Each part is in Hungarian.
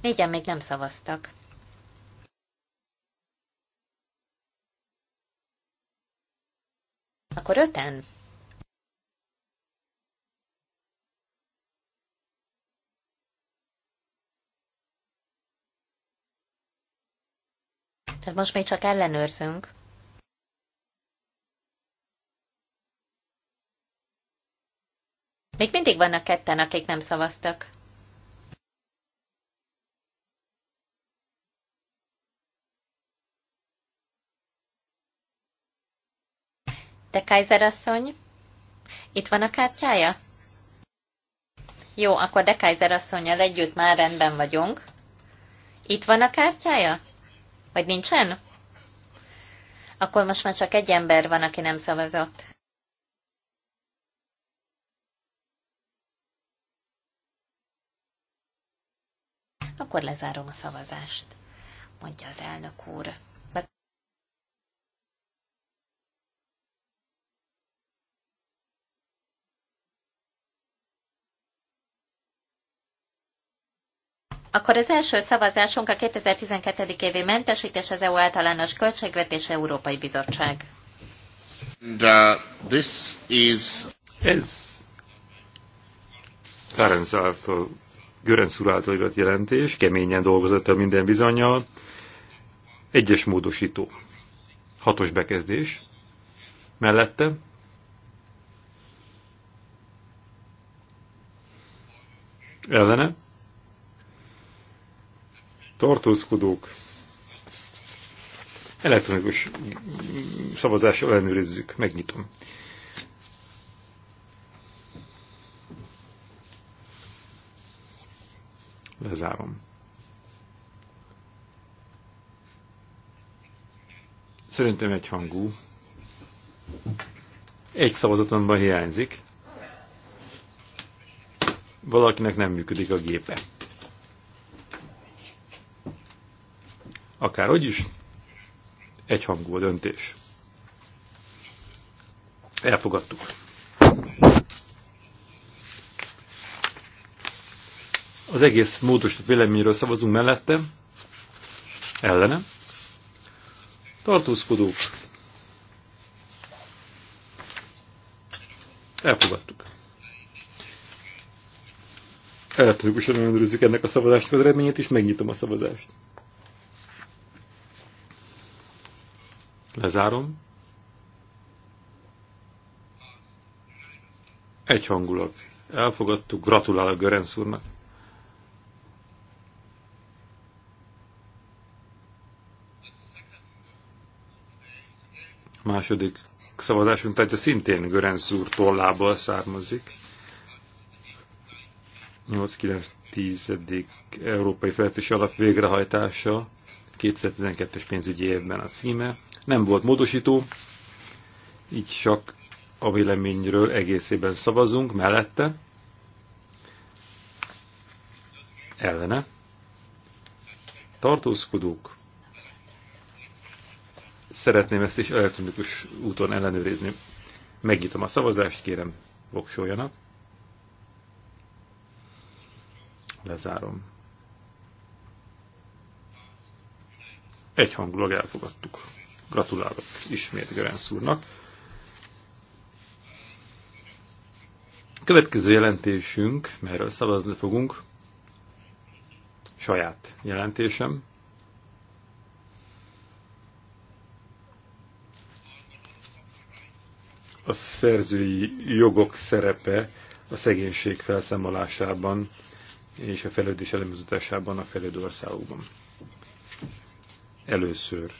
Négyen még nem szavaztak. Akkor öten? Tehát most még csak ellenőrzünk. Még mindig vannak ketten, akik nem szavaztak. Te, Kaiser asszony, itt van a kártyája? Jó, akkor de Kaiser asszonyjal együtt már rendben vagyunk. Itt van a kártyája? Vagy nincsen? Akkor most már csak egy ember van, aki nem szavazott. Akkor lezárom a szavazást, mondja az elnök úr. Akkor az első szavazásunk a 2012. évi mentesítés az EU általános költségvetés Európai Bizottság. And, uh, this is... Ez Ferenc által, Görenc úr által jelentés, keményen dolgozott a minden bizonyal. Egyes módosító. Hatos bekezdés. Mellette ellene tartózkodók. Elektronikus szavazással ellenőrizzük, megnyitom. Lezárom. Szerintem egy hangú. Egy szavazatomban hiányzik. Valakinek nem működik a gépe. Akárhogy is, egyhangú a döntés. Elfogadtuk. Az egész módosított véleményről szavazunk mellette, ellene. Tartózkodók. Elfogadtuk. Elektronikusan ellenőrizzük ennek a szavazásnak az eredményét, és megnyitom a szavazást. Lezárom. Egyhangulag. Elfogadtuk. Gratulálok Görenc úrnak. A második szavazásunk a szintén Görenc úr tollából származik. 8-9-10. Európai Felelős Alap végrehajtása 2012-es pénzügyi évben a címe. Nem volt módosító, így csak a véleményről egészében szavazunk, mellette, ellene, tartózkodók, szeretném ezt is elektronikus úton ellenőrizni. Megnyitom a szavazást, kérem, voksoljanak. Lezárom. Egyhangulag elfogadtuk. Gratulálok ismét Gerenc úrnak. Következő jelentésünk, melyről szavazni fogunk, saját jelentésem. A szerzői jogok szerepe a szegénység felszámolásában és a fejlődés elemezításában a fejlődő országokban. Először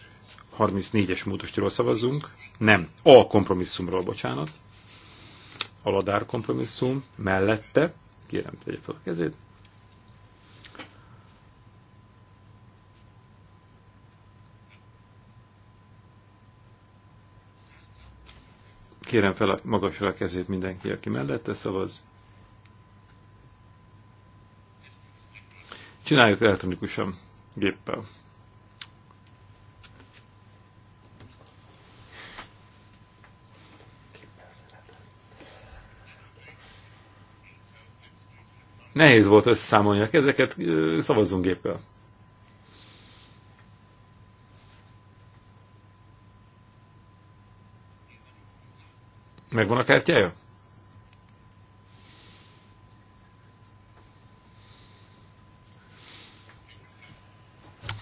34-es módosítóról szavazzunk. Nem, a kompromisszumról, bocsánat. Aladár kompromisszum mellette. Kérem, tegye fel a kezét. Kérem fel a, magasra a kezét mindenki, aki mellette szavaz. Csináljuk elektronikusan, géppel. Nehéz volt összeszámolni ezeket, szavazzunk géppel. Megvan a kártyája?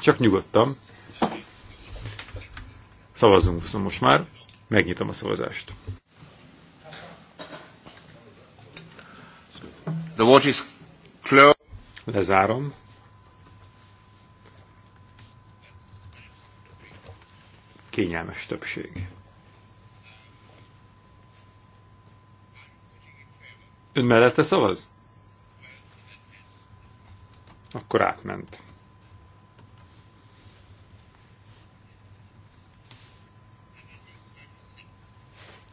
Csak nyugodtam. Szavazunk szóval most már. Megnyitom a szavazást. The vote is Lezárom. Kényelmes többség. Ön mellette szavaz? Akkor átment.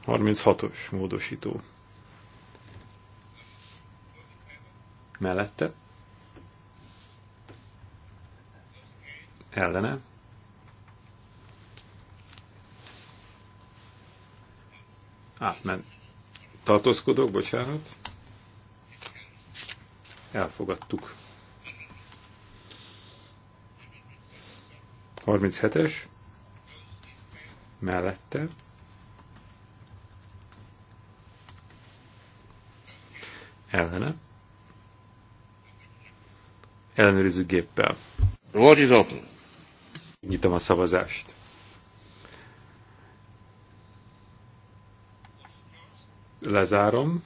Harminchatos módosító. Mellette? ellene. Átment. Tartózkodok, bocsánat. Elfogadtuk. 37-es mellette ellene Ellenőrizzük géppel. What is open? Nyitom a szavazást. Lezárom.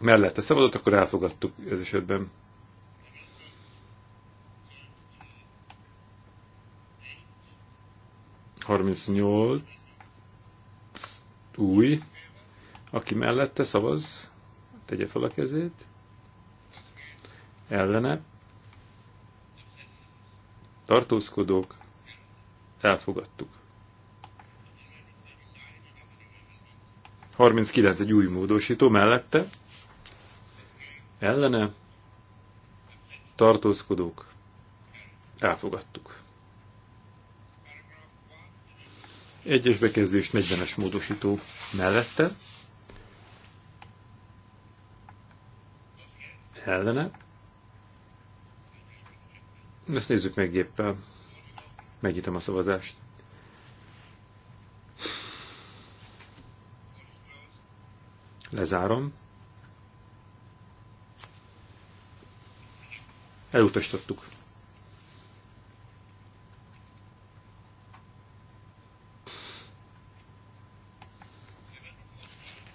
Mellette szavazott, akkor elfogadtuk ez esetben. Harmincnyolc új, aki mellette szavaz, tegye fel a kezét ellene, tartózkodók, elfogadtuk. 39 egy új módosító mellette, ellene, tartózkodók, elfogadtuk. Egyes bekezdés 40-es módosító mellette, ellene, ezt nézzük meg éppen. Megnyitom a szavazást. Lezárom. Elutasítottuk.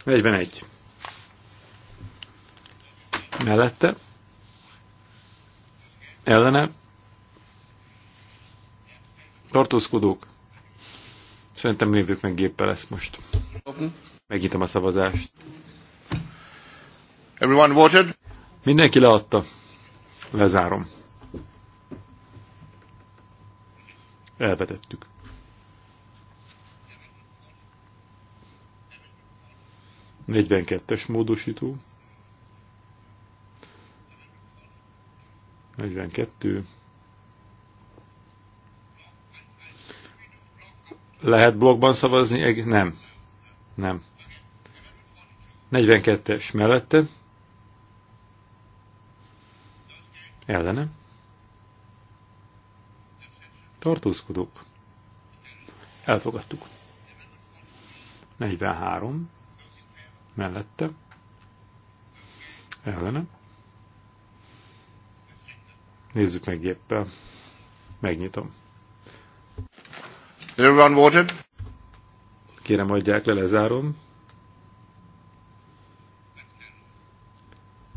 Egyben egy. Mellette. Ellenem. Tartózkodók? Szerintem névők meg géppel lesz most. Megnyitom a szavazást. Everyone voted? Mindenki leadta. Lezárom. Elvetettük. Negyvenkettes módosító. 42. Lehet blogban szavazni? Nem. Nem. 42-es mellette. Ellene. Tartózkodók. Elfogadtuk. 43. Mellette. Ellene. Nézzük meg éppen. Megnyitom. Everyone voted? Kérem, hagyják le, lezárom.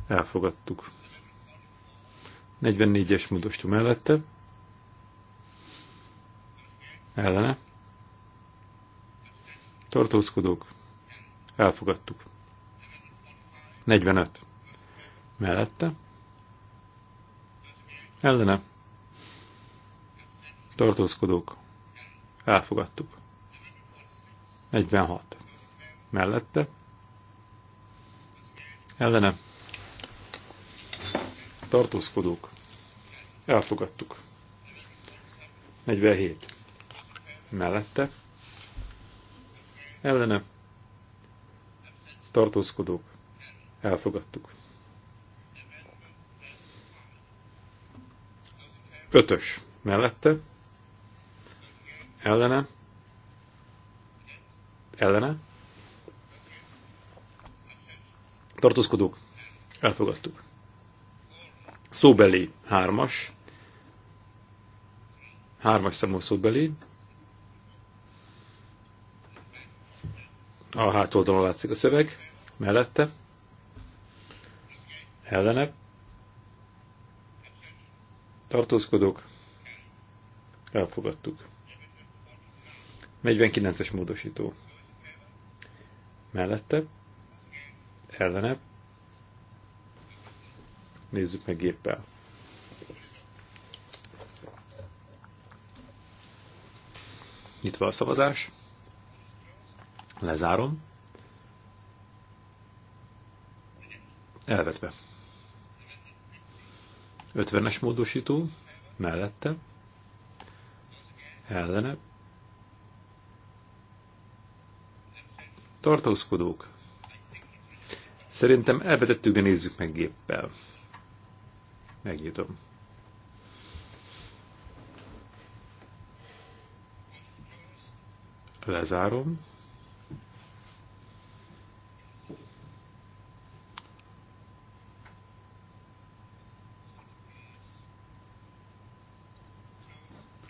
Elfogadtuk. 44-es módosító mellette. Ellene. Tartózkodók. Elfogadtuk. 45. Mellette. Ellene. Tartózkodók. Elfogadtuk. 46. Mellette. Ellene. Tartózkodók. Elfogadtuk. 47. Mellette. Ellene. Tartózkodók. Elfogadtuk. Ötös. Mellette. Ellene? Ellene? Tartózkodók? Elfogadtuk. Szóbeli hármas. Hármas számú szóbeli. A hátoldalon látszik a szöveg. Mellette. Ellene. Tartózkodók. Elfogadtuk. 49-es módosító. Mellette, ellene, nézzük meg géppel. Nyitva a szavazás, lezárom, elvetve. 50-es módosító, mellette, ellene, Tartózkodók. Szerintem elvetettük, de nézzük meg géppel. Megnyitom. Lezárom.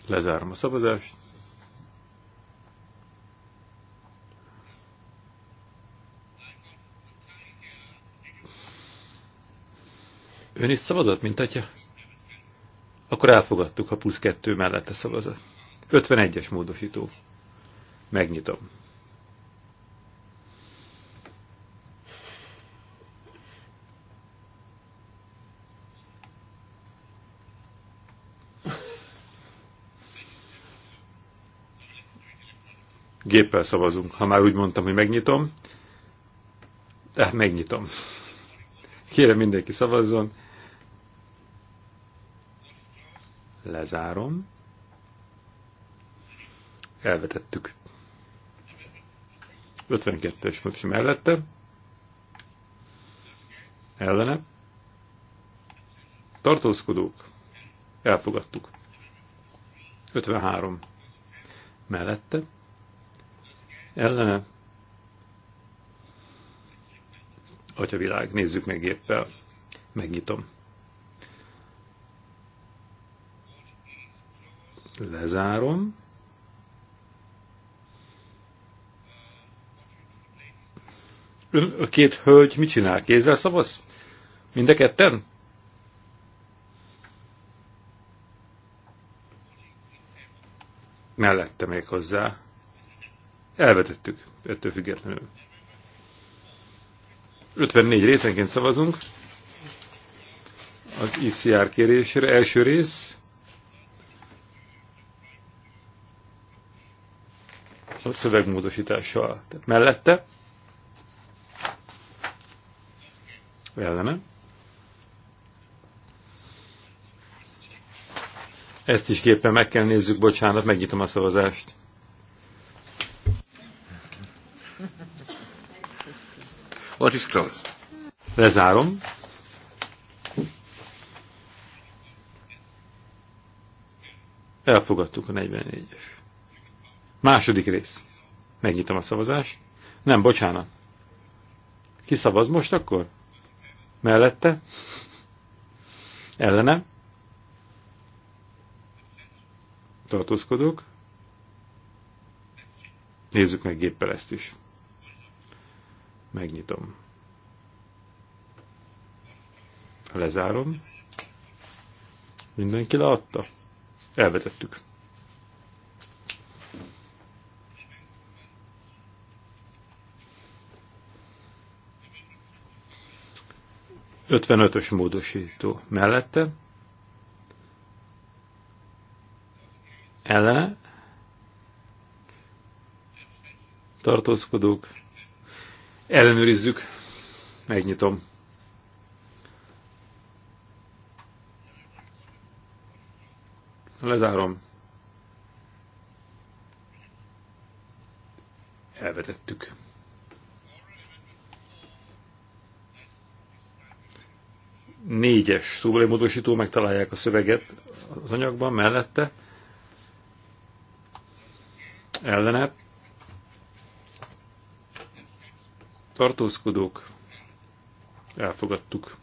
Lezárom a szavazást. Ön is szavazott, mint atya? Akkor elfogadtuk, ha plusz kettő mellette szavazott. 51-es módosító. Megnyitom. géppel szavazunk. Ha már úgy mondtam, hogy megnyitom, eh, megnyitom. Kérem mindenki szavazzon, Lezárom. Elvetettük. 52-es mutsi mellette. Ellene. Tartózkodók. Elfogadtuk. 53. Mellette. Ellene. Atyavilág, nézzük meg éppen. Megnyitom. Lezárom. Ön, a két hölgy mit csinál? Kézzel szavaz? Mind a ketten? Mellette még hozzá. Elvetettük, ettől függetlenül. 54 részenként szavazunk az ICR kérésére. Első rész a szövegmódosítással. Tehát mellette ellene. Ezt is képen meg kell nézzük, bocsánat, megnyitom a szavazást. What is closed? Lezárom. Elfogadtuk a 44-es. Második rész. Megnyitom a szavazást. Nem, bocsánat. Ki szavaz most akkor? Mellette? Ellene? Tartózkodok. Nézzük meg géppel ezt is. Megnyitom. Lezárom. Mindenki leadta. Elvetettük. 55-ös módosító mellette, ellene, tartózkodók, ellenőrizzük, megnyitom. Lezárom. Elvetettük. négyes szóbeli módosító, megtalálják a szöveget az anyagban, mellette, ellene, tartózkodók, elfogadtuk.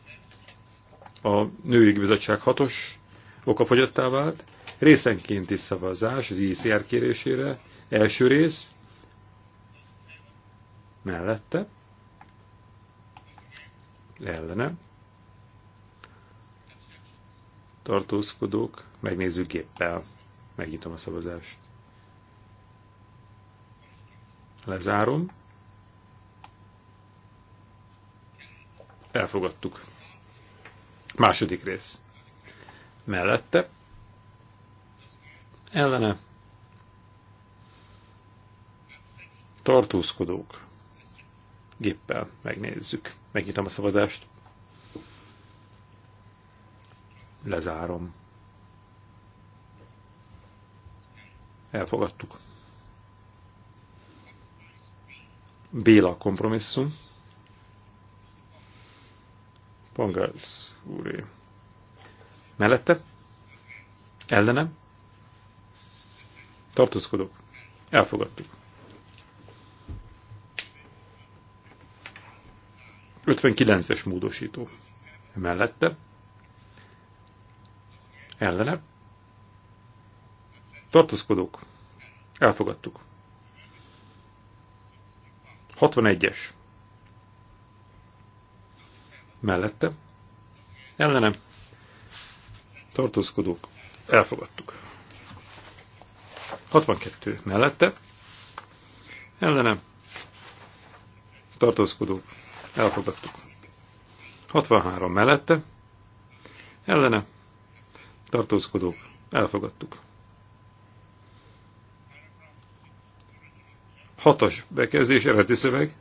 A női bizottság hatos okafogyottá vált, részenkénti szavazás az ICR kérésére, első rész, mellette, ellene, tartózkodók, megnézzük géppel. Megnyitom a szavazást. Lezárom. Elfogadtuk. Második rész. Mellette. Ellene. Tartózkodók. Géppel megnézzük. Megnyitom a szavazást. Lezárom. Elfogadtuk. Béla kompromisszum. Pongász úré. Mellette? Ellenem? Tartózkodok. Elfogadtuk. 59-es módosító. Mellette? ellene. Tartózkodók. Elfogadtuk. 61-es. Mellette. Ellenem. Tartózkodók. Elfogadtuk. 62. Mellette. Ellenem. Tartózkodók. Elfogadtuk. 63. Mellette. Ellenem tartózkodók, elfogadtuk. Hatos bekezdés, eredeti szöveg.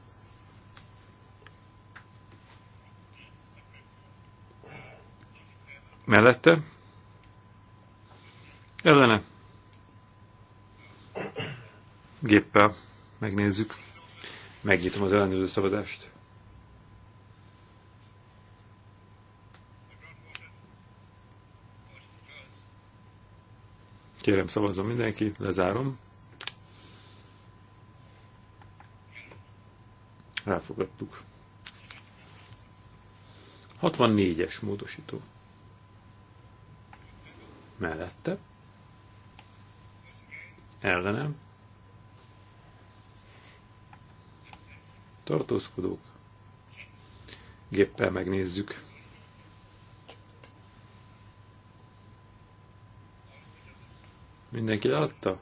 Mellette. Ellene. Géppel megnézzük. Megnyitom az ellenőrző szavazást. Kérem, szavazzon mindenki, lezárom. Elfogadtuk. 64-es módosító. Mellette. Ellenem. Tartózkodók. Géppel megnézzük. Mindenki látta?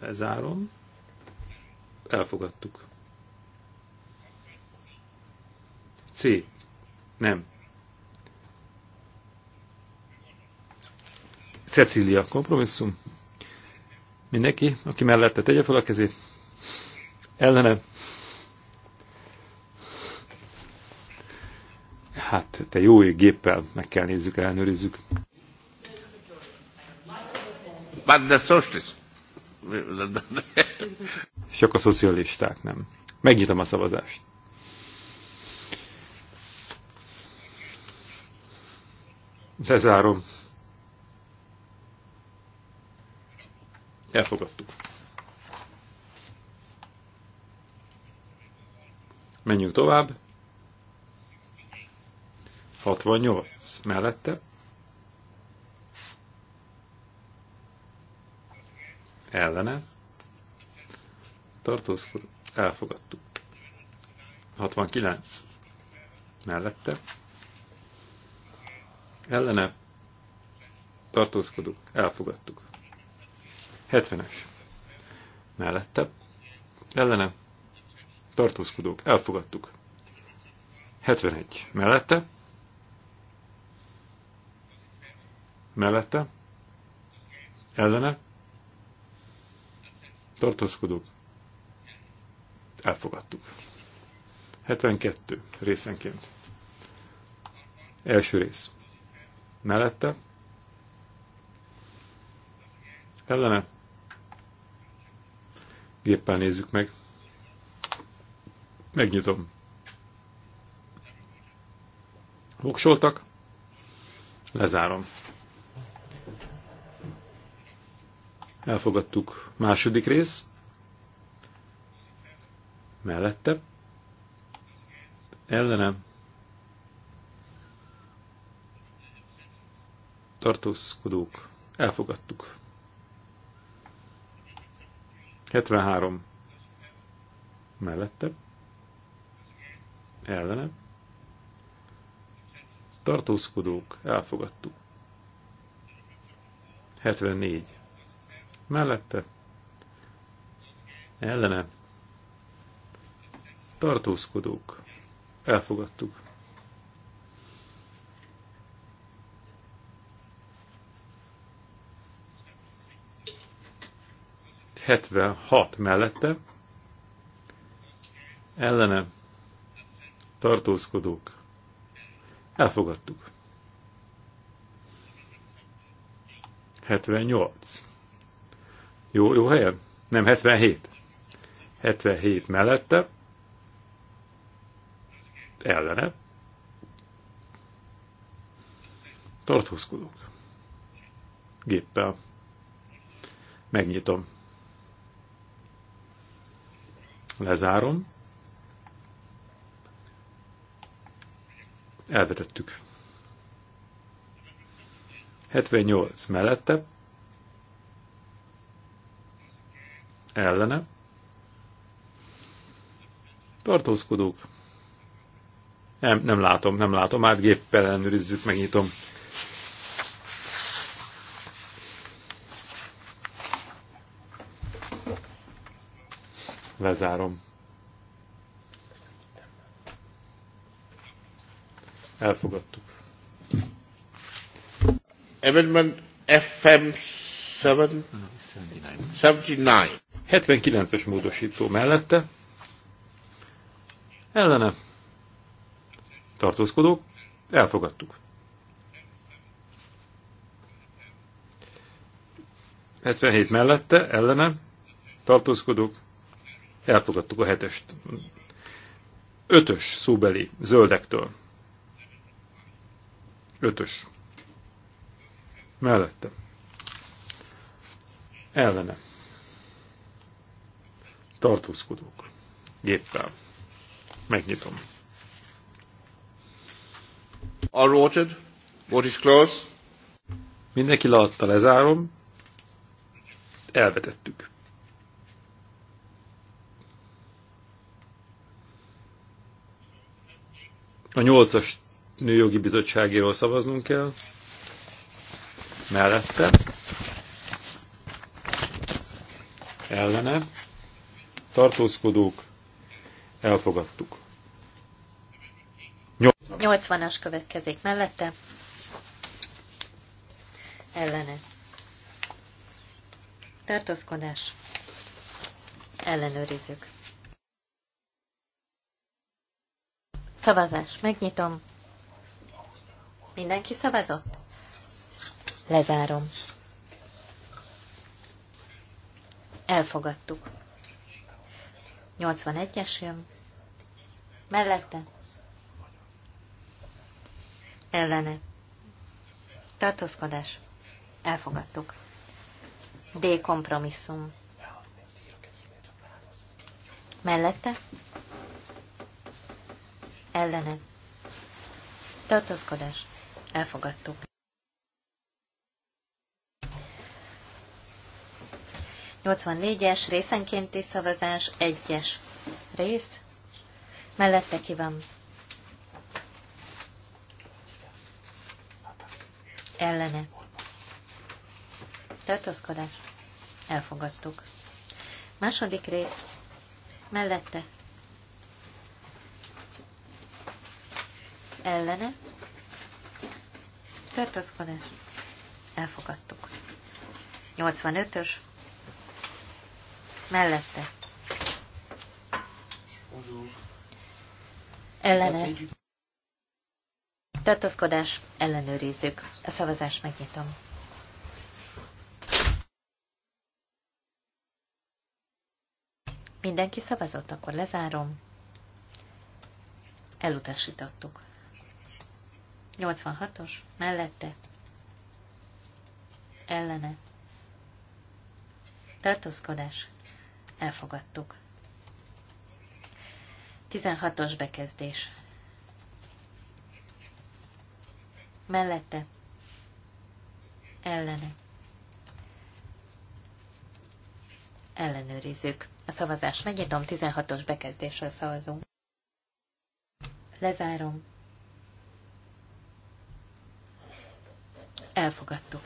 Lezárom. Elfogadtuk. C. Nem. Cecília, kompromisszum. Mindenki, aki mellette tegye fel a kezét. Ellene. Hát, te jó géppel meg kell nézzük, elnőrizzük. Csak a szocialisták nem. Megnyitom a szavazást. Lezárom. Elfogadtuk. Menjünk tovább. 68 mellette. ellene Tartózkor elfogadtuk. 69 mellette ellene tartózkodunk, elfogadtuk. 70-es mellette ellene tartózkodók, elfogadtuk. 71 mellette mellette ellene tartózkodók, elfogadtuk. 72 részenként. Első rész. Mellette. Ellene. Géppel nézzük meg. Megnyitom. Voksoltak. Lezárom. Elfogadtuk második rész. Mellette. Ellene. Tartózkodók. Elfogadtuk. 73. Mellette. Ellene. Tartózkodók. Elfogadtuk. 74 mellette, ellene, tartózkodók, elfogadtuk. Hetven hat mellette, ellene, tartózkodók, elfogadtuk. 78. Jó, jó helyen? Nem, 77. 77 mellette. Ellene. Tartózkodok. Géppel. Megnyitom. Lezárom. Elvetettük. 78 mellette ellene, tartózkodók, nem, nem látom, nem látom, Át géppel ellenőrizzük, megnyitom. Lezárom. Elfogadtuk. Amendment FM 79 79-es módosító mellette, ellene tartózkodók, elfogadtuk. 77 mellette, ellene tartózkodók, elfogadtuk a hetest. Ötös szóbeli, zöldektől. Ötös. Mellette. Ellene tartózkodók. Géppel. Megnyitom. All voted. Vote is close? Mindenki leadta, lezárom. Elvetettük. A nyolcas nőjogi bizottságéről szavaznunk kell. Mellette. Ellene tartózkodók, elfogadtuk. 80-as következik mellette, ellene. Tartózkodás, ellenőrizzük. Szavazás, megnyitom. Mindenki szavazott? Lezárom. Elfogadtuk. 81-es jön. Mellette. Ellene. Tartózkodás. Elfogadtuk. D. Kompromisszum. Mellette. Ellene. Tartózkodás. Elfogadtuk. 84-es részenkénti szavazás, 1-es rész. Mellette ki van? Ellene. Tartózkodás. Elfogadtuk. Második rész. Mellette. Ellene. Tartózkodás. Elfogadtuk. 85-ös mellette. Ellene. Tartózkodás, ellenőrizzük. A szavazást megnyitom. Mindenki szavazott, akkor lezárom. Elutasítottuk. 86-os, mellette. Ellene. Tartózkodás, Elfogadtuk. 16-os bekezdés. Mellette. Ellene. Ellenőrizzük. A szavazás megnyitom, 16-os bekezdéssel szavazunk. Lezárom. Elfogadtuk.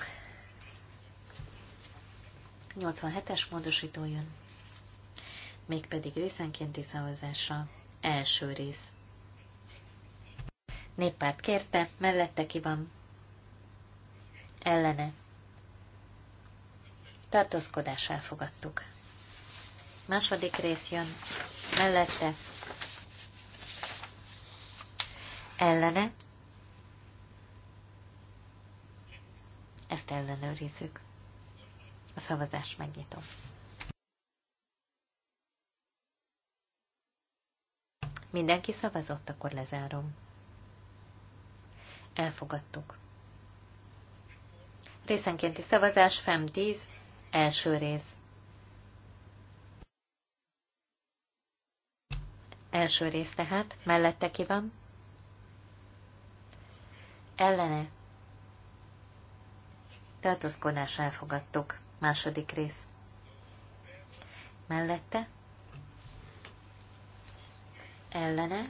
87-es módosító jön mégpedig részenkénti szavazása Első rész. Néppárt kérte, mellette ki van. Ellene. Tartózkodás elfogadtuk. Második rész jön. Mellette. Ellene. Ezt ellenőrizzük. A szavazást megnyitom. Mindenki szavazott, akkor lezárom. Elfogadtuk. Részenkénti szavazás, FEM 10, első rész. Első rész tehát, mellette ki van? Ellene. Tartózkodás elfogadtuk. Második rész. Mellette? ellene,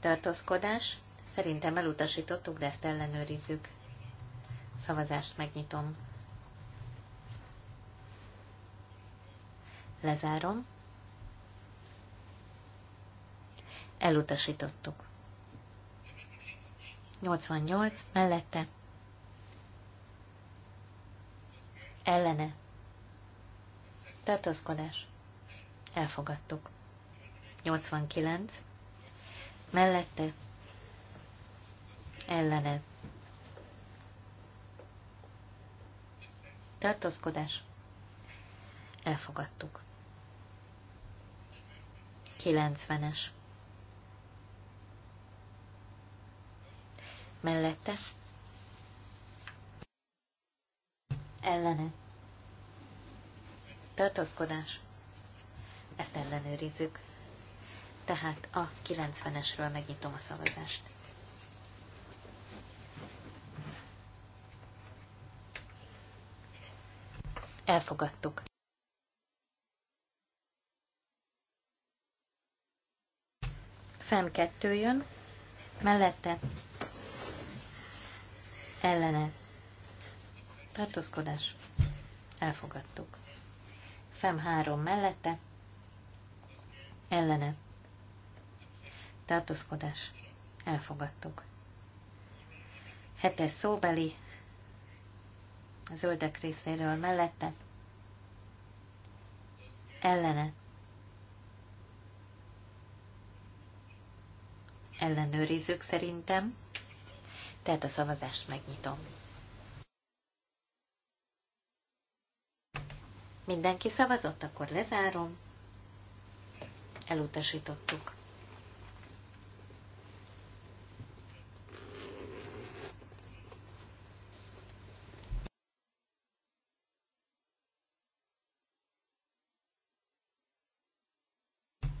tartózkodás, szerintem elutasítottuk, de ezt ellenőrizzük. Szavazást megnyitom. Lezárom. Elutasítottuk. 88 mellette. Ellene. Tartózkodás. Elfogadtuk. 89. Mellette. Ellene. Tartózkodás. Elfogadtuk. 90-es. Mellette. Ellene. Tartózkodás. Ezt ellenőrizzük. Tehát a 90-esről megnyitom a szavazást. Elfogadtuk. Fem kettő jön, mellette ellene tartózkodás. Elfogadtuk. Fem három mellette ellene. Tartózkodás. Elfogadtuk. Hetes szóbeli. A zöldek részéről mellette. Ellene. Ellenőrizzük szerintem. Tehát a szavazást megnyitom. Mindenki szavazott, akkor lezárom elutasítottuk.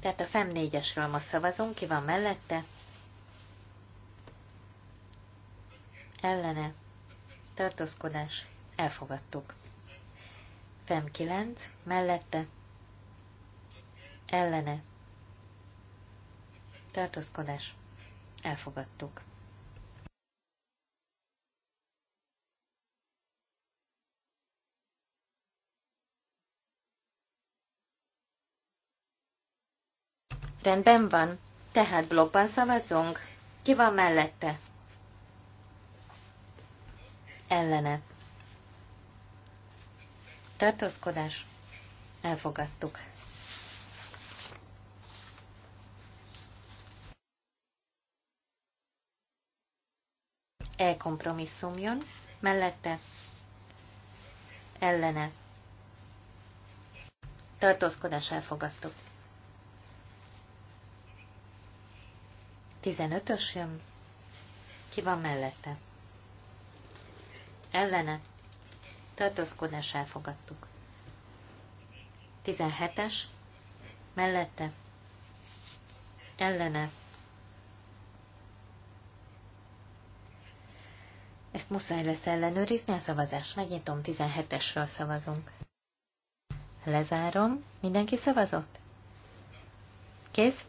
Tehát a FEM 4-esről szavazunk, ki van mellette? Ellene. Tartózkodás. Elfogadtuk. FEM 9, mellette. Ellene tartózkodás, elfogadtuk. Rendben van, tehát blogban szavazunk. Ki van mellette? Ellene. Tartózkodás. Elfogadtuk. E kompromisszum jön, mellette ellene tartózkodás elfogadtuk. 15-ös jön, ki van mellette? Ellene tartózkodás elfogadtuk. 17-es mellette ellene Ezt muszáj lesz ellenőrizni, a szavazás. megnyitom, 17-esről szavazunk. Lezárom. Mindenki szavazott? Kész?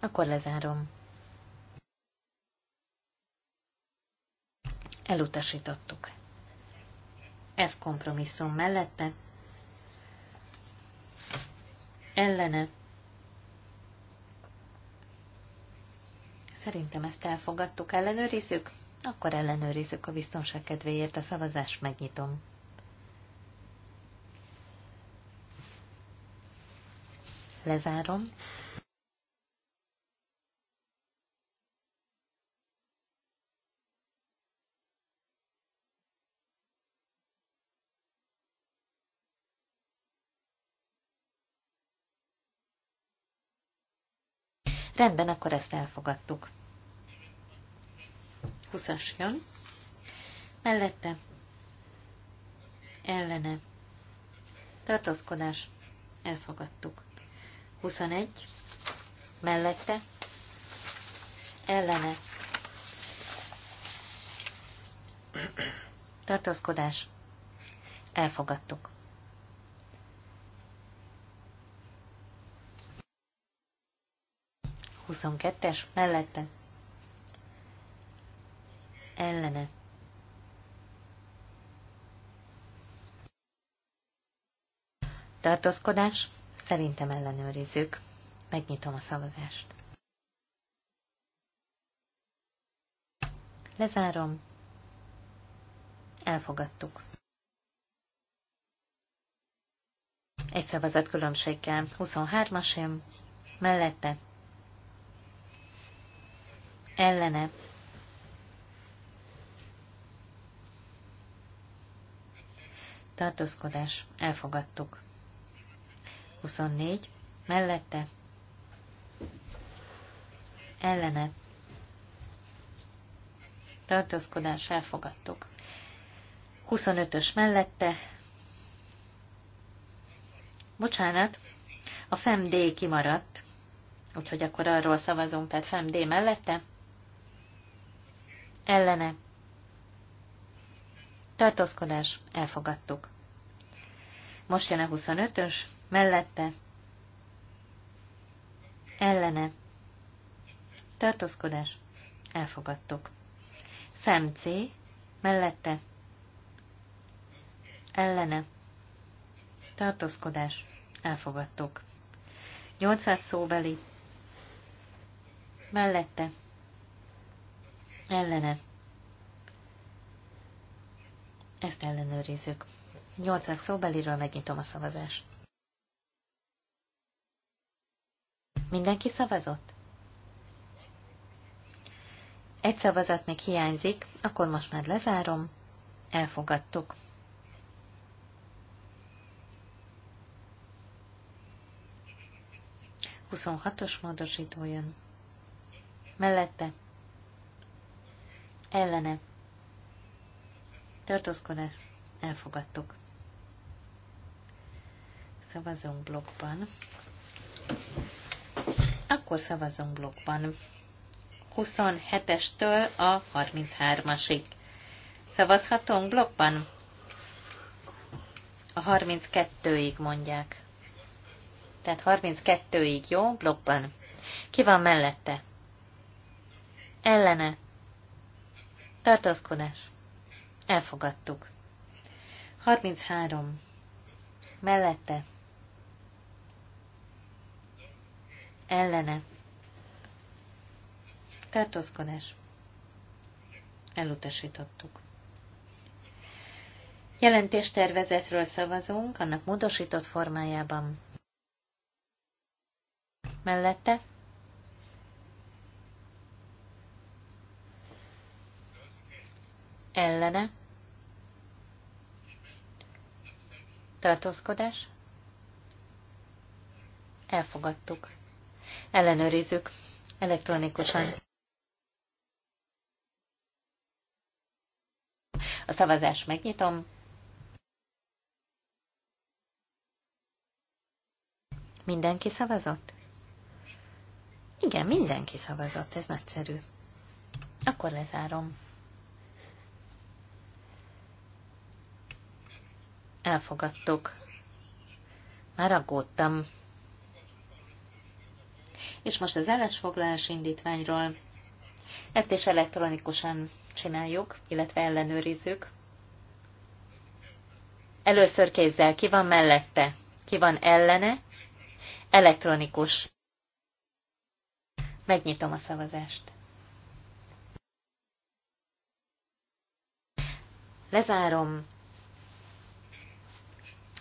Akkor lezárom. Elutasítottuk. F kompromisszum mellette. Ellene. Szerintem ezt elfogadtuk, ellenőrizzük. Akkor ellenőrizzük a biztonság kedvéért a szavazást, megnyitom. Lezárom. Rendben, akkor ezt elfogadtuk. 20-as jön. Mellette ellene tartózkodás elfogadtuk. 21 mellette ellene tartózkodás elfogadtuk. Huszonkettes mellette ellene. Tartózkodás? Szerintem ellenőrizzük. Megnyitom a szavazást. Lezárom. Elfogadtuk. Egy szavazat különbséggel. 23 as Mellette. Ellene. tartózkodás, elfogadtuk. 24, mellette, ellene, tartózkodás, elfogadtuk. 25-ös mellette, bocsánat, a FEMD kimaradt, úgyhogy akkor arról szavazunk, tehát FEMD mellette, ellene, tartózkodás, elfogadtuk. Most jön a 25-ös, mellette, ellene, tartózkodás, elfogadtuk. Fem C, mellette, ellene, tartózkodás, elfogadtuk. 800 szóbeli, mellette, ellene, ezt ellenőrizzük. 800 szóbeliről megnyitom a szavazást. Mindenki szavazott? Egy szavazat még hiányzik, akkor most már lezárom. Elfogadtuk. Huszonhatos módosító jön. Mellette. Ellene tartózkodás, elfogadtuk. Szavazunk blogban. Akkor szavazunk blogban 27-estől a 33-asig. Szavazhatunk blogban A 32-ig mondják. Tehát 32-ig, jó? Blokkban. Ki van mellette? Ellene. Tartózkodás. Elfogadtuk. 33. Mellette. Ellene. Tartózkodás. Elutasítottuk. Jelentéstervezetről szavazunk, annak módosított formájában. Mellette ellene, tartózkodás, elfogadtuk. Ellenőrizzük elektronikusan. A szavazást megnyitom. Mindenki szavazott? Igen, mindenki szavazott, ez nagyszerű. Akkor lezárom. Elfogadtuk. Már aggódtam. És most az állásfoglalás indítványról. Ezt is elektronikusan csináljuk, illetve ellenőrizzük. Először kézzel, ki van mellette, ki van ellene, elektronikus. Megnyitom a szavazást. Lezárom,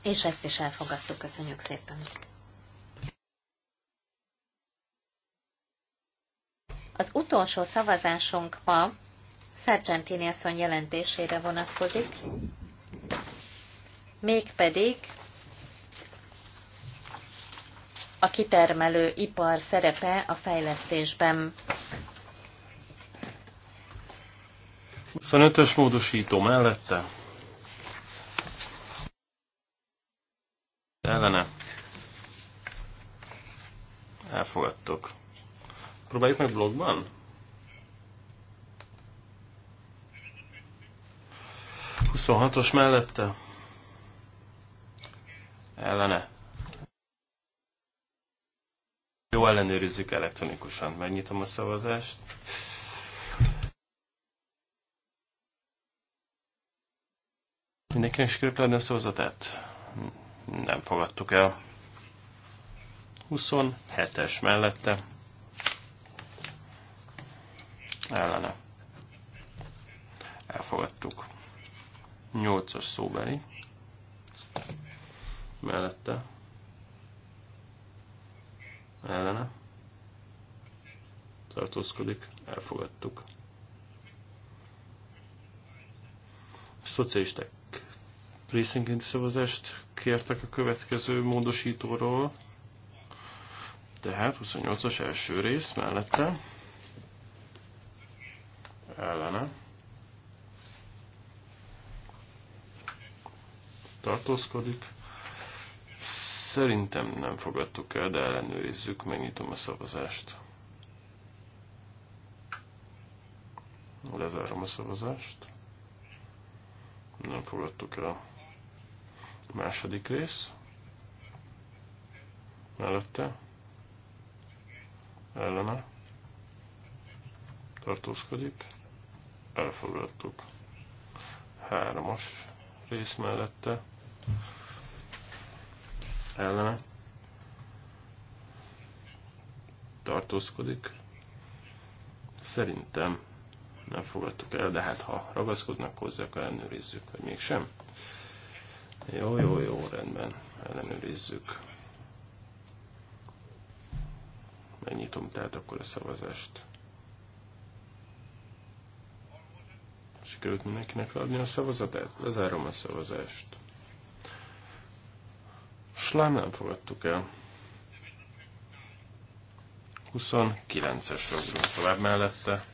és ezt is elfogadtuk. Köszönjük szépen! Az utolsó szavazásunk ma Sargentini asszony jelentésére vonatkozik, mégpedig a kitermelő ipar szerepe a fejlesztésben. 25-ös módosító mellette ellene. Elfogadtok. Próbáljuk meg blogban? Huszonhatos mellette. Ellene. Jó, ellenőrizzük elektronikusan. Megnyitom a szavazást. Mindenkinek sikerült leadni a szavazatát? Hm nem fogadtuk el. 27-es mellette ellene elfogadtuk. 8-as szóbeli mellette ellene tartózkodik, elfogadtuk. Szocialisták részenkénti szavazást kértek a következő módosítóról. Tehát 28-as első rész mellette. Ellene. Tartózkodik. Szerintem nem fogadtuk el, de ellenőrizzük, megnyitom a szavazást. Lezárom a szavazást. Nem fogadtuk el. Második rész. Mellette. Ellene. Tartózkodik. Elfogadtuk. Hármas rész mellette. Ellene. Tartózkodik. Szerintem nem fogadtuk el, de hát ha ragaszkodnak hozzá, akkor ellenőrizzük, vagy mégsem. Jó, jó, jó, rendben. Ellenőrizzük. Megnyitom tehát akkor a szavazást. Sikerült mindenkinek adni a szavazatát? Lezárom a szavazást. Slám nem fogadtuk el. 29-es rögzünk tovább mellette.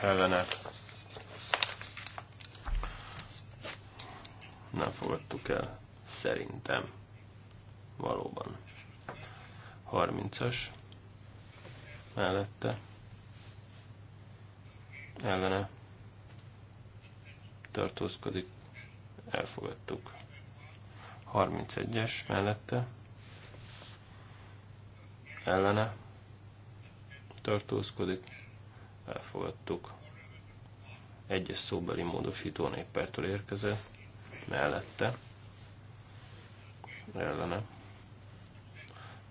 Ellenet. nem fogadtuk el. Szerintem. Valóban. 30-as. Mellette. Ellene. Tartózkodik. Elfogadtuk. 31-es mellette. Ellene. Tartózkodik. Elfogadtuk. Egyes szóbeli módosító néppertől érkezett mellette ellene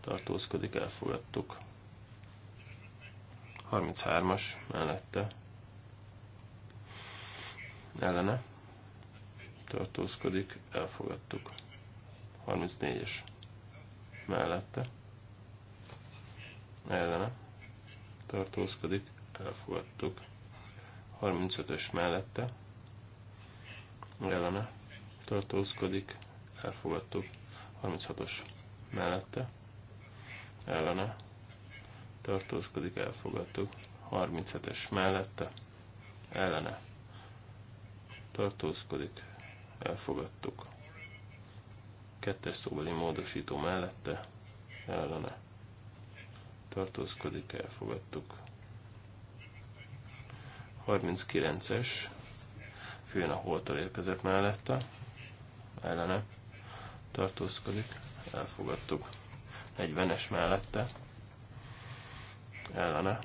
tartózkodik, elfogadtuk. 33-as mellette ellene tartózkodik, elfogadtuk. 34-es mellette ellene tartózkodik, elfogadtuk. 35-ös mellette ellene tartózkodik, elfogadtuk. 36-os mellette, ellene, tartózkodik, elfogadtuk. 37-es mellette, ellene, tartózkodik, elfogadtuk. Kettes szóbeli módosító mellette, ellene, tartózkodik, elfogadtuk. 39-es, főn a holtal érkezett mellette, ellene tartózkodik, elfogadtuk. 40-es mellette ellene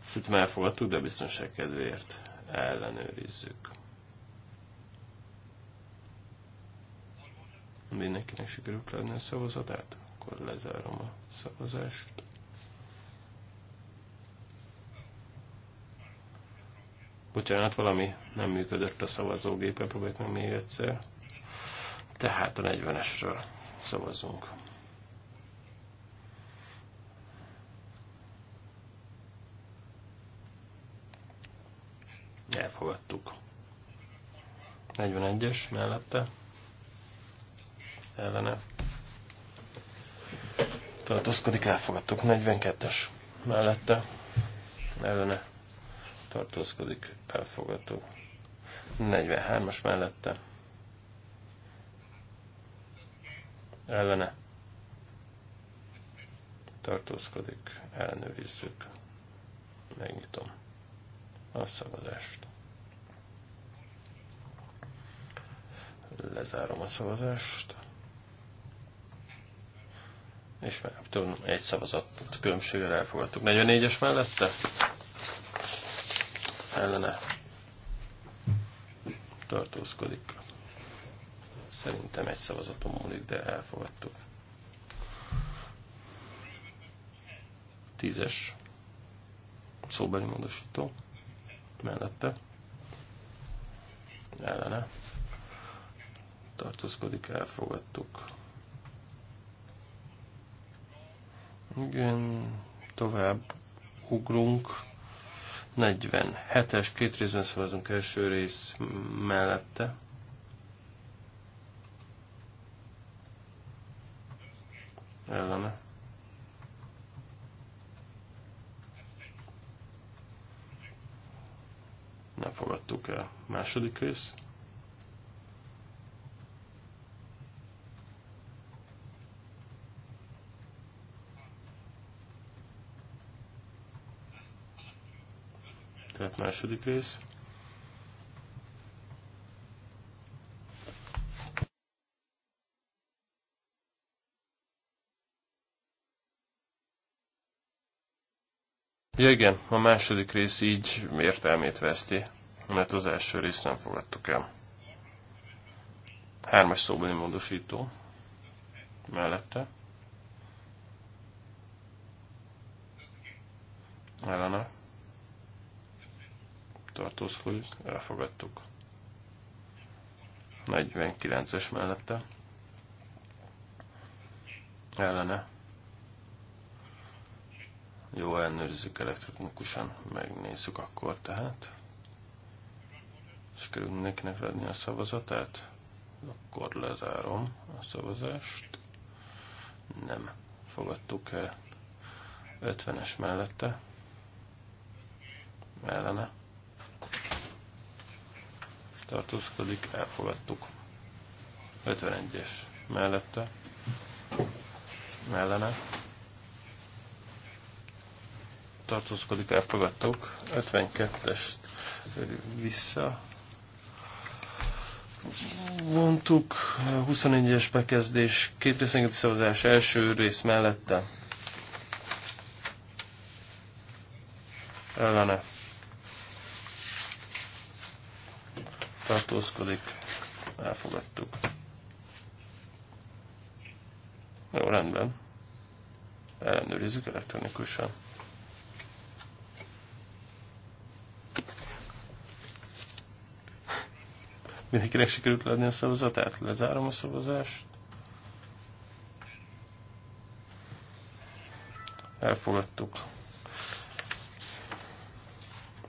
Szerintem elfogadtuk, de biztonság kedvéért ellenőrizzük. Mindenkinek sikerült lenni a szavazatát? Akkor lezárom a szavazást. Bocsánat, valami nem működött a szavazógépen, próbáljuk meg még egyszer. Tehát a 40-esről szavazunk. Elfogadtuk. 41-es mellette. Ellene. Tartózkodik, elfogadtuk. 42-es mellette. Ellene tartózkodik, elfogadó. 43-as mellette ellene tartózkodik, ellenőrizzük. Megnyitom a szavazást. Lezárom a szavazást. És már tudom, egy szavazat különbséggel elfogadtuk. 44-es mellette ellene tartózkodik. Szerintem egy szavazaton múlik, de elfogadtuk. Tízes szóbeli módosító mellette ellene tartózkodik, elfogadtuk. Igen, tovább ugrunk 47-es, két részben szavazunk első rész mellette. Ellene. Nem fogadtuk el. Második rész. Második rész. Ja igen, a második rész így értelmét veszti, mert az első részt nem fogadtuk el. Hármas szóbeli módosító mellette. Ellene tartózkodik, elfogadtuk. 49-es mellette. Ellene. Jó, ellenőrizzük elektronikusan, megnézzük akkor tehát. Sikerül nekinek adni a szavazatát? Akkor lezárom a szavazást. Nem fogadtuk el. 50-es mellette. Ellene tartózkodik, elfogadtuk. 51-es mellette, mellene, tartózkodik, elfogadtuk. 52-est vissza vontuk. 24-es bekezdés, két részengeti szavazás első rész mellette, ellene tartózkodik, elfogadtuk. Jó, rendben. Ellenőrizzük elektronikusan. Mindenkinek sikerült leadni a szavazatát? Lezárom a szavazást. Elfogadtuk.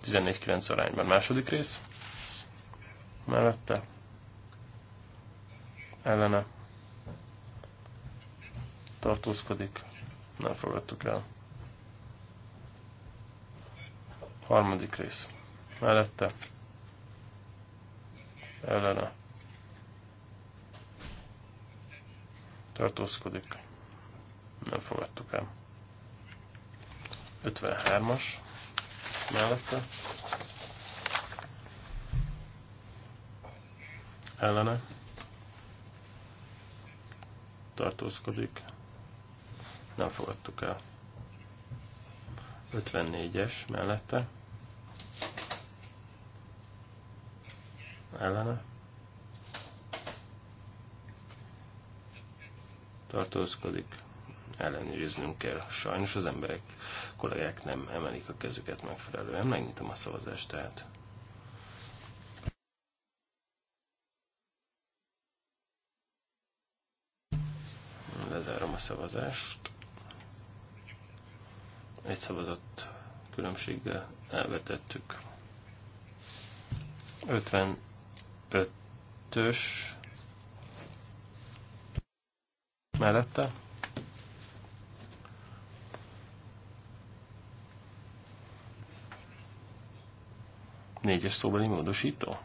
14-9 arányban. Második rész mellette ellene tartózkodik, nem fogadtuk el. Harmadik rész mellette ellene tartózkodik, nem fogadtuk el. 53-as mellette ellene tartózkodik. Nem fogadtuk el. 54-es mellette ellene tartózkodik. Ellenőriznünk kell. Sajnos az emberek, kollégák nem emelik a kezüket megfelelően. Megnyitom a szavazást tehát. szavazást. Egy szavazat különbséggel elvetettük. 55-ös mellette. Négyes szóbeli módosító.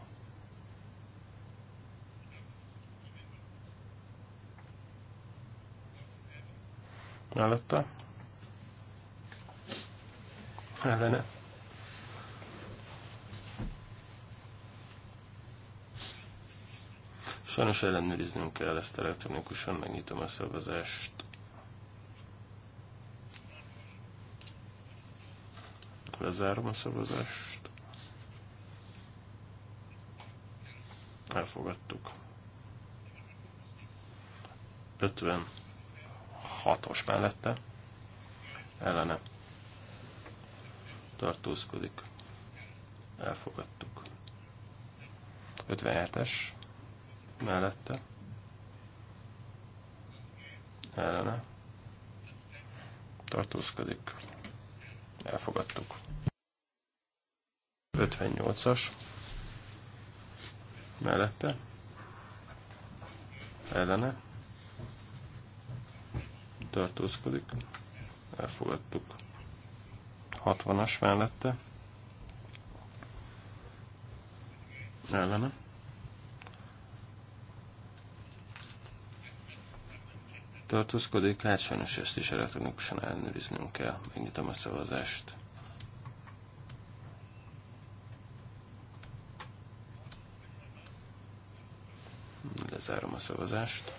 mellette, ellene. Sajnos ellenőriznünk kell ezt elektronikusan, megnyitom a szavazást. Lezárom a szavazást. Elfogadtuk. 50 hatos mellette ellene tartózkodik. Elfogadtuk. 57-es mellette ellene tartózkodik. Elfogadtuk. 58-as mellette ellene tartózkodik, elfogadtuk. 60-as mellette, ellene. Tartózkodik, hát sajnos ezt is elektronikusan ellenőriznünk kell. Megnyitom a szavazást. Lezárom a szavazást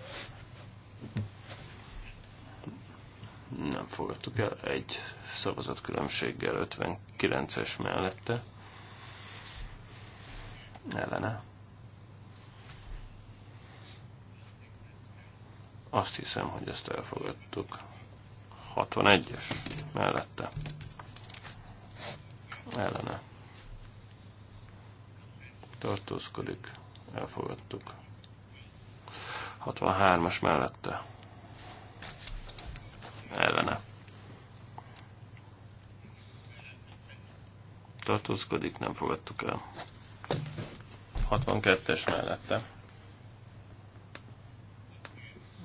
nem fogadtuk el, egy szavazat különbséggel 59-es mellette ellene. Azt hiszem, hogy ezt elfogadtuk. 61-es mellette ellene. Tartózkodik, elfogadtuk. 63-as mellette ellene. Tartózkodik, nem fogadtuk el. 62-es mellette.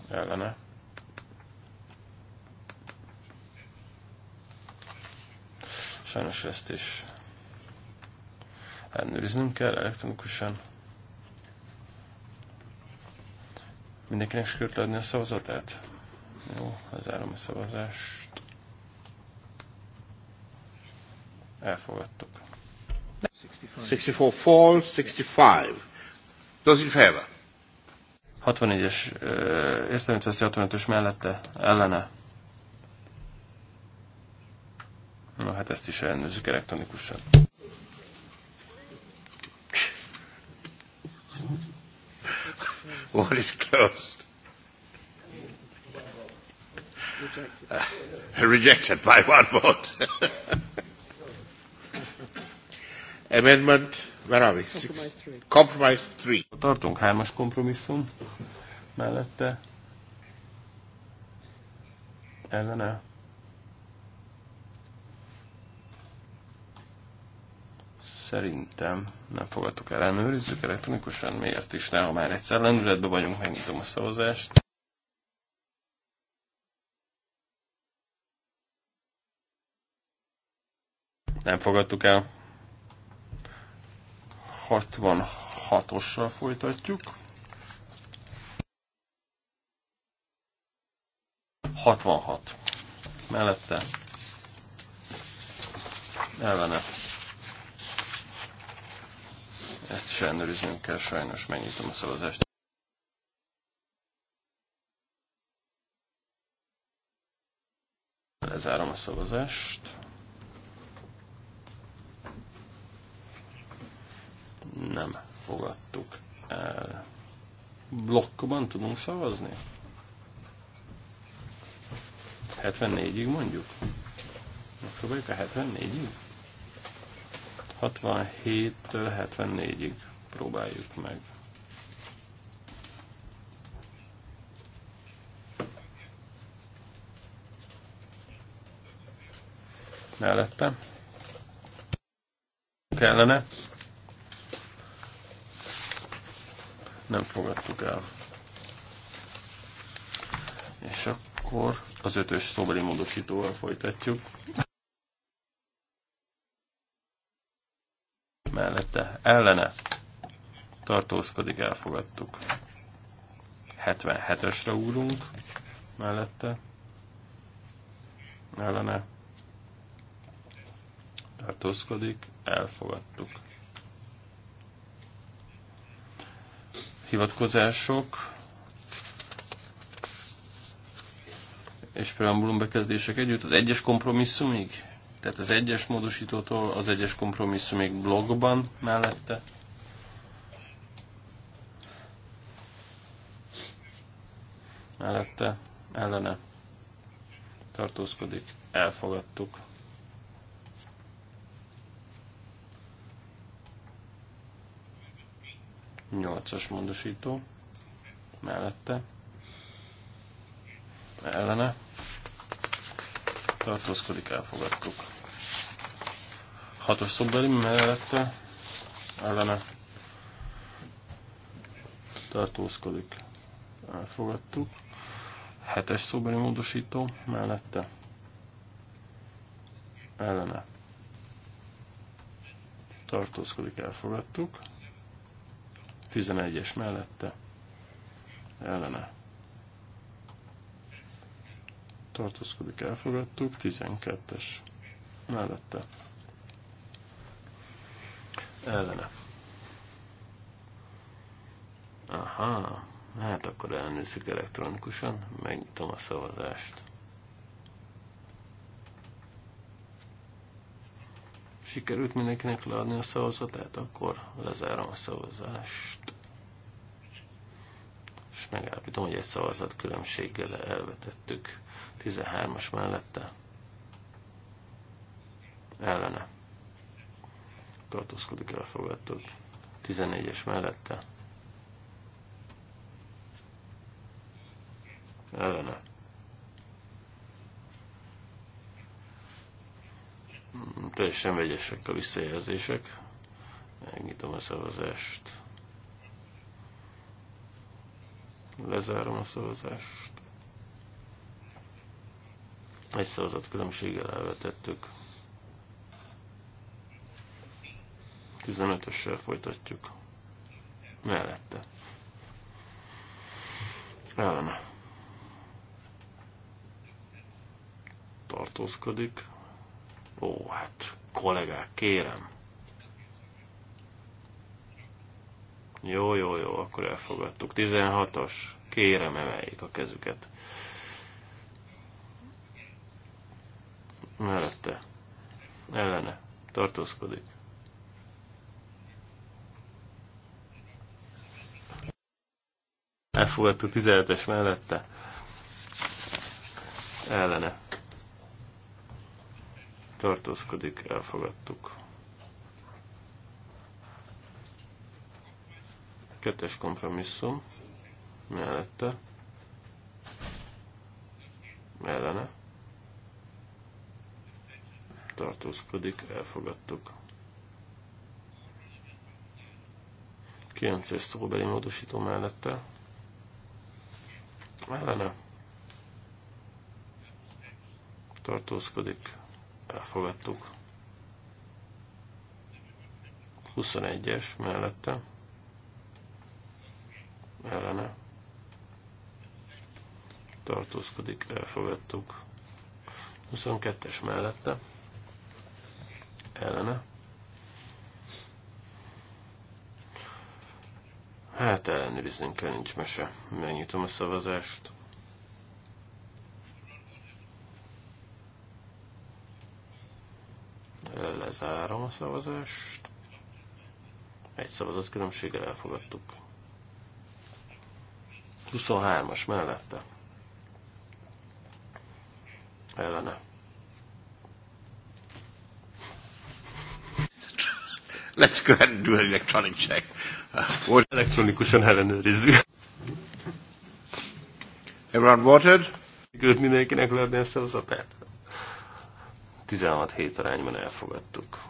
Ellene. Sajnos ezt is ellenőriznünk kell elektronikusan. Mindenkinek sikerült leadni a szavazatát? Jó, lezárom a szavazást. Elfogadtuk. 64 fall, 65. Those in favor. 64-es értelmét veszi 65-ös mellette, ellene. Na hát ezt is ellenőrzik elektronikusan. What is closed? Uh, rejected by one vote. Amendment, where are we? Compromise three. Compromise three. Tartunk hármas kompromisszum mellette. Ellene. Szerintem nem fogadtuk ellenőrizzük elektronikusan, miért is ne, ha már egyszer lendületben vagyunk, megnyitom a szavazást. Nem fogadtuk el. 66-ossal folytatjuk. 66. Mellette. Ellene. Ezt is ellenőriznünk kell, sajnos megnyitom a szavazást. Lezárom a szavazást. nem fogadtuk el. Blokkban tudunk szavazni? 74-ig mondjuk? Megpróbáljuk a 74-ig? 67-től 74-ig próbáljuk meg. Mellette. Kellene. nem fogadtuk el. És akkor az ötös szobeli módosítóval folytatjuk. Mellette ellene tartózkodik, elfogadtuk. 77-esre úrunk mellette ellene tartózkodik, elfogadtuk. hivatkozások és preambulum bekezdések együtt az egyes kompromisszumig, tehát az egyes módosítótól az egyes kompromisszumig blogban mellette. Mellette, ellene tartózkodik, elfogadtuk. 8-as módosító mellette ellene tartózkodik, elfogadtuk. 6-os szobbeli mellette ellene tartózkodik, elfogadtuk. 7-es szobeli módosító mellette ellene tartózkodik, elfogadtuk. 11-es mellette ellene tartózkodik, elfogadtuk, 12-es mellette ellene. Aha, hát akkor elnézzük elektronikusan, megnyitom a szavazást. sikerült mindenkinek leadni a szavazatát, akkor lezárom a szavazást. És megállapítom, hogy egy szavazat különbséggel elvetettük 13-as mellette. Ellene. Tartózkodik, elfogadtuk. 14-es mellette. Ellene Teljesen vegyesek a visszajelzések. Megnyitom a szavazást. Lezárom a szavazást. Egy szavazat különbséggel elvetettük. 15-össel folytatjuk. Mellette. Ellene. Tartózkodik. Ó, hát kollégák, kérem. Jó, jó, jó, akkor elfogadtuk. 16-os, kérem emeljék a kezüket. Mellette. Ellene. Tartózkodik. Elfogadtuk 17-es mellette. Ellene tartózkodik, elfogadtuk. Kettes kompromisszum mellette, mellene, tartózkodik, elfogadtuk. Kilences szóbeli módosító mellette, mellene, tartózkodik, elfogadtuk. 21-es mellette ellene tartózkodik, elfogadtuk. 22-es mellette ellene Hát ellenőrizni kell, nincs mese. Megnyitom a szavazást. Lezárom a szavazást. Egy szavazat különbséggel elfogadtuk. 23-as mellette. Ellene. Let's go ahead and do an electronic check. Or elektronikusan ellenőrizzük. Everyone voted? Sikerült mindenkinek leadni a szavazatát? 16 hét arányban elfogadtuk.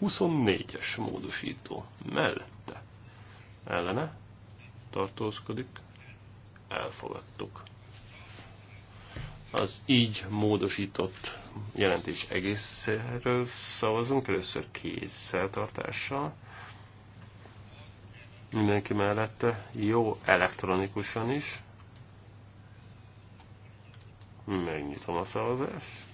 24-es módosító mellette ellene tartózkodik, elfogadtuk. Az így módosított jelentés egészről szavazunk, először kézzeltartással. Mindenki mellette jó elektronikusan is. Megnyitom a szavazást.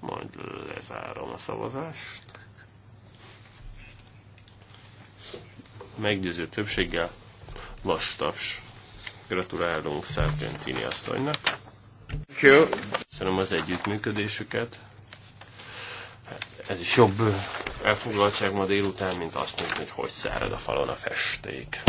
Majd lezárom a szavazást. Meggyőző többséggel vastaps. Gratulálunk Szárpentini asszonynak. Köszönöm az együttműködésüket. Hát ez is jobb elfoglaltság ma délután, mint azt nézni, hogy hogy szárad a falon a festék.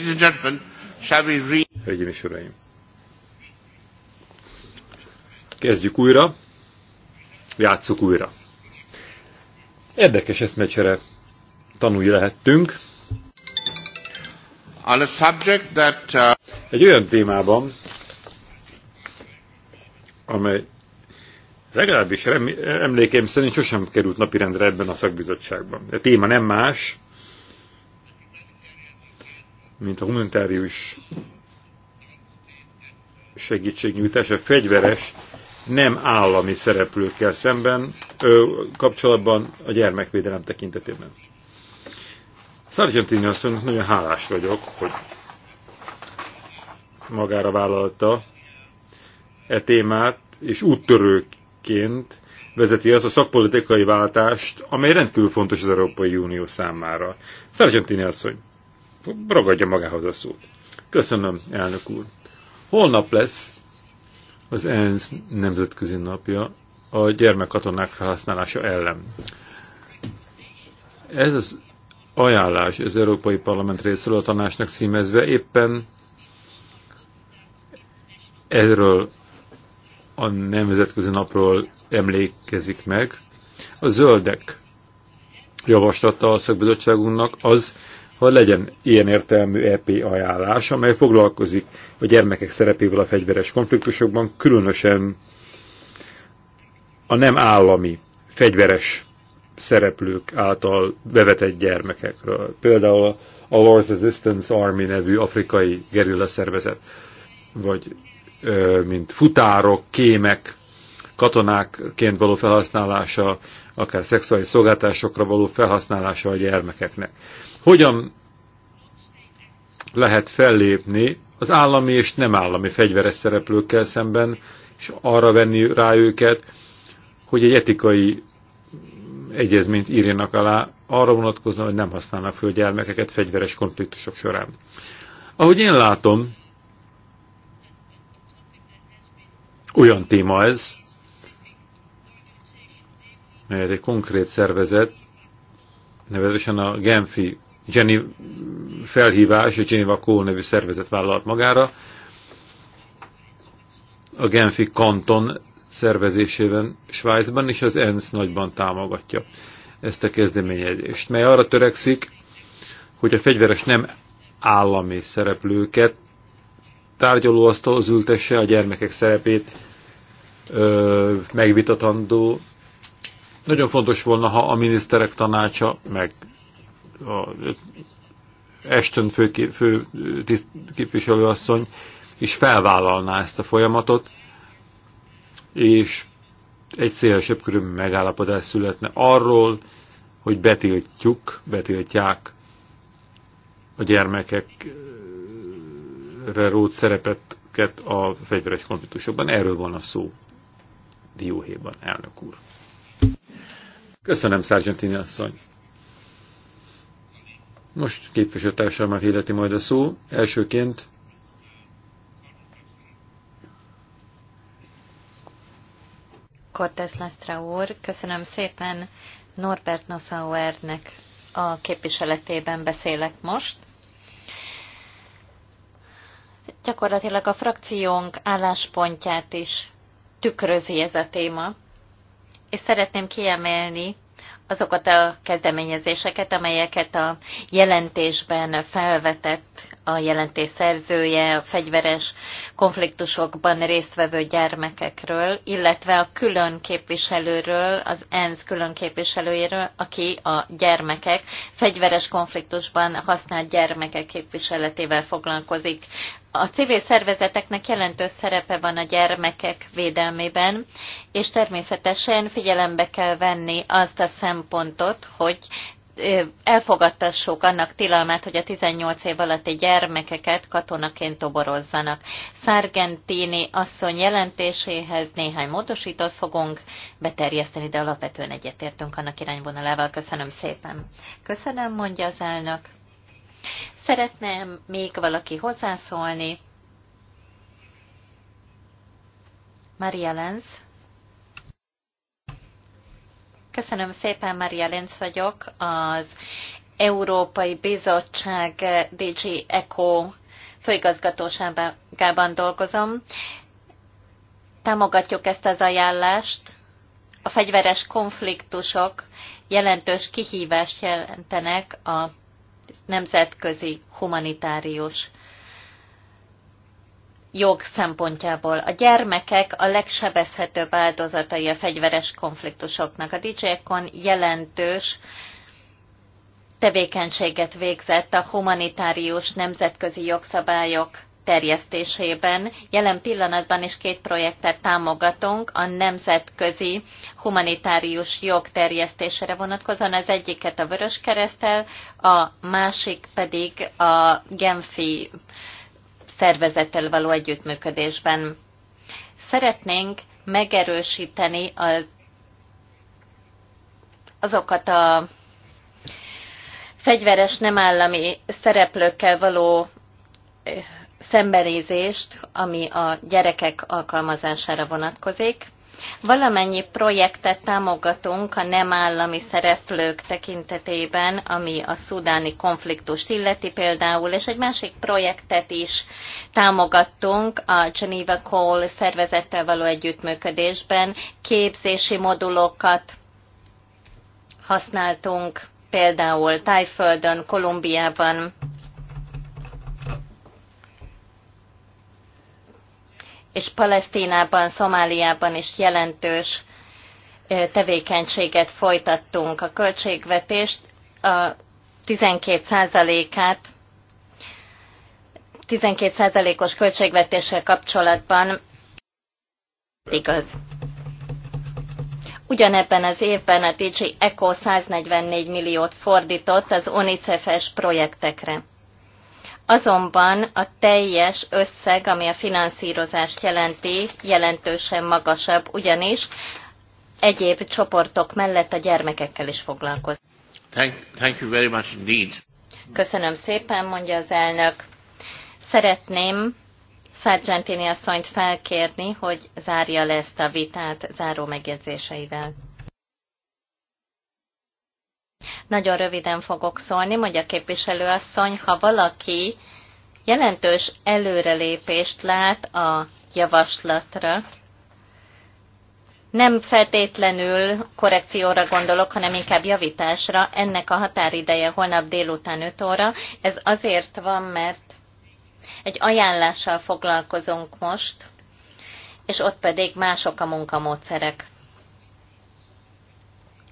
Ladies and gentlemen, shall we read? Hölgyeim és uraim! Kezdjük újra, játsszuk újra. Érdekes eszmecsere tanulj lehettünk. On a subject that, uh... Egy olyan témában, amely legalábbis emlékeim szerint sosem került napirendre ebben a szakbizottságban. A téma nem más, mint a humanitárius segítségnyújtás a fegyveres, nem állami szereplőkkel szemben ö, kapcsolatban a gyermekvédelem tekintetében. Sargentini mondja, nagyon hálás vagyok, hogy magára vállalta e témát, és úttörőként vezeti azt a szakpolitikai váltást, amely rendkívül fontos az Európai Unió számára. Sargentini asszony, ragadja magához a szót. Köszönöm, elnök úr. Holnap lesz az ENSZ nemzetközi napja a gyermekkatonák felhasználása ellen. Ez az ajánlás az Európai Parlament részéről a tanácsnak címezve éppen erről a nemzetközi napról emlékezik meg. A zöldek javaslata a szakbizottságunknak az, hogy legyen ilyen értelmű EP ajánlás, amely foglalkozik a gyermekek szerepével a fegyveres konfliktusokban, különösen a nem állami fegyveres szereplők által bevetett gyermekekről. Például a Lord's Resistance Army nevű afrikai gerilla szervezet, vagy mint futárok, kémek, katonákként való felhasználása, akár szexuális szolgáltásokra való felhasználása a gyermekeknek. Hogyan lehet fellépni az állami és nem állami fegyveres szereplőkkel szemben, és arra venni rá őket, hogy egy etikai egyezményt írjanak alá, arra vonatkozóan, hogy nem használnak föl gyermekeket fegyveres konfliktusok során. Ahogy én látom, olyan téma ez, melyet egy konkrét szervezet, nevezetesen a Genfi Jenny felhívás, a Geneva Call nevű szervezet vállalt magára, a Genfi Kanton szervezésében Svájcban, és az ENSZ nagyban támogatja ezt a kezdeményezést, mely arra törekszik, hogy a fegyveres nem állami szereplőket az ültesse a gyermekek szerepét ö, megvitatandó nagyon fontos volna, ha a miniszterek tanácsa, meg a Eston fő, fő tiszt, képviselőasszony is felvállalná ezt a folyamatot, és egy szélesebb körül megállapodás születne arról, hogy betiltjuk, betiltják a gyermekekre rót szerepetket a fegyveres konfliktusokban. Erről van a szó dióhéjban, elnök úr. Köszönöm, Sargentini asszony. Most képviselőtársamát illeti majd a szó. Elsőként Cortez Lastra úr, köszönöm szépen Norbert Nassauernek a képviseletében beszélek most. Gyakorlatilag a frakciónk álláspontját is tükrözi ez a téma és szeretném kiemelni azokat a kezdeményezéseket, amelyeket a jelentésben felvetett a jelentés szerzője a fegyveres konfliktusokban résztvevő gyermekekről, illetve a külön képviselőről, az ENSZ külön képviselőjéről, aki a gyermekek, fegyveres konfliktusban használt gyermekek képviseletével foglalkozik a civil szervezeteknek jelentős szerepe van a gyermekek védelmében, és természetesen figyelembe kell venni azt a szempontot, hogy elfogadtassuk annak tilalmát, hogy a 18 év alatti gyermekeket katonaként toborozzanak. Szargentini asszony jelentéséhez néhány módosítót fogunk beterjeszteni, de alapvetően egyetértünk annak irányvonalával. Köszönöm szépen. Köszönöm, mondja az elnök. Szeretne még valaki hozzászólni? Maria Lenz. Köszönöm szépen, Maria Lenz vagyok, az Európai Bizottság DG ECO főigazgatóságában dolgozom. Támogatjuk ezt az ajánlást. A fegyveres konfliktusok jelentős kihívást jelentenek a nemzetközi humanitárius jog szempontjából. A gyermekek a legsebezhetőbb áldozatai a fegyveres konfliktusoknak. A DJ-kon jelentős tevékenységet végzett a humanitárius nemzetközi jogszabályok kiterjesztésében. Jelen pillanatban is két projektet támogatunk a nemzetközi humanitárius jog terjesztésére vonatkozóan. Az egyiket a Vörös Keresztel, a másik pedig a Genfi szervezettel való együttműködésben. Szeretnénk megerősíteni az, azokat a fegyveres nem állami szereplőkkel való szembenézést, ami a gyerekek alkalmazására vonatkozik. Valamennyi projektet támogatunk a nem állami szereplők tekintetében, ami a szudáni konfliktust illeti például, és egy másik projektet is támogattunk a Geneva Call szervezettel való együttműködésben. Képzési modulokat használtunk például Tájföldön, Kolumbiában, és Palesztinában, Szomáliában is jelentős tevékenységet folytattunk. A költségvetést a 12%-át 12%-os költségvetéssel kapcsolatban igaz. Ugyanebben az évben a DG ECO 144 milliót fordított az UNICEF-es projektekre. Azonban a teljes összeg, ami a finanszírozást jelenti, jelentősen magasabb, ugyanis egyéb csoportok mellett a gyermekekkel is foglalkozik. Thank, thank you very much indeed. Köszönöm szépen, mondja az elnök. Szeretném Sargentini asszonyt felkérni, hogy zárja le ezt a vitát záró megjegyzéseivel. Nagyon röviden fogok szólni, mondja képviselőasszony, ha valaki jelentős előrelépést lát a javaslatra, nem feltétlenül korrekcióra gondolok, hanem inkább javításra. Ennek a határideje holnap délután 5 óra. Ez azért van, mert egy ajánlással foglalkozunk most, és ott pedig mások a munkamódszerek.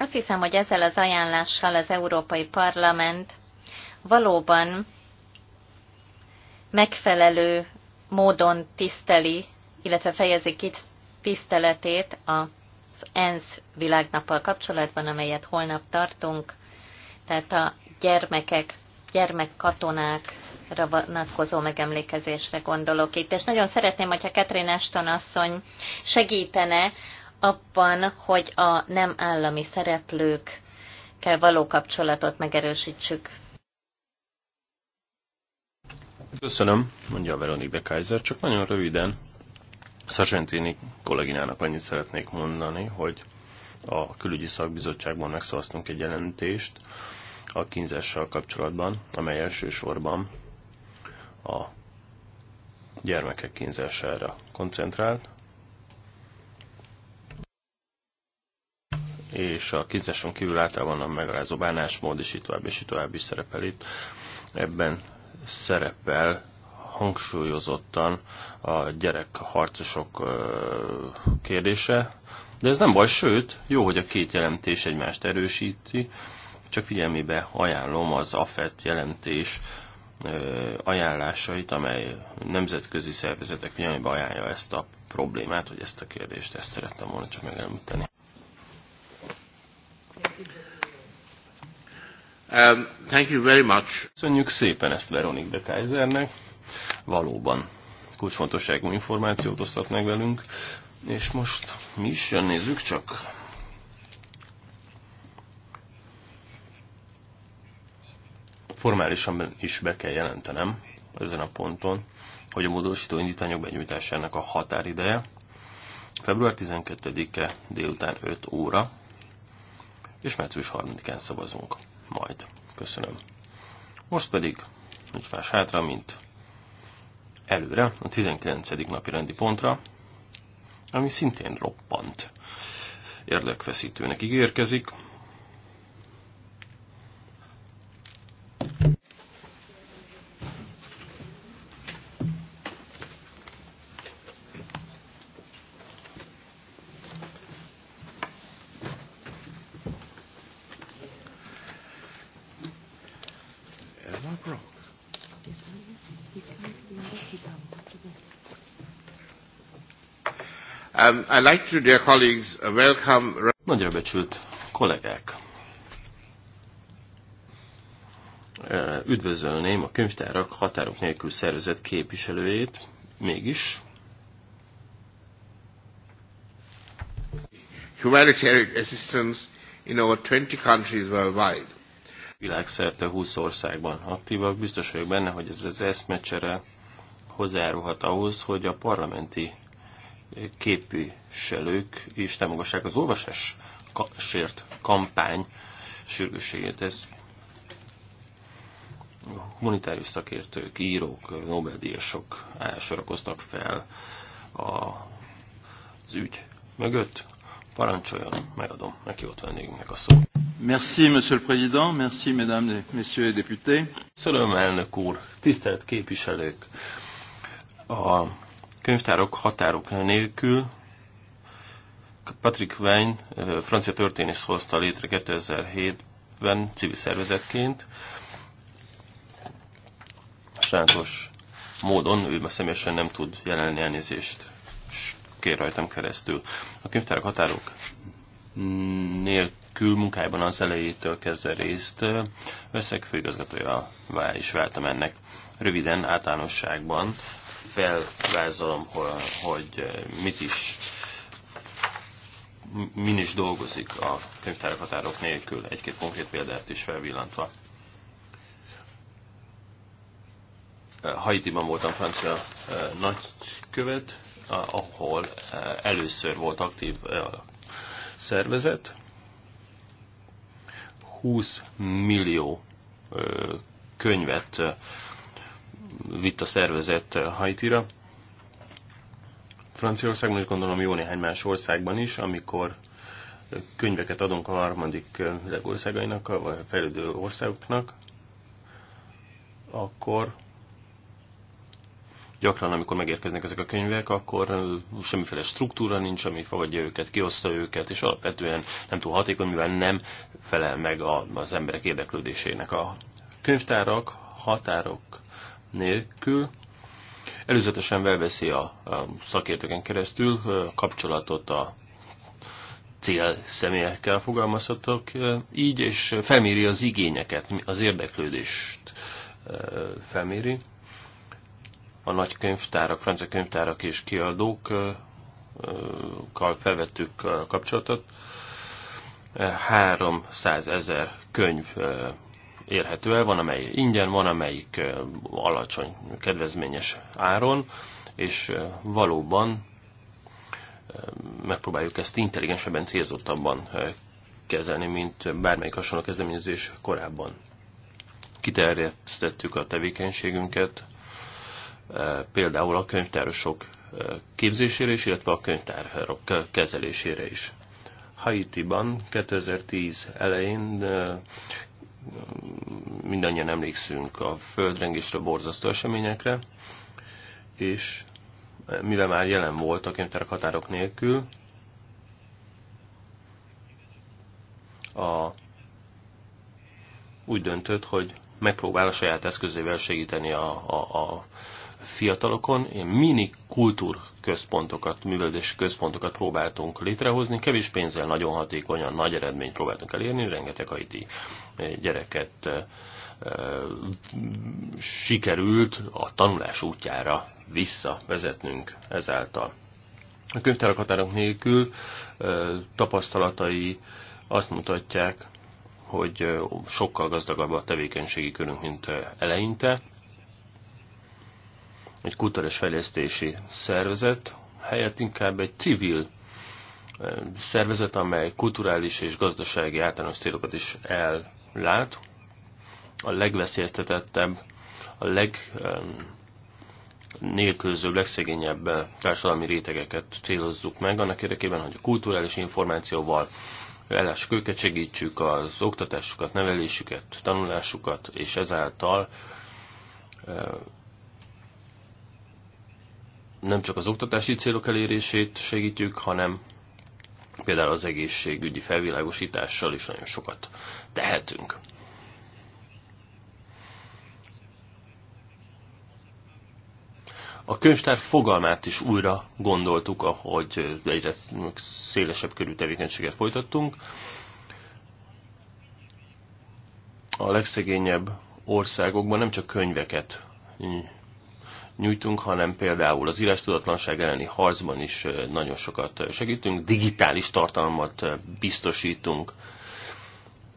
Azt hiszem, hogy ezzel az ajánlással az Európai Parlament valóban megfelelő módon tiszteli, illetve fejezi ki tiszteletét az ENSZ világnappal kapcsolatban, amelyet holnap tartunk. Tehát a gyermekek, gyermekkatonák vonatkozó megemlékezésre gondolok itt. És nagyon szeretném, hogyha Katrin Ashton asszony segítene abban, hogy a nem állami szereplőkkel való kapcsolatot megerősítsük. Köszönöm, mondja a Veronique de Kaiser, csak nagyon röviden. Sargentini kolléginának annyit szeretnék mondani, hogy a külügyi szakbizottságban megszavaztunk egy jelentést a kínzással kapcsolatban, amely elsősorban a gyermekek kínzására koncentrált. és a kizáson kívül általában a megalázó bánásmód, és így tovább, és így tovább is szerepel itt. Ebben szerepel hangsúlyozottan a gyerek harcosok kérdése, de ez nem baj, sőt, jó, hogy a két jelentés egymást erősíti, csak figyelmébe ajánlom az AFET jelentés ajánlásait, amely nemzetközi szervezetek figyelmébe ajánlja ezt a problémát, hogy ezt a kérdést, ezt szerettem volna csak megelmíteni. Um, thank you very much. Köszönjük szépen ezt Veronik de Kaisernek. Valóban kulcsfontosságú információt osztott meg velünk. És most mi is jön, nézzük csak. Formálisan is be kell jelentenem ezen a ponton, hogy a módosító indítványok benyújtásának a határideje február 12-e délután 5 óra, és március 30-án szavazunk majd. Köszönöm. Most pedig úgy más hátra, mint előre, a 19. napi rendi pontra, ami szintén roppant érdekfeszítőnek ígérkezik, Um, I like to, dear colleagues, welcome... Nagyra becsült kollégák! Uh, üdvözölném a könyvtárak határok nélkül szervezett képviselőjét, mégis. Humanitarian assistance in over 20 countries worldwide. Világszerte 20 országban aktívak, biztos vagyok benne, hogy ez az eszmecsere hozzájárulhat ahhoz, hogy a parlamenti képviselők is támogassák az sért kampány sürgősségét. Ez humanitárius szakértők, írók, Nobel-díjasok sorakoztak fel a, az ügy mögött. Parancsoljon, megadom neki ott vendégünknek a szót. Merci, Monsieur le Président, merci, Mesdames et Messieurs les députés. Szöröm, elnök úr, tisztelt képviselők! A könyvtárok határok nélkül Patrick Wein, francia történész hozta létre 2007-ben civil szervezetként. Sajnos módon ő személyesen nem tud jelenni elnézést, és kér rajtam keresztül. A könyvtárok határok nélkül munkájában az elejétől kezdve részt veszek, főigazgatója is váltam ennek. Röviden, általánosságban felvázolom, hogy eh, mit is min is dolgozik a könyvtárak határok nélkül, egy-két konkrét példát is felvillantva. Eh, Haitiban voltam francia eh, nagykövet, ahol először volt aktív a szervezet. 20 millió könyvet vitt a szervezet Haitira. Franciaországban is gondolom jó néhány más országban is, amikor könyveket adunk a harmadik legországainak, vagy a fejlődő országoknak, akkor gyakran, amikor megérkeznek ezek a könyvek, akkor semmiféle struktúra nincs, ami fogadja őket, kiosztja őket, és alapvetően nem túl hatékony, mivel nem felel meg az emberek érdeklődésének. A könyvtárak, határok nélkül. Előzetesen felveszi a, szakértőken keresztül kapcsolatot a cél személyekkel fogalmazhatok így, és felméri az igényeket, az érdeklődést felméri. A nagy könyvtárak, francia könyvtárak és kiadókkal felvettük kapcsolatot. 300 ezer könyv érhető el, van amelyik ingyen, van amelyik alacsony, kedvezményes áron, és valóban megpróbáljuk ezt intelligensebben, célzottabban kezelni, mint bármelyik hasonló kezdeményezés korábban. Kiterjesztettük a tevékenységünket, például a könyvtárosok képzésére is, illetve a könyvtárok kezelésére is. Haiti-ban 2010 elején mindannyian emlékszünk a földrengésre, borzasztó eseményekre, és mivel már jelen volt a könyvtárak határok nélkül, a, úgy döntött, hogy megpróbál a saját eszközével segíteni a, a, a fiatalokon. ilyen mini kultúr központokat, művelődési központokat próbáltunk létrehozni, kevés pénzzel nagyon hatékonyan nagy eredményt próbáltunk elérni, rengeteg haiti gyereket sikerült a tanulás útjára visszavezetnünk ezáltal. A könyvtárak határok nélkül tapasztalatai azt mutatják, hogy sokkal gazdagabb a tevékenységi körünk, mint eleinte egy kulturális fejlesztési szervezet, helyett inkább egy civil eh, szervezet, amely kulturális és gazdasági általános célokat is ellát. A legveszélyeztetettebb, a legnélkülözőbb, legszegényebb eh, társadalmi rétegeket célozzuk meg, annak érdekében, hogy a kulturális információval ellássuk őket, segítsük az oktatásukat, nevelésüket, tanulásukat, és ezáltal eh, nem csak az oktatási célok elérését segítjük, hanem például az egészségügyi felvilágosítással is nagyon sokat tehetünk. A könyvtár fogalmát is újra gondoltuk, ahogy egyre szélesebb körű tevékenységet folytattunk. A legszegényebb országokban nem csak könyveket nyújtunk, hanem például az írás tudatlanság elleni harcban is nagyon sokat segítünk, digitális tartalmat biztosítunk,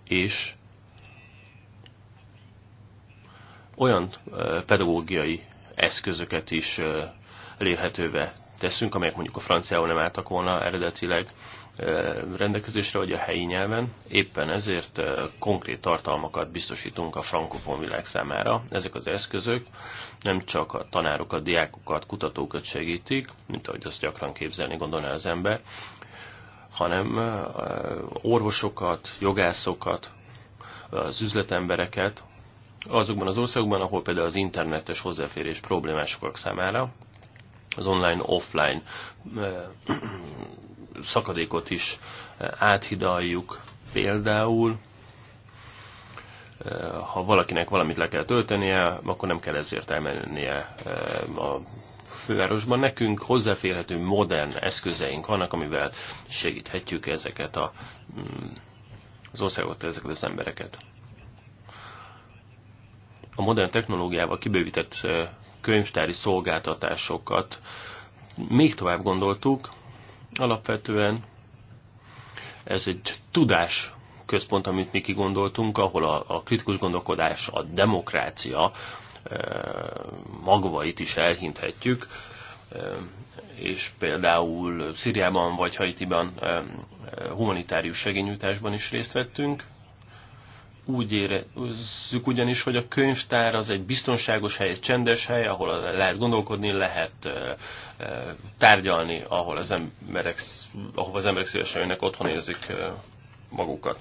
és olyan pedagógiai eszközöket is elérhetővé teszünk, amelyek mondjuk a franciául nem álltak volna eredetileg, rendelkezésre, vagy a helyi nyelven. Éppen ezért konkrét tartalmakat biztosítunk a frankofon világ számára. Ezek az eszközök nem csak a tanárokat, diákokat, kutatókat segítik, mint ahogy azt gyakran képzelni gondolná az ember, hanem orvosokat, jogászokat, az üzletembereket, azokban az országokban, ahol például az internetes hozzáférés problémás számára, az online-offline szakadékot is áthidaljuk. Például, ha valakinek valamit le kell töltenie, akkor nem kell ezért elmennie a fővárosban. Nekünk hozzáférhető modern eszközeink vannak, amivel segíthetjük ezeket a, mm, az országot, ezeket az embereket. A modern technológiával kibővített könyvtári szolgáltatásokat még tovább gondoltuk. Alapvetően ez egy tudás központ, amit mi kigondoltunk, ahol a, a kritikus gondolkodás, a demokrácia e, magvait is elhinthetjük, e, és például Szíriában vagy Haitiban e, humanitárius segényújtásban is részt vettünk, úgy érezzük ugyanis, hogy a könyvtár az egy biztonságos hely, egy csendes hely, ahol lehet gondolkodni, lehet tárgyalni, ahol az emberek, ahova az emberek szívesen jönnek, otthon érzik magukat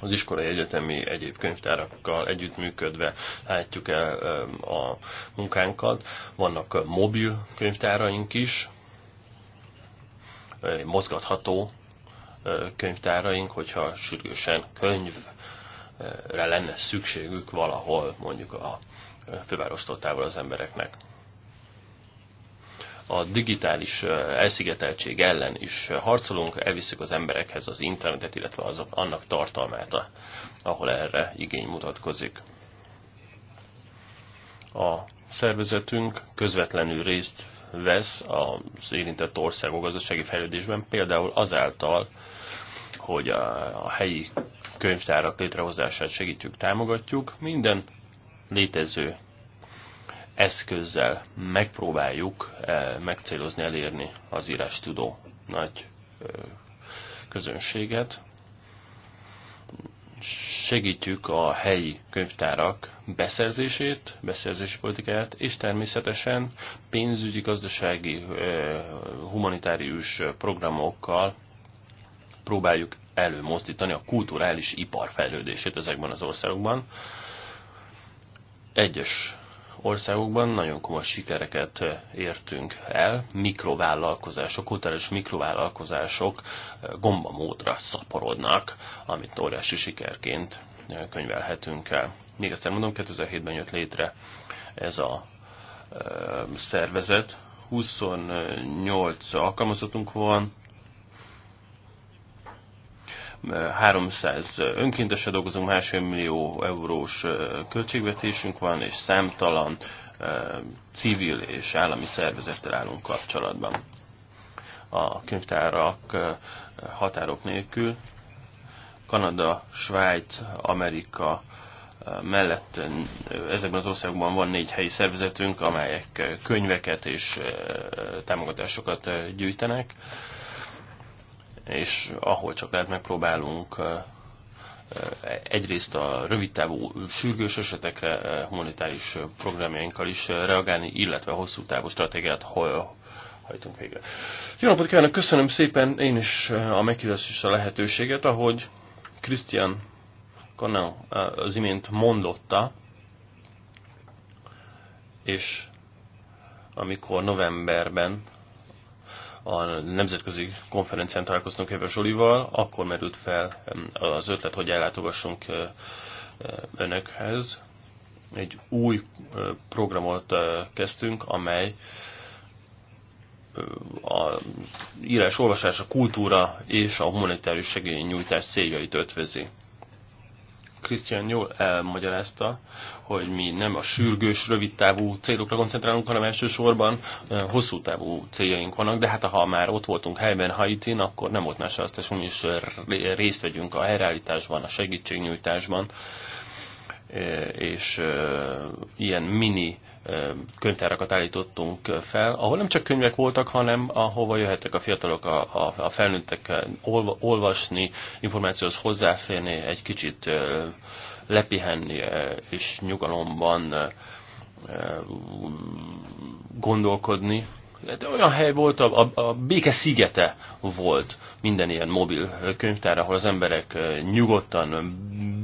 az iskolai egyetemi egyéb könyvtárakkal együttműködve látjuk el a munkánkat. Vannak mobil könyvtáraink is, mozgatható könyvtáraink, hogyha sürgősen könyv re lenne szükségük valahol, mondjuk a fővárostól távol az embereknek. A digitális elszigeteltség ellen is harcolunk, elviszük az emberekhez az internetet, illetve az annak tartalmát, ahol erre igény mutatkozik. A szervezetünk közvetlenül részt vesz az érintett országok gazdasági fejlődésben, például azáltal, hogy a, a helyi könyvtárak létrehozását segítjük, támogatjuk. Minden létező eszközzel megpróbáljuk eh, megcélozni, elérni az írás tudó nagy eh, közönséget. Segítjük a helyi könyvtárak beszerzését, beszerzési politikáját, és természetesen pénzügyi, gazdasági, eh, humanitárius programokkal próbáljuk előmozdítani a kulturális ipar fejlődését ezekben az országokban. Egyes országokban nagyon komoly sikereket eh, értünk el, mikrovállalkozások, kulturális mikrovállalkozások eh, gombamódra szaporodnak, amit óriási sikerként eh, könyvelhetünk el. Még egyszer mondom, 2007-ben jött létre ez a szervezet, 28 alkalmazottunk van, 300 önkéntesre dolgozunk, másfél millió eurós költségvetésünk van, és számtalan civil és állami szervezettel állunk kapcsolatban. A könyvtárak határok nélkül Kanada, Svájc, Amerika mellett ezekben az országokban van négy helyi szervezetünk, amelyek könyveket és támogatásokat gyűjtenek és ahol csak lehet megpróbálunk egyrészt a rövidtávú sürgős esetekre humanitárius programjainkkal is reagálni, illetve hosszú távú stratégiát hol hajtunk végre. Jó napot kívánok, köszönöm szépen én is a meghívást és a lehetőséget, ahogy Krisztián Kannel az imént mondotta, és amikor novemberben a nemzetközi konferencián találkoztunk Éve Zsolival, akkor merült fel az ötlet, hogy ellátogassunk önökhez. Egy új programot kezdtünk, amely a írás, olvasás, a kultúra és a humanitárius segélynyújtás céljait ötvezi. Krisztián jól elmagyarázta, hogy mi nem a sürgős, rövidtávú célokra koncentrálunk, hanem elsősorban hosszú távú céljaink vannak, de hát ha már ott voltunk helyben Haitin, akkor nem volt más azt, és mi is részt vegyünk a helyreállításban, a segítségnyújtásban, és ilyen mini könyvtárakat állítottunk fel, ahol nem csak könyvek voltak, hanem ahova jöhettek a fiatalok, a, a, a felnőttek olvasni, információhoz hozzáférni, egy kicsit lepihenni és nyugalomban gondolkodni. De hát olyan hely volt, a, a, a béke szigete volt minden ilyen mobil könyvtár, ahol az emberek nyugodtan,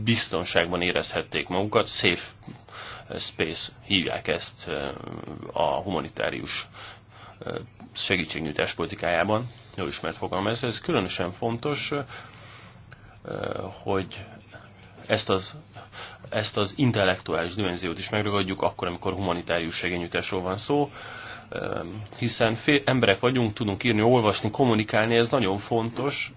biztonságban érezhették magukat, safe Space hívják ezt a humanitárius segítségnyújtás politikájában. Jól ismert fogalma ez. Ez különösen fontos, hogy ezt az, ezt az intellektuális dimenziót is megragadjuk, akkor, amikor humanitárius segényütésről van szó, hiszen fél, emberek vagyunk, tudunk írni, olvasni, kommunikálni, ez nagyon fontos,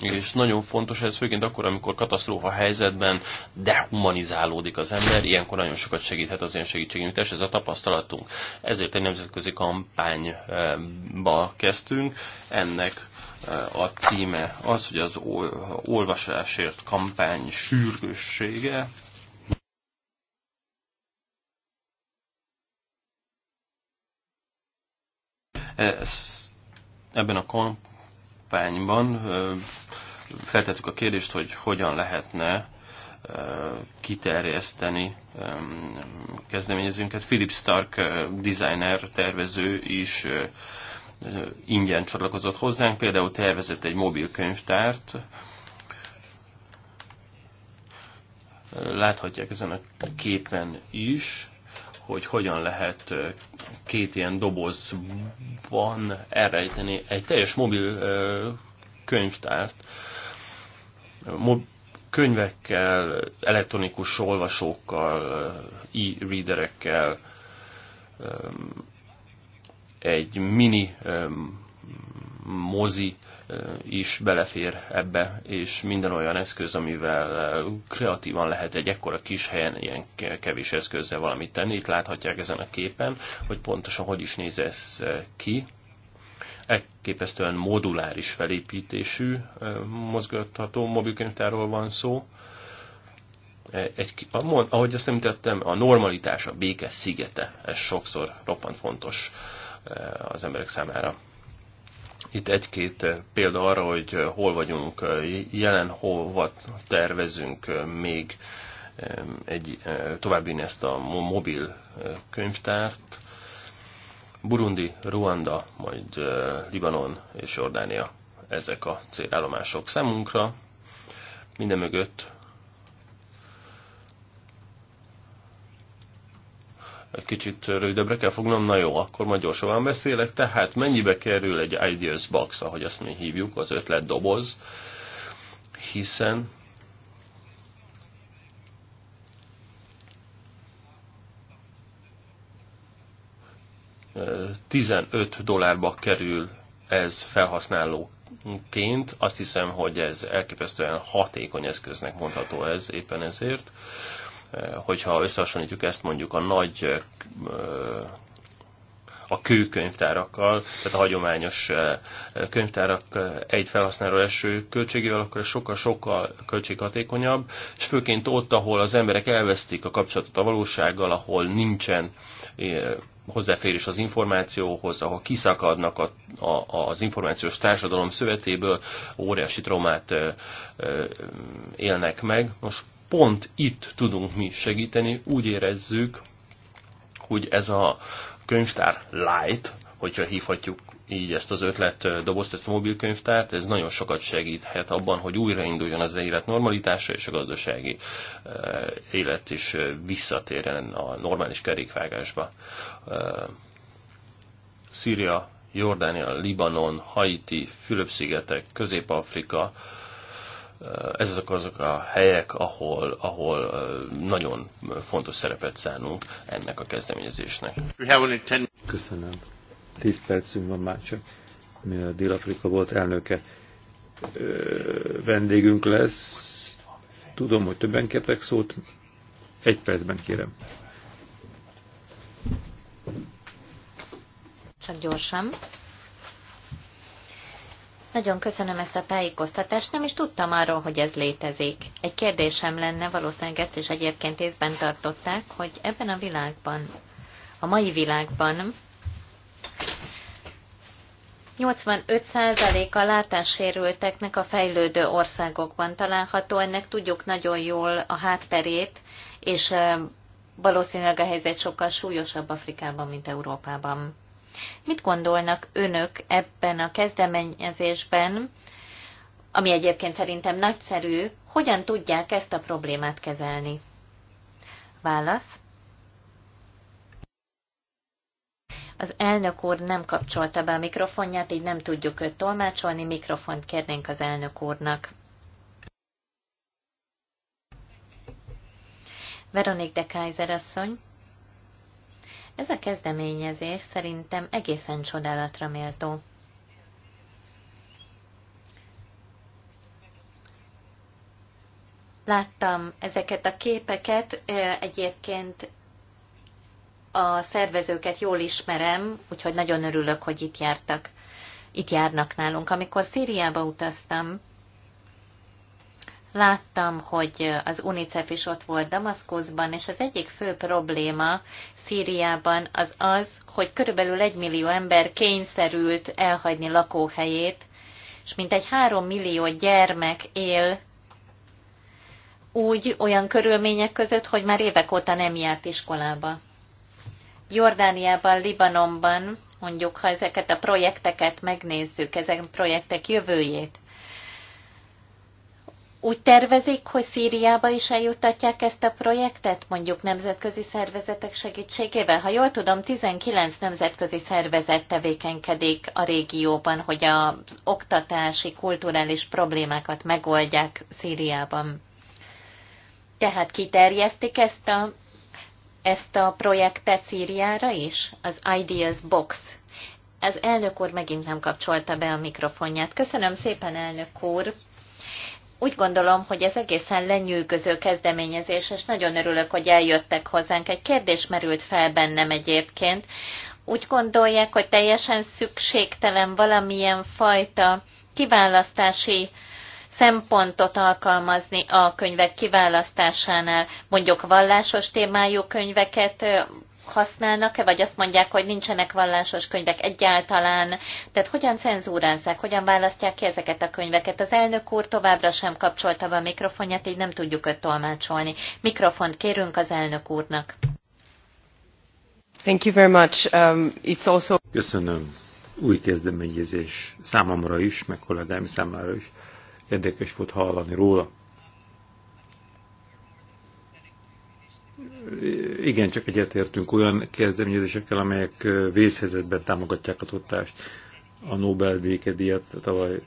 és nagyon fontos ez főként akkor, amikor katasztrófa helyzetben dehumanizálódik az ember, ilyenkor nagyon sokat segíthet az ilyen segítségnyújtás, ez a tapasztalatunk. Ezért egy nemzetközi kampányba kezdtünk, ennek eh, a címe az, hogy az olvasásért kampány sürgőssége, ebben a kamp kampányban feltettük a kérdést, hogy hogyan lehetne kiterjeszteni kezdeményezőnket. Philip Stark designer, tervező is ingyen csatlakozott hozzánk, például tervezett egy mobil könyvtárt. láthatják ezen a képen is hogy hogyan lehet két ilyen dobozban elrejteni egy teljes mobil könyvtárt, könyvekkel, elektronikus olvasókkal, e-readerekkel, egy mini mozi is belefér ebbe, és minden olyan eszköz, amivel kreatívan lehet egy ekkora kis helyen ilyen kevés eszközzel valamit tenni. Itt láthatják ezen a képen, hogy pontosan hogy is néz ez ki. Elképesztően moduláris felépítésű mozgatható mobilkönyvtárról van szó. E, egy, ahogy azt említettem, a normalitás, a béke szigete, ez sokszor roppant fontos az emberek számára. Itt egy-két eh, példa arra, hogy eh, hol vagyunk eh, jelen, hova tervezünk még egy, továbbvinni ezt a mobil könyvtárt. Burundi, Ruanda, majd Libanon és Jordánia ezek a célállomások számunkra. Minden mögött egy kicsit rövidebbre kell fognom, na jó, akkor majd gyorsan beszélek. Tehát mennyibe kerül egy ideas box, ahogy azt mi hívjuk, az ötlet doboz, hiszen ...15 dollárba kerül ez felhasználóként. Azt hiszem, hogy ez elképesztően hatékony eszköznek mondható ez éppen ezért. Eh, hogyha összehasonlítjuk ezt mondjuk a nagy eh, a kőkönyvtárakkal, tehát a hagyományos eh, könyvtárak egy felhasználó eső költségével, akkor ez sokkal-sokkal költséghatékonyabb, és főként ott, ahol az emberek elvesztik a kapcsolatot a valósággal, ahol nincsen hozzáférés az információhoz, ahol kiszakadnak a, a, az információs társadalom szövetéből, óriási traumát élnek meg. Most pont itt tudunk mi segíteni, úgy érezzük, hogy ez a könyvtár light, hogyha hívhatjuk így ezt az ötlet dobozt, ezt a mobilkönyvtárt, ez nagyon sokat segíthet abban, hogy újrainduljon az élet normalitása, és a gazdasági élet is visszatérjen a normális kerékvágásba. Szíria, Jordánia, Libanon, Haiti, Fülöp-szigetek, Közép-Afrika, ezek azok a helyek, ahol, ahol nagyon fontos szerepet szánunk ennek a kezdeményezésnek. Köszönöm. Tíz percünk van már csak, mi a Dél-Afrika volt elnöke vendégünk lesz. Tudom, hogy többen kettek szót. Egy percben kérem. Csak gyorsan. Nagyon köszönöm ezt a tájékoztatást, nem is tudtam arról, hogy ez létezik. Egy kérdésem lenne, valószínűleg ezt is egyébként észben tartották, hogy ebben a világban, a mai világban 85% a látássérülteknek a fejlődő országokban található, ennek tudjuk nagyon jól a hátterét, és eh, valószínűleg a helyzet sokkal súlyosabb Afrikában, mint Európában. Mit gondolnak önök ebben a kezdeményezésben, ami egyébként szerintem nagyszerű, hogyan tudják ezt a problémát kezelni? Válasz. Az elnök úr nem kapcsolta be a mikrofonját, így nem tudjuk őt tolmácsolni, mikrofont kérnénk az elnök úrnak. Veronik de Kaiser asszony. Ez a kezdeményezés szerintem egészen csodálatra méltó. Láttam ezeket a képeket, egyébként a szervezőket jól ismerem, úgyhogy nagyon örülök, hogy itt jártak, itt járnak nálunk. Amikor Szíriába utaztam, Láttam, hogy az UNICEF is ott volt Damaszkuszban, és az egyik fő probléma Szíriában az az, hogy körülbelül egy millió ember kényszerült elhagyni lakóhelyét, és mintegy három millió gyermek él úgy olyan körülmények között, hogy már évek óta nem járt iskolába. Jordániában, Libanonban, mondjuk, ha ezeket a projekteket megnézzük, ezek a projektek jövőjét, úgy tervezik, hogy Szíriába is eljuttatják ezt a projektet, mondjuk nemzetközi szervezetek segítségével? Ha jól tudom, 19 nemzetközi szervezet tevékenykedik a régióban, hogy az oktatási, kulturális problémákat megoldják Szíriában. Tehát kiterjesztik ezt a, ezt a projektet Szíriára is? Az Ideas Box. Az elnök úr megint nem kapcsolta be a mikrofonját. Köszönöm szépen, elnök úr! úgy gondolom, hogy ez egészen lenyűgöző kezdeményezés, és nagyon örülök, hogy eljöttek hozzánk. Egy kérdés merült fel bennem egyébként. Úgy gondolják, hogy teljesen szükségtelen valamilyen fajta kiválasztási szempontot alkalmazni a könyvek kiválasztásánál, mondjuk vallásos témájú könyveket használnak-e, vagy azt mondják, hogy nincsenek vallásos könyvek egyáltalán. Tehát hogyan cenzúrázzák, hogyan választják ki ezeket a könyveket? Az elnök úr továbbra sem kapcsolta be a mikrofonját, így nem tudjuk őt tolmácsolni. Mikrofont kérünk az elnök úrnak. Thank you very much. Um, it's also... Köszönöm. Új kezdeményezés számomra is, meg kollégáim számára is. Érdekes volt hallani róla. igen, csak egyetértünk olyan kezdeményezésekkel, amelyek vészhelyzetben támogatják a tudást. A Nobel békedíjat tavaly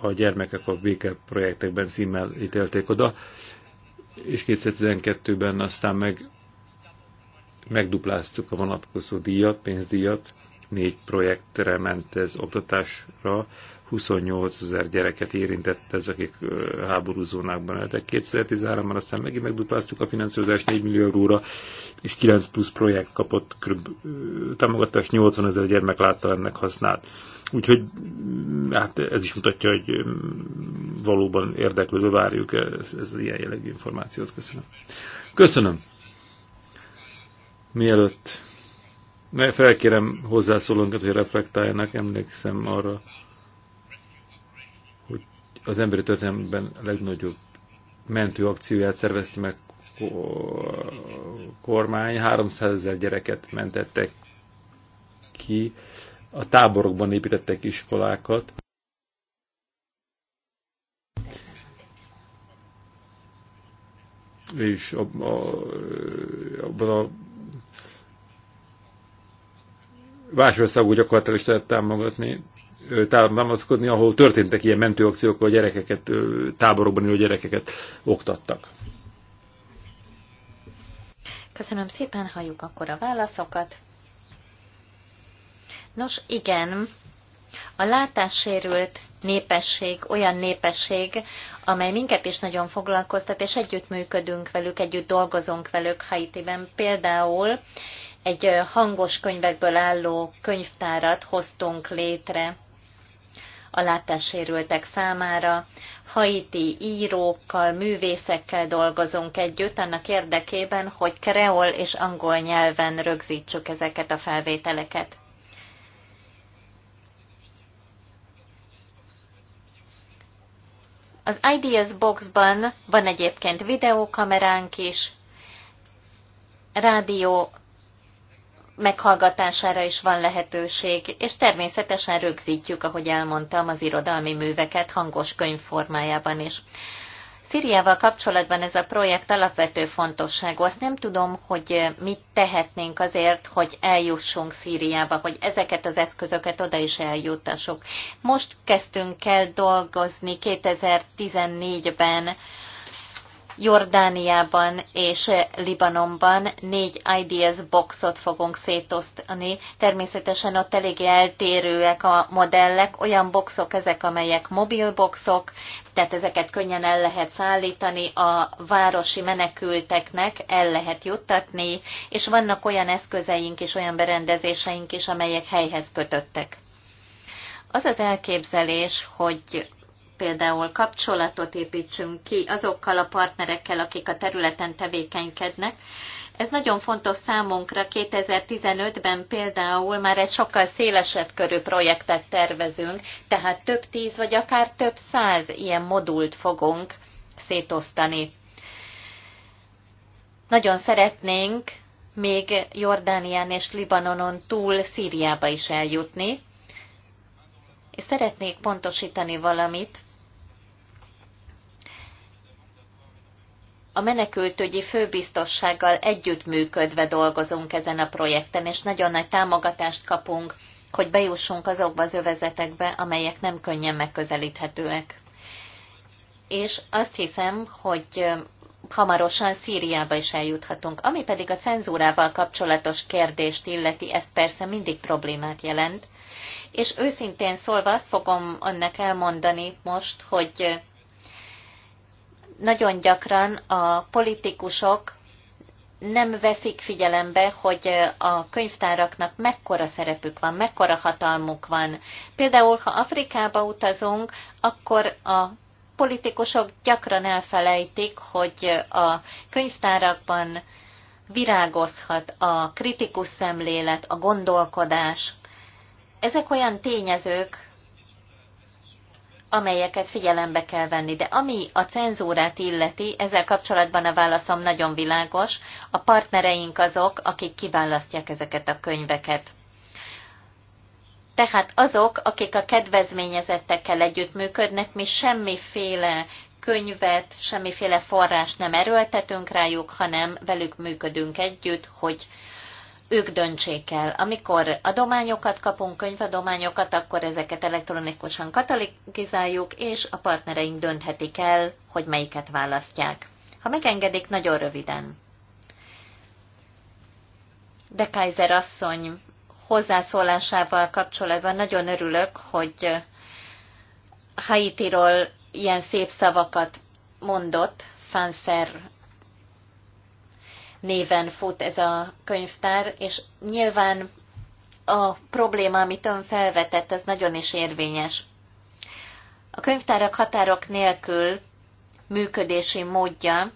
a gyermekek a béke projektekben címmel ítélték oda, és 2012-ben aztán meg megdupláztuk a vonatkozó díjat, pénzdíjat, négy projektre ment ez oktatásra, 28 ezer gyereket érintett ez, akik háborúzónákban éltek 2013-ban, aztán megint megdupláztuk a finanszírozást 4 millió euróra, és 9 plusz projekt kapott kb. támogatást, 80 ezer gyermek látta ennek hasznát. Úgyhogy mm, hát ez is mutatja, hogy mm, valóban érdeklődve várjuk ez, ez ilyen jellegű információt. Köszönöm. Köszönöm. Mielőtt felkérem hozzászólónkat, hogy reflektáljanak, emlékszem arra, az emberi történelemben a legnagyobb mentőakcióját szervezte meg kormány. 300 ezer gyereket mentettek ki, a táborokban építettek iskolákat. És a, a, abban a vásárszagú gyakorlatilag is lehet támogatni támaszkodni, ahol történtek ilyen mentőakciók, a gyerekeket, táborokban ülő gyerekeket oktattak. Köszönöm szépen, halljuk akkor a válaszokat. Nos, igen, a látássérült népesség olyan népesség, amely minket is nagyon foglalkoztat, és együttműködünk velük, együtt dolgozunk velük Haitiben. Például egy hangos könyvekből álló könyvtárat hoztunk létre a látássérültek számára. Haiti írókkal, művészekkel dolgozunk együtt annak érdekében, hogy kreol és angol nyelven rögzítsük ezeket a felvételeket. Az Ideas Boxban van egyébként videókameránk is, rádió meghallgatására is van lehetőség, és természetesen rögzítjük, ahogy elmondtam, az irodalmi műveket hangos könyv formájában is. Szíriával kapcsolatban ez a projekt alapvető fontosságú. Azt nem tudom, hogy mit tehetnénk azért, hogy eljussunk Szíriába, hogy ezeket az eszközöket oda is eljuttassuk. Most kezdtünk el dolgozni 2014-ben Jordániában és Libanonban négy IDS boxot fogunk szétosztani. Természetesen ott eléggé eltérőek a modellek, olyan boxok ezek, amelyek mobil boxok, tehát ezeket könnyen el lehet szállítani, a városi menekülteknek el lehet juttatni, és vannak olyan eszközeink és olyan berendezéseink is, amelyek helyhez kötöttek. Az az elképzelés, hogy például kapcsolatot építsünk ki azokkal a partnerekkel, akik a területen tevékenykednek. Ez nagyon fontos számunkra. 2015-ben például már egy sokkal szélesebb körű projektet tervezünk, tehát több tíz vagy akár több száz ilyen modult fogunk szétosztani. Nagyon szeretnénk még Jordánián és Libanonon túl Szíriába is eljutni, és szeretnék pontosítani valamit. a menekültügyi főbiztossággal együttműködve dolgozunk ezen a projekten, és nagyon nagy támogatást kapunk, hogy bejussunk azokba az övezetekbe, amelyek nem könnyen megközelíthetőek. És azt hiszem, hogy hamarosan Szíriába is eljuthatunk. Ami pedig a cenzúrával kapcsolatos kérdést illeti, ez persze mindig problémát jelent. És őszintén szólva azt fogom önnek elmondani most, hogy nagyon gyakran a politikusok nem veszik figyelembe, hogy a könyvtáraknak mekkora szerepük van, mekkora hatalmuk van. Például, ha Afrikába utazunk, akkor a politikusok gyakran elfelejtik, hogy a könyvtárakban virágozhat a kritikus szemlélet, a gondolkodás. Ezek olyan tényezők, amelyeket figyelembe kell venni. De ami a cenzúrát illeti, ezzel kapcsolatban a válaszom nagyon világos, a partnereink azok, akik kiválasztják ezeket a könyveket. Tehát azok, akik a kedvezményezettekkel együttműködnek, mi semmiféle könyvet, semmiféle forrást nem erőltetünk rájuk, hanem velük működünk együtt, hogy ők döntsék el. Amikor adományokat kapunk, könyvadományokat, akkor ezeket elektronikusan katalizáljuk, és a partnereink dönthetik el, hogy melyiket választják. Ha megengedik, nagyon röviden. De Kaiser asszony hozzászólásával kapcsolatban nagyon örülök, hogy Haitiról ilyen szép szavakat mondott, fanszer néven fut ez a könyvtár, és nyilván a probléma, amit ön felvetett, ez nagyon is érvényes. A könyvtárak határok nélkül működési módja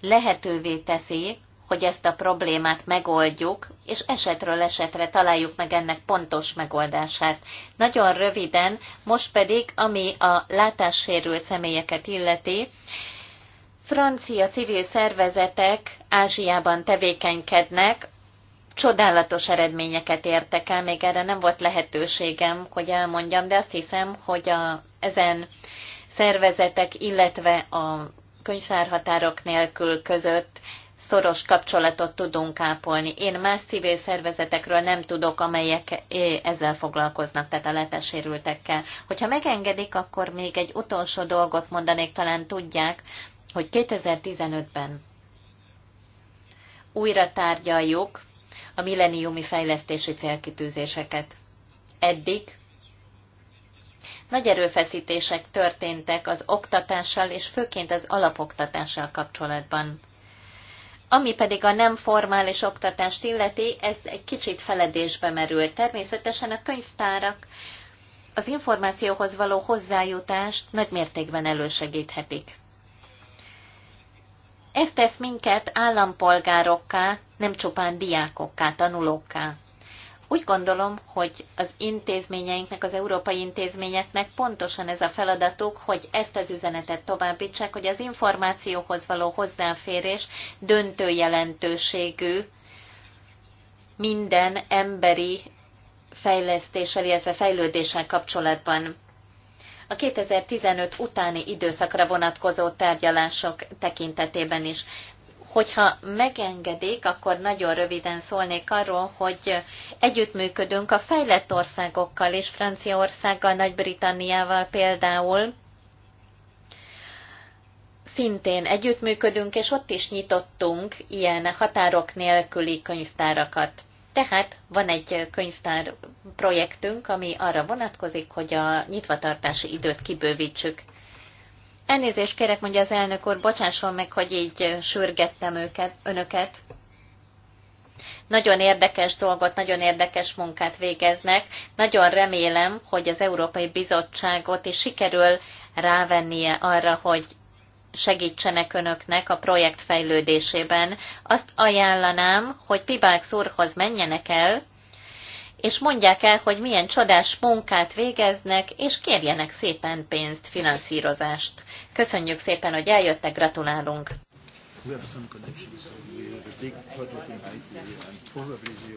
lehetővé teszi, hogy ezt a problémát megoldjuk, és esetről esetre találjuk meg ennek pontos megoldását. Nagyon röviden, most pedig, ami a látássérült személyeket illeti, francia civil szervezetek Ázsiában tevékenykednek, csodálatos eredményeket értek el, még erre nem volt lehetőségem, hogy elmondjam, de azt hiszem, hogy a, ezen szervezetek, illetve a könyvtárhatárok nélkül között szoros kapcsolatot tudunk ápolni. Én más civil szervezetekről nem tudok, amelyek ezzel foglalkoznak, tehát a letesérültekkel. Hogyha megengedik, akkor még egy utolsó dolgot mondanék, talán tudják, hogy 2015-ben újra tárgyaljuk a milleniumi fejlesztési célkitűzéseket. Eddig nagy erőfeszítések történtek az oktatással és főként az alapoktatással kapcsolatban. Ami pedig a nem formális oktatást illeti, ez egy kicsit feledésbe merül. Természetesen a könyvtárak az információhoz való hozzájutást nagy mértékben elősegíthetik. Ez tesz minket állampolgárokká, nem csupán diákokká, tanulókká. Úgy gondolom, hogy az intézményeinknek, az európai intézményeknek pontosan ez a feladatuk, hogy ezt az üzenetet továbbítsák, hogy az információhoz való hozzáférés döntő jelentőségű minden emberi fejlesztéssel, illetve fejlődéssel kapcsolatban a 2015 utáni időszakra vonatkozó tárgyalások tekintetében is. Hogyha megengedik, akkor nagyon röviden szólnék arról, hogy együttműködünk a fejlett országokkal és Franciaországgal, Nagy-Britanniával például, szintén együttműködünk, és ott is nyitottunk ilyen határok nélküli könyvtárakat. Tehát van egy könyvtár projektünk, ami arra vonatkozik, hogy a nyitvatartási időt kibővítsük. Elnézést kérek, mondja az elnök úr, bocsásson meg, hogy így sürgettem őket, önöket. Nagyon érdekes dolgot, nagyon érdekes munkát végeznek. Nagyon remélem, hogy az Európai Bizottságot is sikerül rávennie arra, hogy segítsenek önöknek a projekt fejlődésében. Azt ajánlanám, hogy Pibák úrhoz menjenek el, és mondják el, hogy milyen csodás munkát végeznek, és kérjenek szépen pénzt, finanszírozást. Köszönjük szépen, hogy eljöttek, gratulálunk! We have some connections. So we have a big project in IT and probably the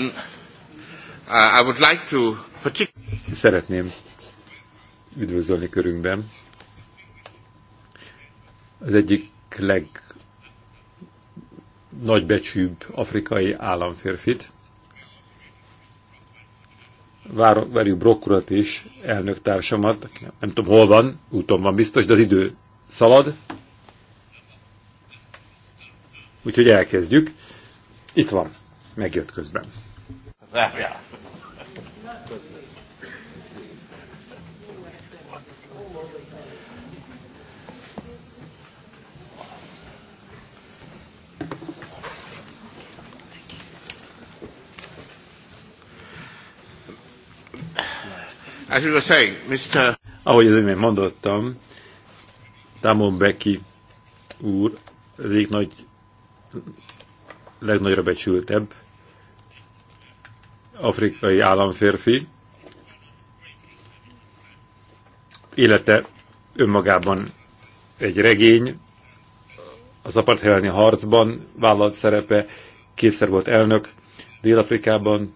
Chairman. Uh, I would like to Szeretném üdvözölni körünkben az egyik legnagybecsibb afrikai államférfit. Várjuk Brokkurat is, elnöktársamat, nem tudom hol van, úton van biztos, de az idő szalad. Úgyhogy elkezdjük. Itt van, megjött közben. Nem jár. As you were saying, Mr. Ahogy az imént mondottam, Damon Becky úr az egyik nagy, legnagyra becsültebb afrikai államférfi élete önmagában egy regény, az apartheid harcban vállalt szerepe, kétszer volt elnök Dél-Afrikában,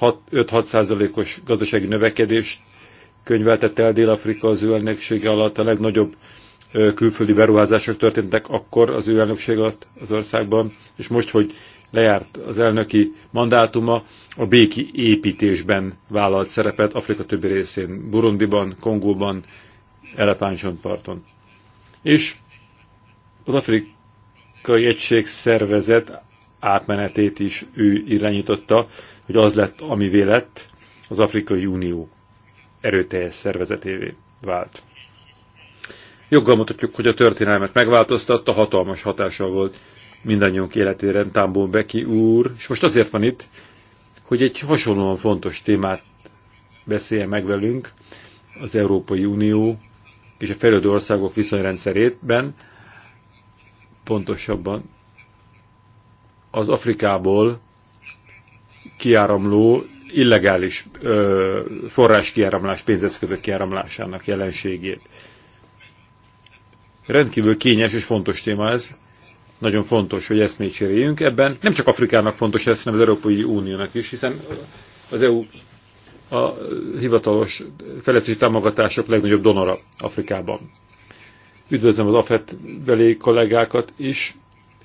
5-6 százalékos gazdasági növekedést könyveltett el Dél-Afrika az ő elnöksége alatt, a legnagyobb külföldi beruházások történtek akkor az ő elnökség alatt az országban, és most, hogy lejárt az elnöki mandátuma, a béki építésben vállalt szerepet Afrika többi részén, Burundiban, Kongóban, Elepáncsontparton. És az Afrikai Egység szervezet átmenetét is ő irányította, hogy az lett, ami lett, az Afrikai Unió erőteljes szervezetévé vált. Joggal mutatjuk, hogy a történelmet megváltoztatta, hatalmas hatása volt mindannyiunk életére, Tambó Beki úr, és most azért van itt, hogy egy hasonlóan fontos témát beszélje meg velünk, az Európai Unió és a fejlődő országok viszonyrendszerétben, pontosabban az Afrikából kiáramló illegális ö, kiáramlás, pénzeszközök kiáramlásának jelenségét. Rendkívül kényes és fontos téma ez, nagyon fontos, hogy eszmét cseréljünk ebben. Nem csak Afrikának fontos ez, hanem az Európai Uniónak is, hiszen az EU a hivatalos fejlesztési támogatások legnagyobb donora Afrikában. Üdvözlöm az AFET belé kollégákat is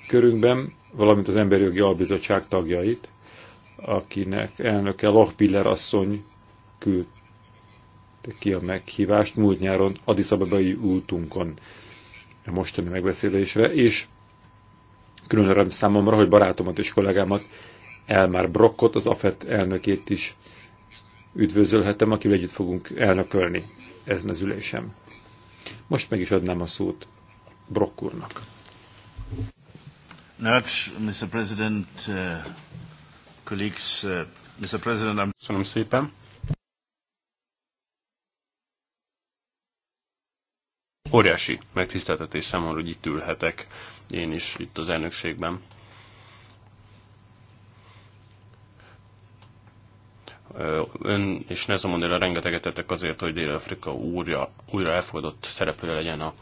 körünkben, valamint az Emberi Jogi Albizottság tagjait, akinek elnöke Piller asszony küldte ki a meghívást múlt nyáron Addis Abebai útunkon a mostani megbeszélésre, és Külön öröm számomra, hogy barátomat és kollégámat, Elmar Brockot, az AFET elnökét is üdvözölhetem, akivel együtt fogunk elnökölni ezen az ülésem. Most meg is adnám a szót Brock úrnak. President, uh, colleagues, uh, Mr. President, Köszönöm szépen. Óriási megtiszteltetés számomra, hogy itt ülhetek én is itt az elnökségben. Ön és Nezo Mandela rengeteget tettek azért, hogy Dél-Afrika újra, újra elfogadott szereplője legyen a,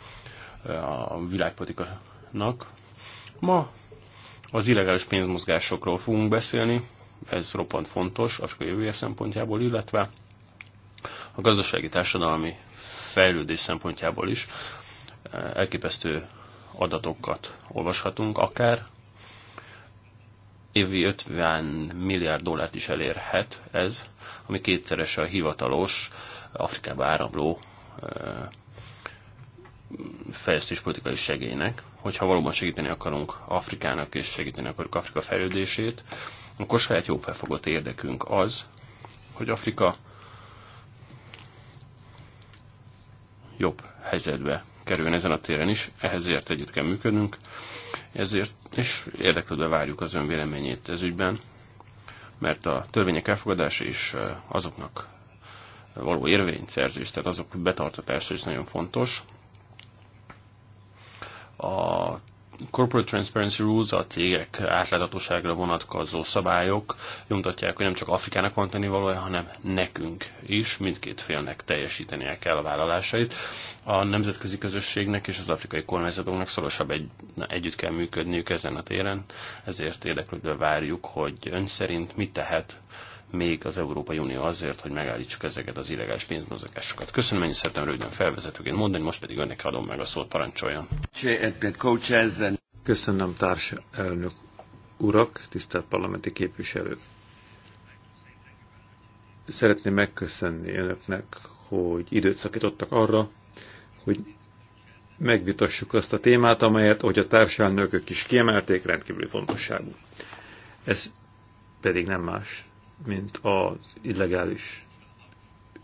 a világpolitikának. Ma az illegális pénzmozgásokról fogunk beszélni, ez roppant fontos Afrika jövője szempontjából, illetve a gazdasági társadalmi fejlődés szempontjából is eh, elképesztő adatokat olvashatunk, akár évi 50 milliárd dollárt is elérhet ez, ami kétszeres a hivatalos Afrikába áramló eh, fejlesztéspolitikai segélynek. Hogyha valóban segíteni akarunk Afrikának és segíteni akarjuk Afrika fejlődését, akkor saját jó felfogott érdekünk az, hogy Afrika jobb helyzetbe kerüljön ezen a téren is, ehhez ért együtt kell működnünk, ezért, és érdeklődve várjuk az ön véleményét ez ügyben, mert a törvények elfogadása és azoknak való érvényszerzés, tehát azok betartatása is nagyon fontos. A corporate transparency rules, a cégek átláthatóságra vonatkozó szabályok nyomtatják, hogy nem csak Afrikának van tennivalója, hanem nekünk is, mindkét félnek teljesítenie kell a vállalásait. A nemzetközi közösségnek és az afrikai kormányzatoknak szorosabb egy, együtt kell működniük ezen a téren, ezért érdeklődve várjuk, hogy ön szerint mit tehet még az Európai Unió azért, hogy megállítsuk ezeket az illegális pénzmozgásokat. Köszönöm, ennyi szeretem röviden felvezetőként mondani, most pedig önnek adom meg a szót, parancsoljon. Köszönöm, társ elnök urak, tisztelt parlamenti képviselők. Szeretném megköszönni önöknek, hogy időt szakítottak arra, hogy megvitassuk azt a témát, amelyet, hogy a társelnökök is kiemelték, rendkívül fontosságú. Ez pedig nem más, mint az illegális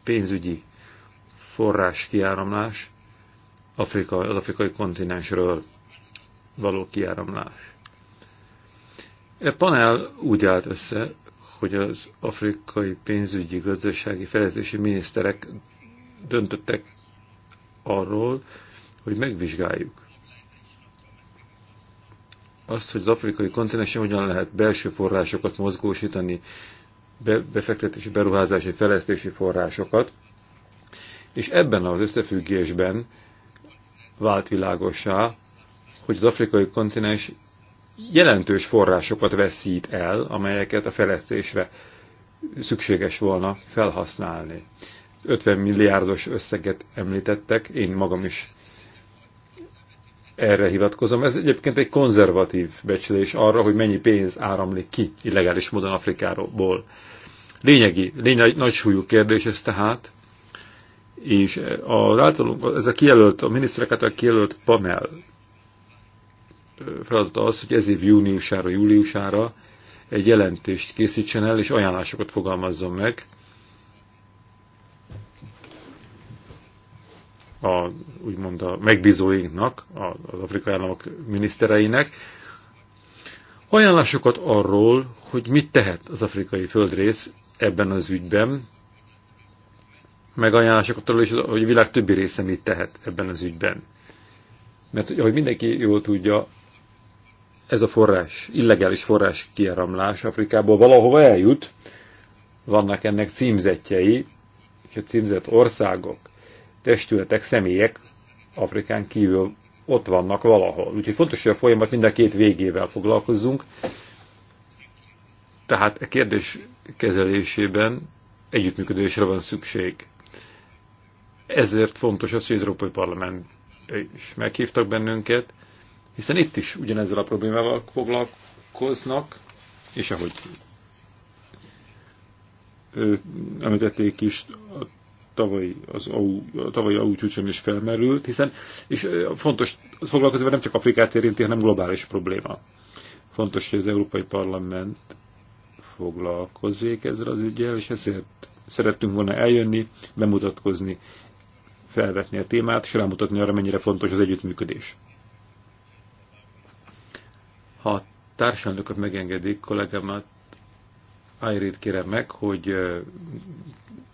pénzügyi forrás kiáramlás Afrika, az afrikai kontinensről való kiáramlás. E panel úgy állt össze, hogy az afrikai pénzügyi gazdasági fejlesztési miniszterek döntöttek arról, hogy megvizsgáljuk azt, hogy az afrikai kontinensen hogyan lehet belső forrásokat mozgósítani befektetési, beruházási, fejlesztési forrásokat, és ebben az összefüggésben vált világossá, hogy az afrikai kontinens jelentős forrásokat veszít el, amelyeket a fejlesztésre szükséges volna felhasználni. 50 milliárdos összeget említettek, én magam is erre hivatkozom. Ez egyébként egy konzervatív becslés arra, hogy mennyi pénz áramlik ki illegális módon Afrikáról. Lényegi, lényegi nagy súlyú kérdés ez tehát, és a, általunk, ez a kijelölt, a miniszterek által kijelölt panel feladata az, hogy ez év júniusára, júliusára egy jelentést készítsen el, és ajánlásokat fogalmazzon meg a, úgymond a megbízóinknak, az afrikai államok minisztereinek, ajánlásokat arról, hogy mit tehet az afrikai földrész ebben az ügyben, meg ajánlásokat arról is, hogy a világ többi része mit tehet ebben az ügyben. Mert ahogy mindenki jól tudja, ez a forrás, illegális forrás kiáramlás Afrikából valahova eljut, vannak ennek címzetjei, és a címzett országok testületek, személyek Afrikán kívül ott vannak valahol. Úgyhogy fontos, hogy a folyamat mind a két végével foglalkozzunk. Tehát a e kérdés kezelésében együttműködésre van szükség. Ezért fontos az, hogy az Európai Parlament is meghívtak bennünket, hiszen itt is ugyanezzel a problémával foglalkoznak, és ahogy ő, említették is, a tavaly, az AU, a tavalyi AU csúcson is felmerült, hiszen és fontos, az foglalkozóban nem csak Afrikát érinti, hanem globális probléma. Fontos, hogy az Európai Parlament foglalkozzék ezzel az ügyel, és ezért szerettünk volna eljönni, bemutatkozni, felvetni a témát, és rámutatni arra, mennyire fontos az együttműködés. Ha a társadalmat megengedik, kollégámat Ayrit kérem meg, hogy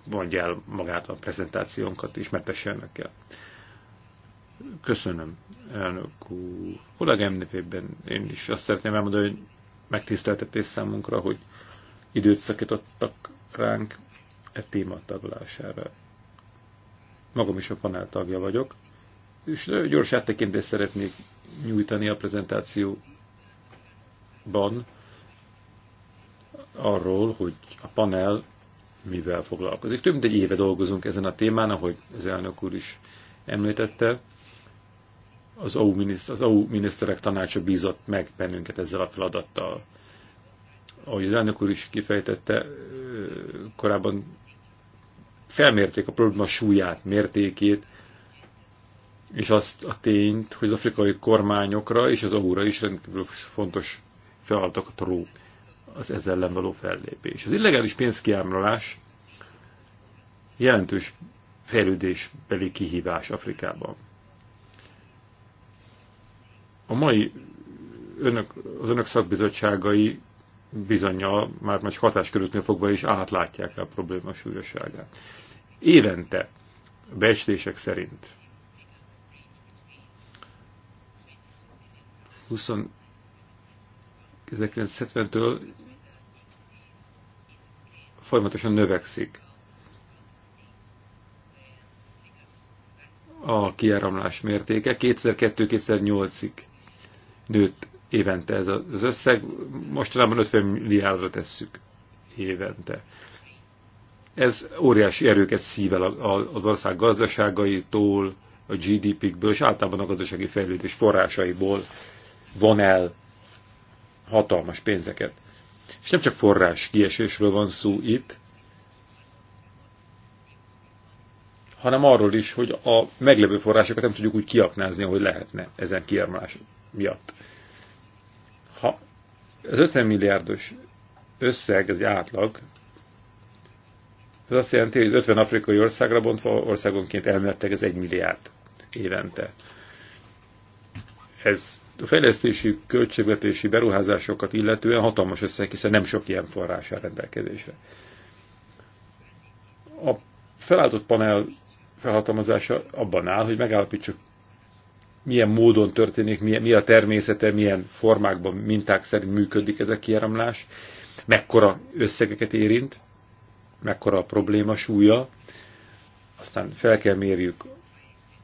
mondja el magát a prezentációnkat, ismertesse önök el. Köszönöm, elnök úr. mdp nevében én is azt szeretném elmondani, hogy megtiszteltetés számunkra, hogy időt szakítottak ránk e téma taglására. Magam is a panel tagja vagyok, és gyors áttekintést szeretnék nyújtani a prezentációban arról, hogy a panel mivel foglalkozik. Több mint egy éve dolgozunk ezen a témán, ahogy az elnök úr is említette. Az EU, miniszter, az EU miniszterek tanácsa bízott meg bennünket ezzel a feladattal. Ahogy az elnök úr is kifejtette, korábban felmérték a probléma súlyát, mértékét, és azt a tényt, hogy az afrikai kormányokra és az EU-ra is rendkívül fontos feladatokat ró az ezzel ellen való fellépés. Az illegális pénzkiámlalás jelentős fejlődésbeli kihívás Afrikában. A mai önök, az önök szakbizottságai bizonyal már most hatásköröknél fogva is átlátják a probléma súlyosságát. Évente becslések szerint 20 1970-től folyamatosan növekszik a kiáramlás mértéke. 2002-2008-ig nőtt évente ez az összeg, mostanában 50 milliárdra tesszük évente. Ez óriási erőket szível az ország gazdaságaitól, a GDP-kből, és általában a gazdasági fejlődés forrásaiból van el hatalmas pénzeket. És nem csak forrás kiesésről van szó itt, hanem arról is, hogy a meglevő forrásokat nem tudjuk úgy kiaknázni, ahogy lehetne ezen kiarmás miatt. Ha az 50 milliárdos összeg, ez egy átlag, ez azt jelenti, hogy 50 afrikai országra bontva országonként elmertek ez 1 milliárd évente. Ez a fejlesztési, költségvetési beruházásokat illetően hatalmas összeg, hiszen nem sok ilyen forrás a rendelkezésre. A felállított panel felhatalmazása abban áll, hogy megállapítsuk, milyen módon történik, milyen mi a természete, milyen formákban, minták szerint működik ez a kiáramlás, mekkora összegeket érint, mekkora a probléma súlya, aztán fel kell mérjük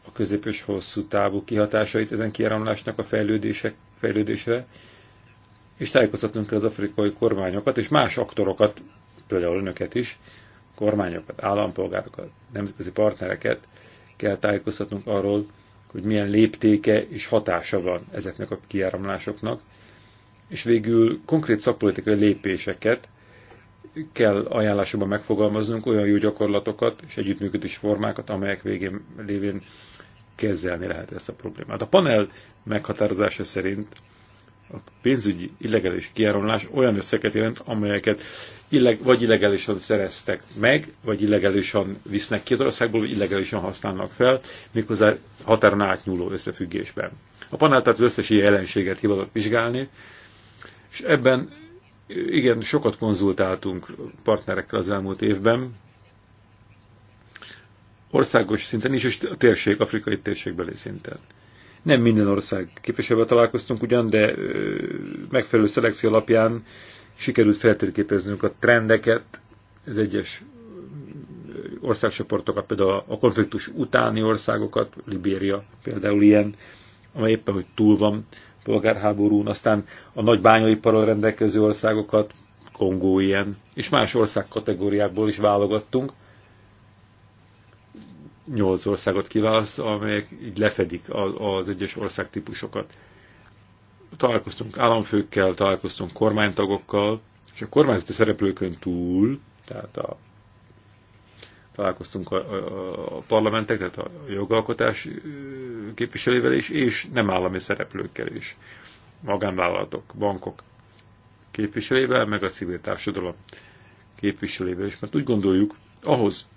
a középös hosszú távú kihatásait ezen kiáramlásnak a fejlődések, fejlődésre, és tájékoztatunk kell az afrikai kormányokat és más aktorokat, például önöket is, kormányokat, állampolgárokat, nemzetközi partnereket kell tájékoztatnunk arról, hogy milyen léptéke és hatása van ezeknek a kiáramlásoknak, és végül konkrét szakpolitikai lépéseket kell ajánlásokban megfogalmaznunk olyan jó gyakorlatokat és együttműködés formákat, amelyek végén lévén kezelni lehet ezt a problémát. A panel meghatározása szerint a pénzügyi illegális kiáramlás olyan összeget jelent, amelyeket illeg, vagy illegálisan szereztek meg, vagy illegálisan visznek ki az országból, vagy illegálisan használnak fel, méghozzá határon átnyúló összefüggésben. A panel tehát az összes ilyen jelenséget hivatott vizsgálni, és ebben igen, sokat konzultáltunk partnerekkel az elmúlt évben, országos szinten is, és a térség, afrikai térségbeli szinten. Nem minden ország képviselővel találkoztunk ugyan, de ö, megfelelő szelekció alapján sikerült feltérképeznünk a trendeket az egyes országcsoportokat, például a konfliktus utáni országokat, Libéria például ilyen, amely éppen, hogy túl van polgárháborún, aztán a nagy bányaiparral rendelkező országokat, Kongó ilyen, és más ország kategóriákból is válogattunk, nyolc országot kiválaszt, amelyek így lefedik az egyes országtípusokat. Találkoztunk államfőkkel, találkoztunk kormánytagokkal, és a kormányzati szereplőkön túl, tehát a, találkoztunk a, a, a parlamentek, tehát a jogalkotás képviselővel is, és nem állami szereplőkkel is. Magánvállalatok, bankok képviselével, meg a civil társadalom képviselővel is, mert úgy gondoljuk, ahhoz,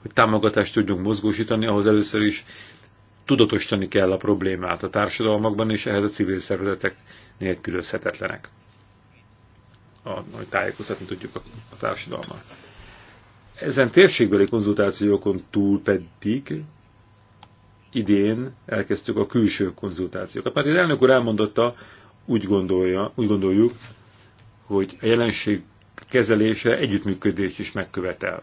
hogy támogatást tudjunk mozgósítani, ahhoz először is tudatosítani kell a problémát a társadalmakban, és ehhez a civil szervezetek nélkülözhetetlenek. A, hogy tájékoztatni tudjuk a, a társadalmat. Ezen térségbeli konzultációkon túl pedig idén elkezdtük a külső konzultációkat. Mert az elnök úr elmondotta, úgy, gondolja, úgy gondoljuk, hogy a jelenség kezelése együttműködést is megkövetel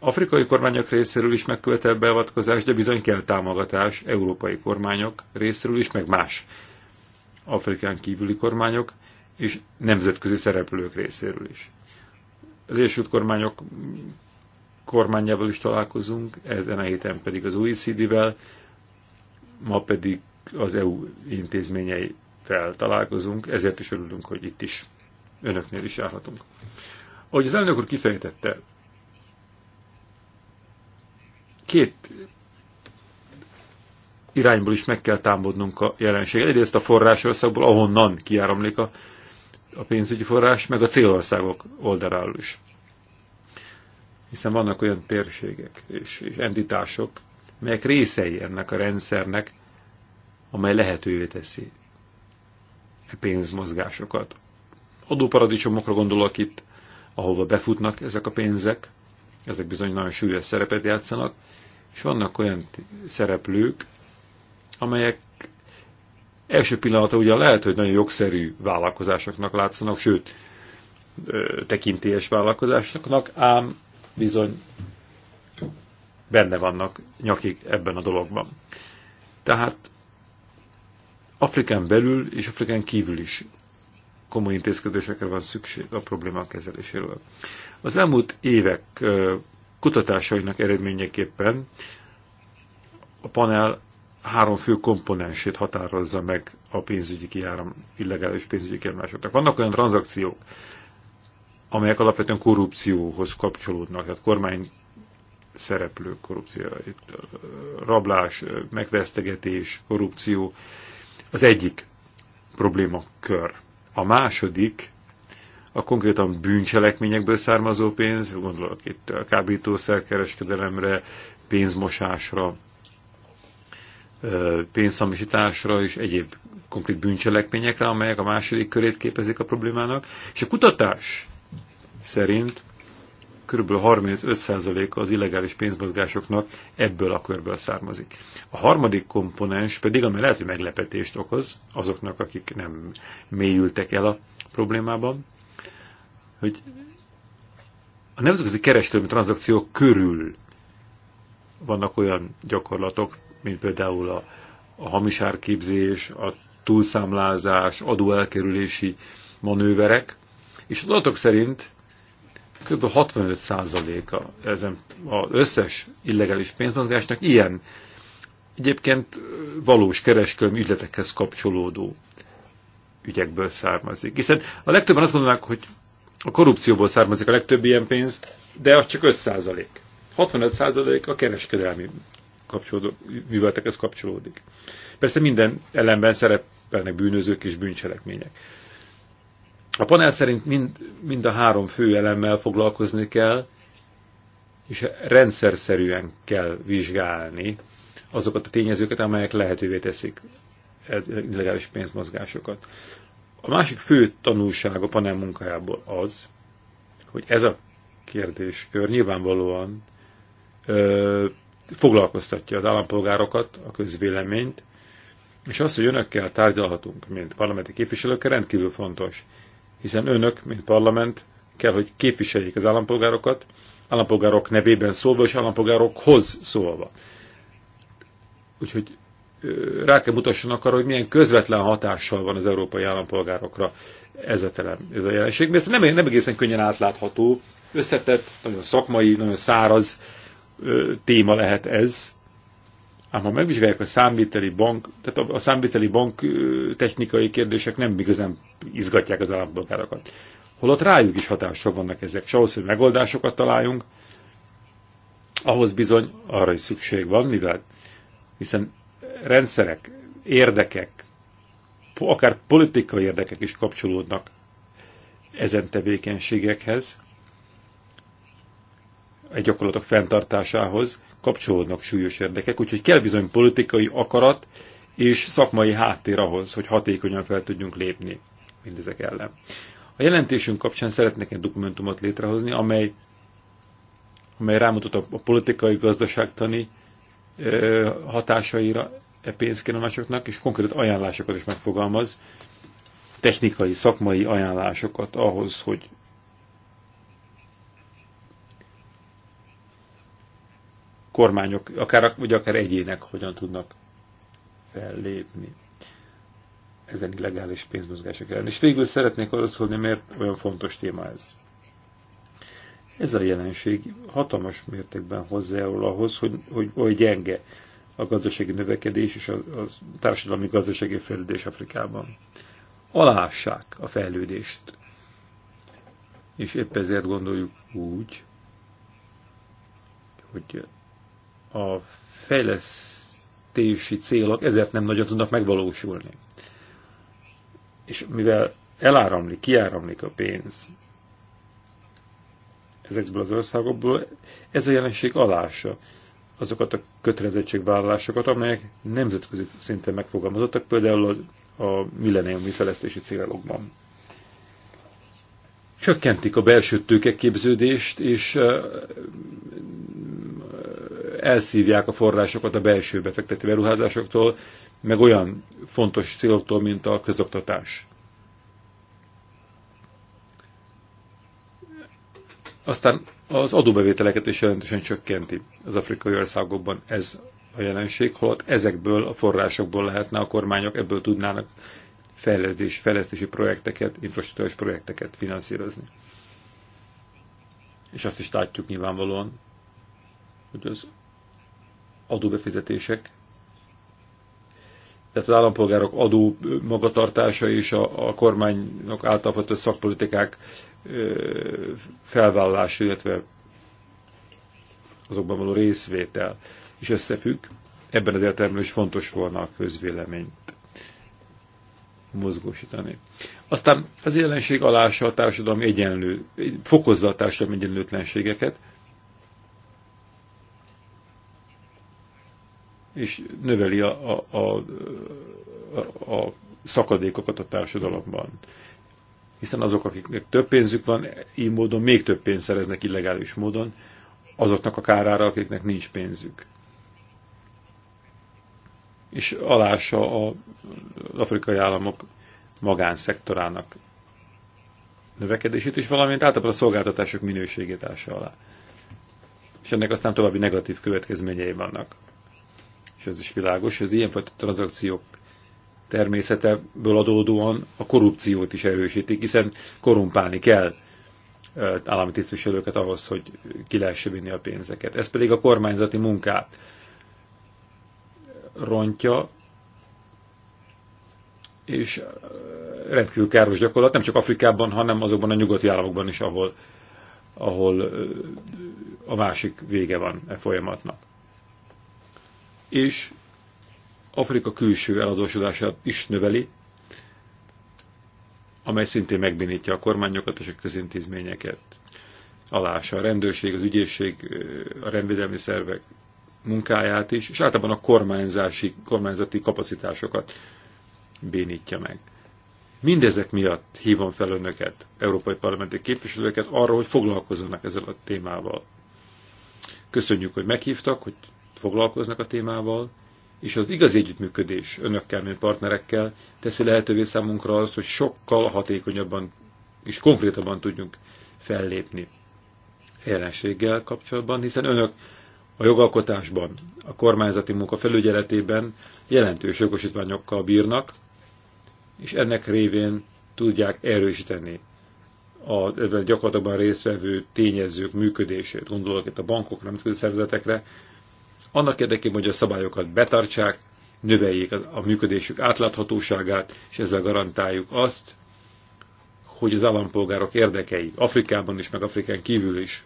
afrikai kormányok részéről is megkövetel beavatkozás, de bizony kell támogatás európai kormányok részéről is, meg más Afrikán kívüli kormányok és nemzetközi szereplők részéről is. Az Egyesült Kormányok kormányával is találkozunk, ezen a héten pedig az OECD-vel, ma pedig az EU fel találkozunk, ezért is örülünk, hogy itt is önöknél is állhatunk. Ahogy az elnök úr kifejtette, két irányból is meg kell támadnunk a jelenséget. Egyrészt a forrásországból, ahonnan kiáramlik a, a pénzügyi forrás, meg a célországok oldaláról is. Hiszen vannak olyan térségek és, és entitások, melyek részei ennek a rendszernek, amely lehetővé teszi a e pénzmozgásokat. Adóparadicsomokra gondolok itt, ahova befutnak ezek a pénzek, ezek bizony nagyon súlyos szerepet játszanak, és vannak olyan szereplők, amelyek első pillanata ugye lehet, hogy nagyon jogszerű vállalkozásoknak látszanak, sőt, tekintélyes vállalkozásoknak, ám bizony benne vannak nyakig ebben a dologban. Tehát Afrikán belül és Afrikán kívül is komoly intézkedésekre van szükség a problémák kezeléséről. Az elmúlt évek kutatásainak eredményeképpen a panel három fő komponensét határozza meg a pénzügyi kiáram, illegális pénzügyi kiáramlásoknak. Vannak olyan tranzakciók, amelyek alapvetően korrupcióhoz kapcsolódnak, tehát kormány szereplő korrupció, rablás, megvesztegetés, korrupció, az egyik problémakör. A második a konkrétan bűncselekményekből származó pénz, gondolok itt a kábítószerkereskedelemre, pénzmosásra, pénzszamisításra és egyéb konkrét bűncselekményekre, amelyek a második körét képezik a problémának. És a kutatás szerint kb. 35% az illegális pénzmozgásoknak ebből a körből származik. A harmadik komponens pedig, ami lehet, hogy meglepetést okoz azoknak, akik nem mélyültek el a problémában, hogy a nemzetközi kereskedelmi tranzakciók körül vannak olyan gyakorlatok, mint például a, a hamisárképzés, a túlszámlázás, adóelkerülési manőverek, és az adatok szerint kb. 65%-a ezen az összes illegális pénzmozgásnak ilyen egyébként valós kereskedelmi ügyletekhez kapcsolódó ügyekből származik. Hiszen a legtöbben azt gondolnak, hogy a korrupcióból származik a legtöbb ilyen pénz, de az csak 5 százalék. 65 százalék a kereskedelmi kapcsolódó, műveletekhez kapcsolódik. Persze minden ellenben szerepelnek bűnözők és bűncselekmények. A panel szerint mind, mind a három fő elemmel foglalkozni kell, és rendszer szerűen kell vizsgálni azokat a tényezőket, amelyek lehetővé teszik illegális pénzmozgásokat. A másik fő tanulság a panel munkájából az, hogy ez a kérdéskör nyilvánvalóan ö, foglalkoztatja az állampolgárokat, a közvéleményt, és az, hogy önökkel tárgyalhatunk, mint parlamenti képviselőkkel, rendkívül fontos, hiszen önök, mint parlament kell, hogy képviseljék az állampolgárokat, állampolgárok nevében szólva és állampolgárokhoz szólva. Úgyhogy rá kell mutassanak arra, hogy milyen közvetlen hatással van az európai állampolgárokra ez a, telem, ez a jelenség. Mert ez nem, nem egészen könnyen átlátható, összetett, nagyon szakmai, nagyon száraz ö, téma lehet ez. Ám ha megvizsgálják a számviteli bank, tehát a, a számviteli bank ö, technikai kérdések nem igazán izgatják az állampolgárokat. Holott rájuk is hatással vannak ezek, és ahhoz, hogy megoldásokat találjunk, ahhoz bizony arra is szükség van, mivel hiszen rendszerek, érdekek, akár politikai érdekek is kapcsolódnak ezen tevékenységekhez, a gyakorlatok fenntartásához kapcsolódnak súlyos érdekek, úgyhogy kell bizony politikai akarat és szakmai háttér ahhoz, hogy hatékonyan fel tudjunk lépni mindezek ellen. A jelentésünk kapcsán szeretnék egy dokumentumot létrehozni, amely, amely rámutat a politikai gazdaságtani hatásaira e pénzkiadásoknak, és konkrét ajánlásokat is megfogalmaz, technikai, szakmai ajánlásokat ahhoz, hogy kormányok, akár, vagy akár egyének hogyan tudnak fellépni ezen illegális pénzmozgások ellen. És végül szeretnék arra szólni, miért olyan fontos téma ez. Ez a jelenség hatalmas mértékben hozzájárul ahhoz, hogy, hogy hogy gyenge a gazdasági növekedés és a, a társadalmi gazdasági fejlődés Afrikában. Alássák a fejlődést. És épp ezért gondoljuk úgy, hogy a fejlesztési célok ezért nem nagyon tudnak megvalósulni. És mivel eláramlik, kiáramlik a pénz ezekből az országokból, ez a jelenség alása azokat a kötelezettségvállalásokat, amelyek nemzetközi szinten megfogalmazottak, például a, a milleniumi fejlesztési célokban. Csökkentik a belső tőkeképződést, és elszívják a forrásokat a belső befektető beruházásoktól, meg olyan fontos céloktól, mint a közoktatás. Aztán az adóbevételeket is jelentősen csökkenti az afrikai országokban ez a jelenség, holott ezekből a forrásokból lehetne a kormányok, ebből tudnának fejlődés, fejlesztési projekteket, infrastruktúrás projekteket finanszírozni. És azt is látjuk nyilvánvalóan, hogy az adóbefizetések tehát az állampolgárok adó magatartása és a, a kormánynak által folytatott szakpolitikák felvállalása, illetve azokban való részvétel is összefügg. Ebben az értelemben is fontos volna a közvéleményt mozgósítani. Aztán az jelenség alása a társadalmi egyenlő, fokozza a társadalmi egyenlőtlenségeket, és növeli a, a, a, a szakadékokat a társadalomban. Hiszen azok, akiknek több pénzük van, így módon még több pénzt szereznek illegális módon, azoknak a kárára, akiknek nincs pénzük. És alása az afrikai államok magánszektorának növekedését, és valamint általában a szolgáltatások minőségét alá. És ennek aztán további negatív következményei vannak és ez is világos, hogy az ilyenfajta tranzakciók természeteből adódóan a korrupciót is erősítik, hiszen korumpálni kell állami tisztviselőket ahhoz, hogy ki lehessen vinni a pénzeket. Ez pedig a kormányzati munkát rontja, és rendkívül káros gyakorlat, nem csak Afrikában, hanem azokban a nyugati államokban is, ahol, ahol a másik vége van e folyamatnak és Afrika külső eladósodását is növeli, amely szintén megbénítja a kormányokat és a közintézményeket. Alása a rendőrség, az ügyészség, a rendvédelmi szervek munkáját is, és általában a kormányzási, kormányzati kapacitásokat bénítja meg. Mindezek miatt hívom fel önöket, európai parlamenti képviselőket arra, hogy foglalkozzanak ezzel a témával. Köszönjük, hogy meghívtak, hogy foglalkoznak a témával, és az igazi együttműködés önökkel, mint partnerekkel teszi lehetővé számunkra azt, hogy sokkal hatékonyabban és konkrétabban tudjunk fellépni jelenséggel kapcsolatban, hiszen önök a jogalkotásban, a kormányzati munka felügyeletében jelentős jogosítványokkal bírnak, és ennek révén tudják erősíteni a gyakorlatban résztvevő tényezők működését. Gondolok itt a bankokra, nemzetközi szervezetekre, annak érdekében, hogy a szabályokat betartsák, növeljék a működésük átláthatóságát, és ezzel garantáljuk azt, hogy az állampolgárok érdekei Afrikában is, meg Afrikán kívül is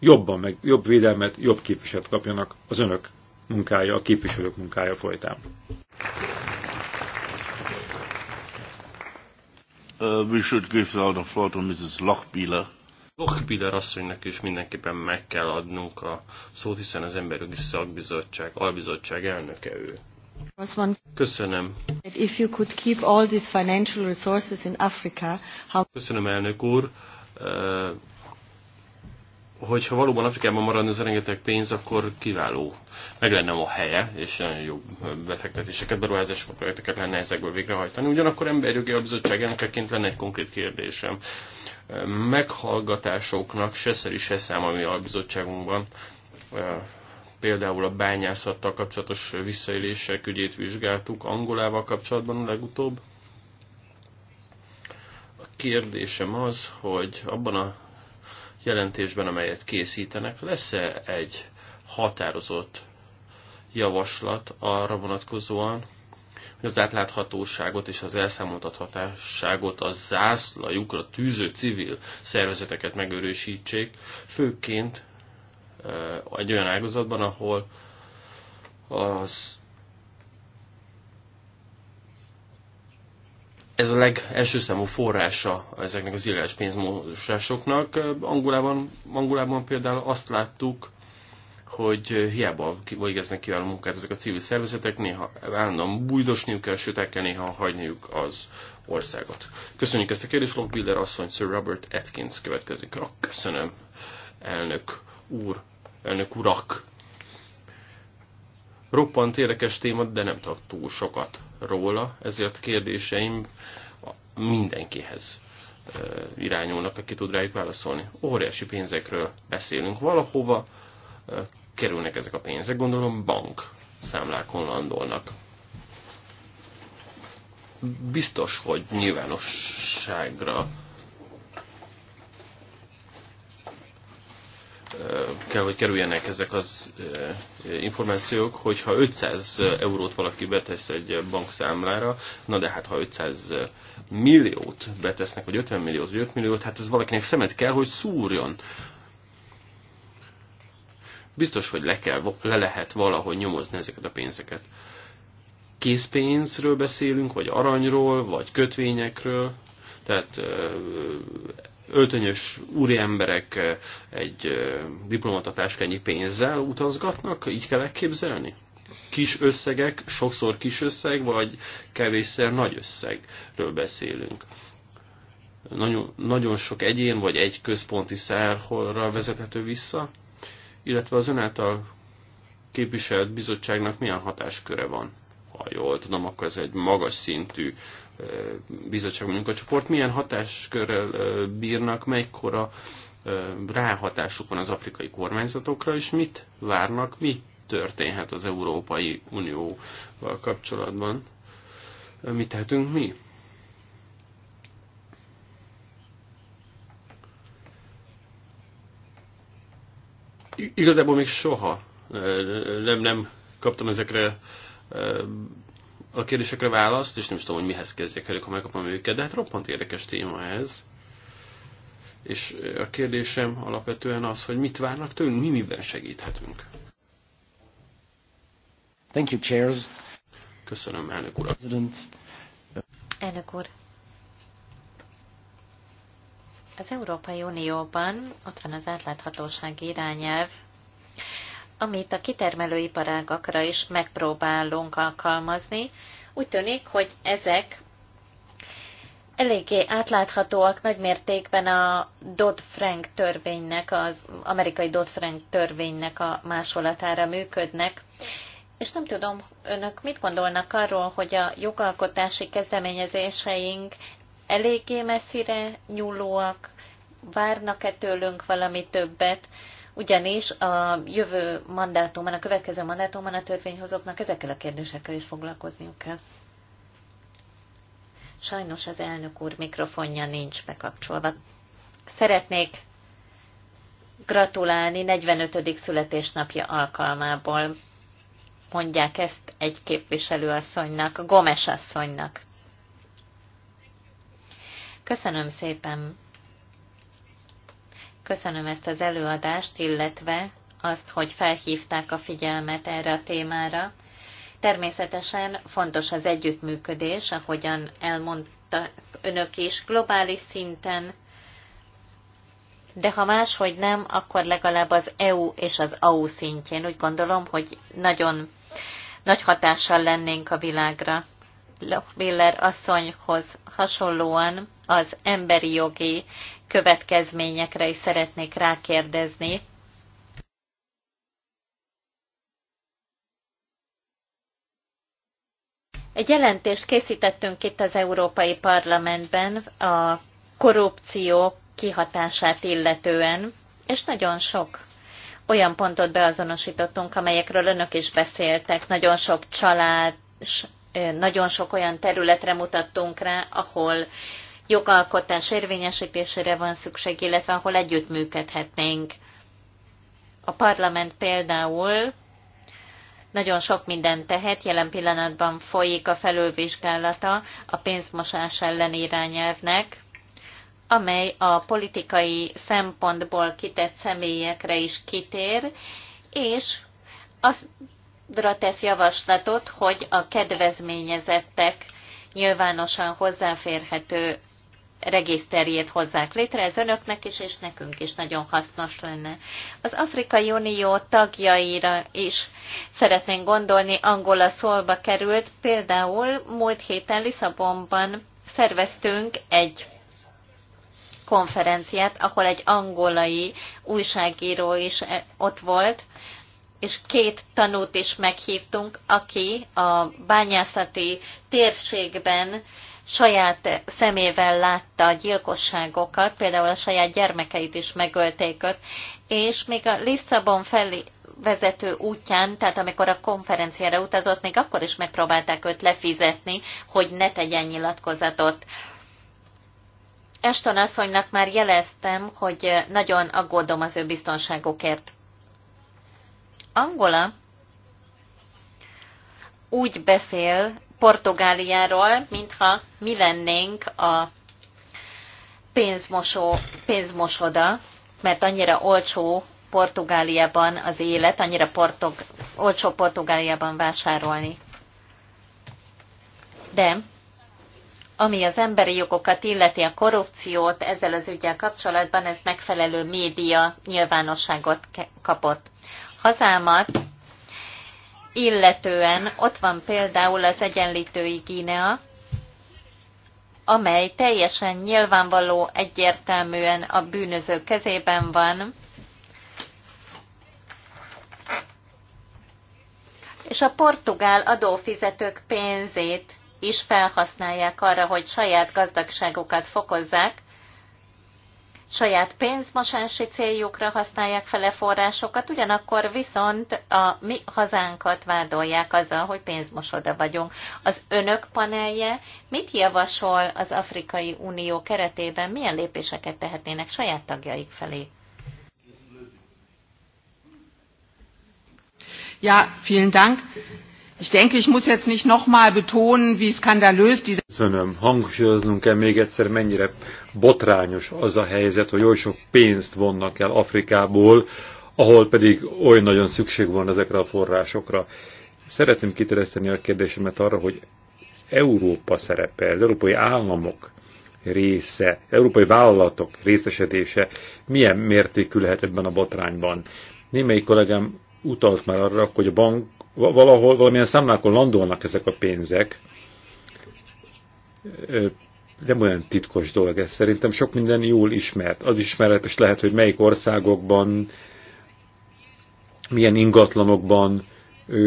jobban, meg jobb védelmet, jobb képviselet kapjanak az önök munkája, a képviselők munkája folytán. Uh, we should give the floor to Mrs. Lochbieler. Lochbiller asszonynak is mindenképpen meg kell adnunk a szót, hiszen az Emberjogi Szakbizottság, Albizottság elnöke ő. Köszönöm. If you could keep all these financial resources in Africa, how... Köszönöm, elnök úr hogyha valóban Afrikában maradna az rengeteg pénz, akkor kiváló. Meg lenne a helye, és nagyon jó befektetéseket, beruházásokat, projekteket lenne ezekből végrehajtani. Ugyanakkor emberjogi bizottság elnökeként lenne egy konkrét kérdésem. Meghallgatásoknak se szeri se szám, ami a bizottságunkban például a bányászattal kapcsolatos visszaélések ügyét vizsgáltuk, Angolával kapcsolatban a legutóbb. A kérdésem az, hogy abban a jelentésben, amelyet készítenek, lesz-e egy határozott javaslat arra vonatkozóan, hogy az átláthatóságot és az elszámoltathatóságot a zászlajukra tűző civil szervezeteket megőrősítsék, főként egy olyan ágazatban, ahol az ez a legelső számú forrása ezeknek az illetős pénzmosásoknak. Angolában, Angolában például azt láttuk, hogy hiába végeznek kiváló munkát ezek a civil szervezetek, néha állandóan bújdosniuk kell, sőt el kell néha hagyniuk az országot. Köszönjük ezt a kérdést, Lockbiller asszony, Sir Robert Atkins következik. köszönöm, elnök úr, elnök urak. Roppant érdekes téma, de nem tudok túl sokat róla, ezért kérdéseim mindenkihez irányulnak, aki tud rájuk válaszolni. Óriási pénzekről beszélünk. Valahova kerülnek ezek a pénzek, gondolom bank számlákon landolnak. Biztos, hogy nyilvánosságra kell, hogy kerüljenek ezek az információk, hogyha 500 eurót valaki betesz egy bankszámlára, na de hát ha 500 milliót betesznek, vagy 50 milliót, vagy 5 milliót, hát ez valakinek szemet kell, hogy szúrjon. Biztos, hogy le, kell, le lehet valahogy nyomozni ezeket a pénzeket. Készpénzről beszélünk, vagy aranyról, vagy kötvényekről, tehát öltönyös úriemberek eh, egy eh, diplomata pénzzel utazgatnak? Így kell elképzelni? Kis összegek, sokszor kis összeg, vagy kevésszer nagy összegről beszélünk. Nagyon, nagyon sok egyén vagy egy központi szárholra vezethető vissza, illetve az ön által képviselt bizottságnak milyen hatásköre van? ha jól tudom, akkor ez egy magas szintű bizottság munkacsoport. Milyen hatáskörrel bírnak, mekkora ráhatásuk van az afrikai kormányzatokra, és mit várnak, mi történhet az Európai Unióval kapcsolatban? Mit tehetünk mi? Igazából még soha nem, nem kaptam ezekre a kérdésekre választ, és nem is tudom, hogy mihez kezdjek elő, ha megkapom őket, de hát roppant érdekes téma ez. És a kérdésem alapvetően az, hogy mit várnak tőlünk, mi miben segíthetünk. Thank you, chairs. Köszönöm, elnök urat. President. Elnök úr. Az Európai Unióban ott van az átláthatósági irányelv, amit a kitermelőiparágakra is megpróbálunk alkalmazni. Úgy tűnik, hogy ezek eléggé átláthatóak nagy mértékben a Dodd-Frank törvénynek, az amerikai Dodd-Frank törvénynek a másolatára működnek. És nem tudom, önök mit gondolnak arról, hogy a jogalkotási kezdeményezéseink eléggé messzire nyúlóak, várnak-e tőlünk valami többet, ugyanis a jövő mandátumban, a következő mandátumban a törvényhozóknak ezekkel a kérdésekkel is foglalkozniuk kell. Sajnos az elnök úr mikrofonja nincs bekapcsolva. Szeretnék gratulálni 45. születésnapja alkalmából. Mondják ezt egy képviselőasszonynak, Gomes asszonynak. Köszönöm szépen Köszönöm ezt az előadást, illetve azt, hogy felhívták a figyelmet erre a témára. Természetesen fontos az együttműködés, ahogyan elmondta önök is, globális szinten, de ha máshogy nem, akkor legalább az EU és az AU szintjén. Úgy gondolom, hogy nagyon nagy hatással lennénk a világra. Lochbiller asszonyhoz hasonlóan az emberi jogi következményekre is szeretnék rákérdezni. Egy jelentést készítettünk itt az Európai Parlamentben a korrupció kihatását illetően, és nagyon sok olyan pontot beazonosítottunk, amelyekről önök is beszéltek. Nagyon sok család, eh, nagyon sok olyan területre mutattunk rá, ahol jogalkotás érvényesítésére van szükség, illetve ahol együttműködhetnénk. A parlament például nagyon sok mindent tehet, jelen pillanatban folyik a felülvizsgálata a pénzmosás ellen irányelvnek, amely a politikai szempontból kitett személyekre is kitér, és azra tesz javaslatot, hogy a kedvezményezettek nyilvánosan hozzáférhető regiszterjét hozzák létre, ez önöknek is, és nekünk is nagyon hasznos lenne. Az Afrikai Unió tagjaira is szeretnénk gondolni, Angola szólba került, például múlt héten Lisszabonban szerveztünk egy konferenciát, ahol egy angolai újságíró is eh, ott volt, és két tanút is meghívtunk, aki a bányászati térségben saját szemével látta a gyilkosságokat, például a saját gyermekeit is megölték ott, és még a Lisszabon felé vezető útján, tehát amikor a konferenciára utazott, még akkor is megpróbálták őt lefizetni, hogy ne tegyen nyilatkozatot. Eston asszonynak már jeleztem, hogy nagyon aggódom az ő biztonságokért. Angola úgy beszél Portugáliáról, mintha mi lennénk a pénzmosó, pénzmosoda, mert annyira olcsó Portugáliában az élet, annyira portog, olcsó Portugáliában vásárolni. De ami az emberi jogokat illeti a korrupciót ezzel az ügyel kapcsolatban, ez megfelelő média nyilvánosságot kapott. Hazámat illetően ott van például az egyenlítői Gínea, amely teljesen nyilvánvaló, egyértelműen a bűnöző kezében van, és a portugál adófizetők pénzét is felhasználják arra, hogy saját gazdagságukat fokozzák, saját pénzmosási céljukra használják fele forrásokat, ugyanakkor viszont a mi hazánkat vádolják azzal, hogy pénzmosoda vagyunk. Az önök panelje mit javasol az Afrikai Unió keretében, milyen lépéseket tehetnének saját tagjaik felé? Ja, vielen Dank. Ich denke, ich muss jetzt nicht mal betonen, wie skandalös diese... Köszönöm. Hangsúlyoznunk kell még egyszer, mennyire botrányos az a helyzet, hogy oly sok pénzt vonnak el Afrikából, ahol pedig oly nagyon szükség van ezekre a forrásokra. Szeretném kiterjeszteni a kérdésemet arra, hogy Európa szerepe, az európai államok része, európai vállalatok részesedése milyen mértékű lehet ebben a botrányban. Némelyik kollégám utalt már arra, hogy a bank valahol, valamilyen számlákon landolnak ezek a pénzek. Nem olyan titkos dolog ez szerintem, sok minden jól ismert. Az ismeretes lehet, hogy melyik országokban, milyen ingatlanokban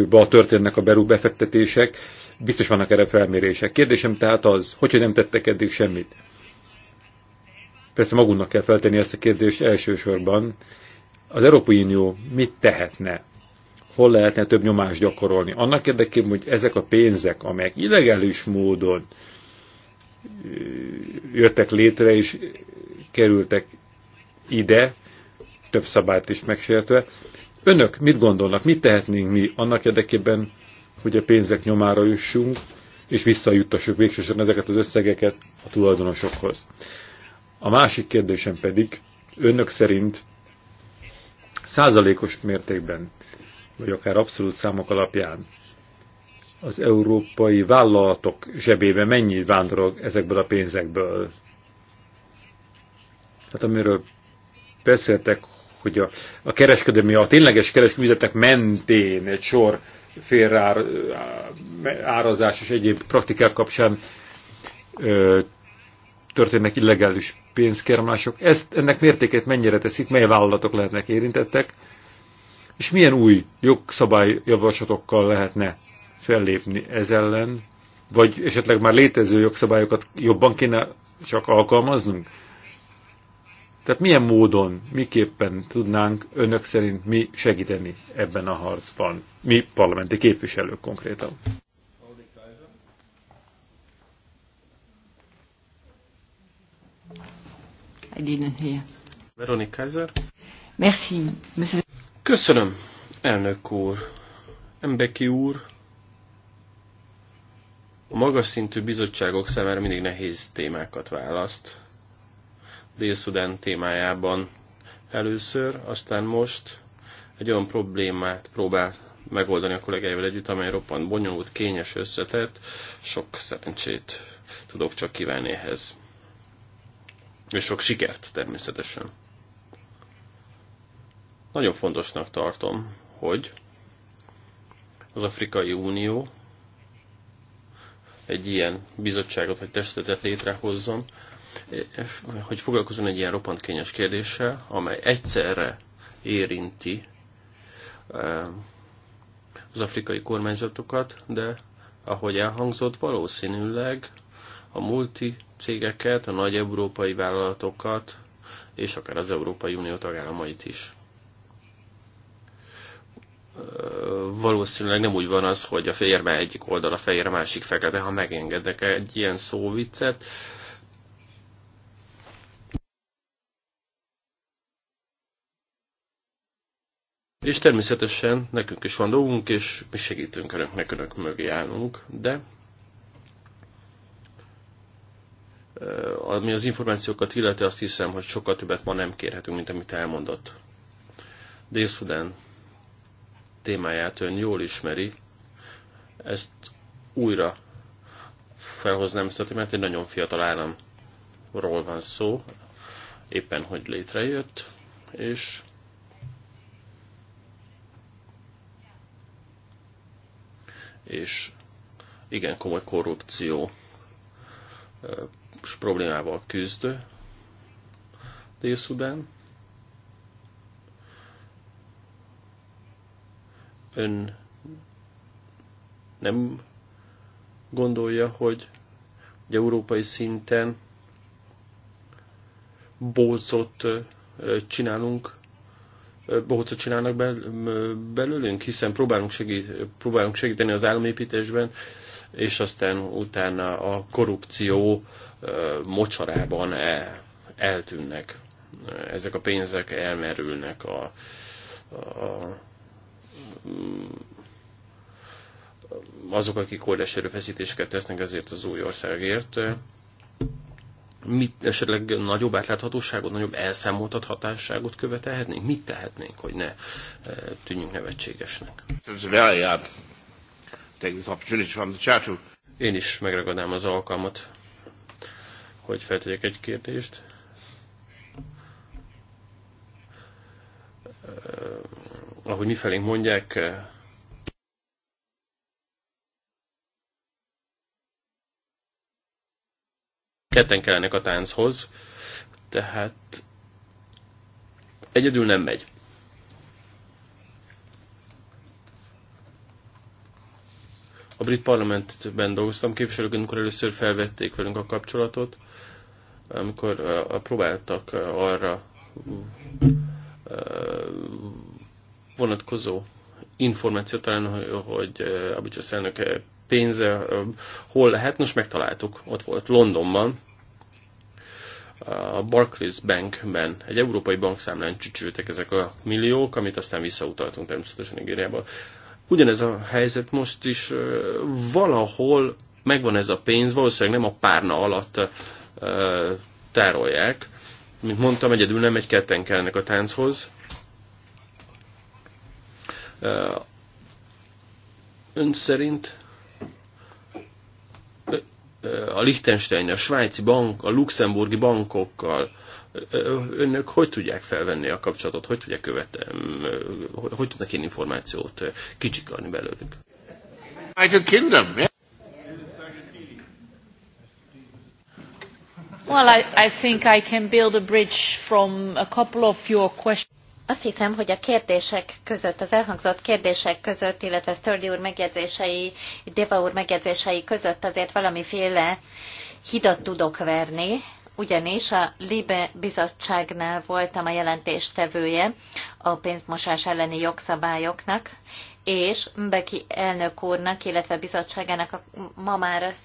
ba történnek a berú befektetések, biztos vannak erre felmérések. Kérdésem tehát az, hogyha nem tettek eddig semmit. Persze magunknak kell feltenni ezt a kérdést elsősorban, az Európai Unió mit tehetne? Hol lehetne több nyomást gyakorolni? Annak érdekében, hogy ezek a pénzek, amelyek illegális módon jöttek létre és kerültek ide, több szabályt is megsértve. Önök mit gondolnak, mit tehetnénk mi annak érdekében, hogy a pénzek nyomára jussunk, és visszajuttassuk végsősorban ezeket az összegeket a tulajdonosokhoz. A másik kérdésem pedig, önök szerint százalékos mértékben, vagy akár abszolút számok alapján az európai vállalatok zsebébe mennyit vándorog ezekből a pénzekből. Tehát amiről beszéltek, hogy a, a kereskedelmi, a tényleges kereskedelmi mentén egy sor félreárazás és egyéb praktikák kapcsán ö, történnek illegális pénzkermások. Ezt, ennek mértékét mennyire teszik, mely vállalatok lehetnek érintettek, és milyen új jogszabályjavaslatokkal lehetne fellépni ez ellen, vagy esetleg már létező jogszabályokat jobban kéne csak alkalmaznunk? Tehát milyen módon, miképpen tudnánk önök szerint mi segíteni ebben a harcban, mi parlamenti képviselők konkrétan? Veronika Kaiser. Merci, monsieur. Köszönöm, elnök úr. Embeki úr, a magas szintű bizottságok számára mindig nehéz témákat választ. Dél-Szudán témájában először, aztán most egy olyan problémát próbál megoldani a kollégáival együtt, amely roppant bonyolult, kényes, összetett, sok szerencsét tudok csak kívánni ehhez. És sok sikert természetesen. Nagyon fontosnak tartom, hogy az Afrikai Unió egy ilyen bizottságot vagy testületet létrehozzon, hogy foglalkozzon egy ilyen roppant kényes kérdéssel, amely egyszerre érinti eh, az afrikai kormányzatokat, de ahogy elhangzott, valószínűleg a multi cégeket, a nagy európai vállalatokat, és akár az Európai Unió tagállamait is. Valószínűleg nem úgy van az, hogy a férme egyik oldal, a fehér a másik fekete, ha megengedek egy ilyen szóviccet, És természetesen nekünk is van dolgunk, és mi segítünk önöknek, önök mögé állunk, de Ami az információkat illeti, azt hiszem, hogy sokkal többet ma nem kérhetünk, mint amit elmondott. Dél-Szudán témáját ön jól ismeri, ezt újra felhoznám ezt a témát, egy nagyon fiatal államról van szó, éppen hogy létrejött, és és igen komoly korrupció problémával küzd Dél-Szudán. Ön nem gondolja, hogy, hogy európai szinten bócot csinálunk, bohócot csinálnak belőlünk, hiszen próbálunk, segít, próbálunk segíteni az államépítésben, és aztán utána a korrupció mocsarában e, eltűnnek. Ezek a pénzek elmerülnek a, a azok, akik óriási erőfeszítéseket tesznek ezért az új országért, mit esetleg nagyobb átláthatóságot, nagyobb hatásságot követelhetnénk? Mit tehetnénk, hogy ne tűnjünk nevetségesnek? take this opportunity from the chair to... Én is megragadnám az alkalmat, hogy feltegyek egy kérdést. Uh, Ahogy mifelénk mondják, eh, ketten kellenek a tánchoz, tehát egyedül nem megy. A brit parlamentben dolgoztam képviselőként, amikor először felvették velünk a kapcsolatot, amikor próbáltak arra vonatkozó információt találni, hogy a Abicsasz elnök pénze hol lehet. most megtaláltuk, ott volt Londonban, a Barclays Bankben, egy európai bankszámlán csücsültek ezek a milliók, amit aztán visszautaltunk természetesen Nigériába. Ugyanez a helyzet most is valahol megvan ez a pénz, valószínűleg nem a párna alatt tárolják. Mint mondtam, egyedül nem egy ketten kell a tánchoz. Ön szerint a Liechtenstein, a svájci bank, a luxemburgi bankokkal önök hogy tudják felvenni a kapcsolatot, hogy tudják követem, hogy, tudnak én információt kicsikarni belőlük? United Kingdom, yeah. Well, I, I think I can build a bridge from a couple of your questions. Azt hiszem, hogy a kérdések között, az elhangzott kérdések között, illetve Sturdy úr megjegyzései, Deva úr megjegyzései között azért valamiféle hidat tudok verni, ugyanis a Libe bizottságnál voltam a jelentéstevője a pénzmosás elleni jogszabályoknak, és Beki elnök úrnak, illetve bizottságának a, ma már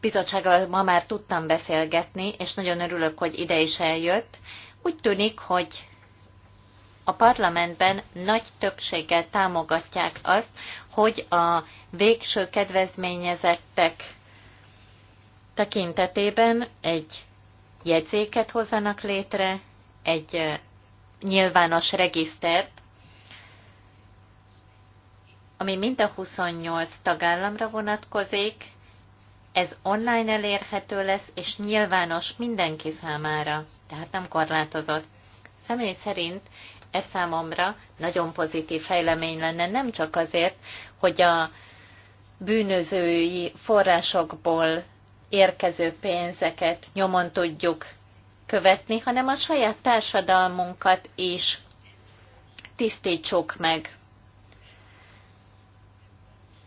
bizottsággal ma már tudtam beszélgetni, és nagyon örülök, hogy ide is eljött. Úgy tűnik, hogy a parlamentben nagy többséggel támogatják azt, hogy a végső kedvezményezettek tekintetében egy jegyzéket hozzanak létre, egy nyilvános regisztert, ami mind a 28 tagállamra vonatkozik, ez online elérhető lesz, és nyilvános mindenki számára, tehát nem korlátozott. Személy szerint ez számomra nagyon pozitív fejlemény lenne, nem csak azért, hogy a bűnözői forrásokból érkező pénzeket nyomon tudjuk követni, hanem a saját társadalmunkat is tisztítsuk meg.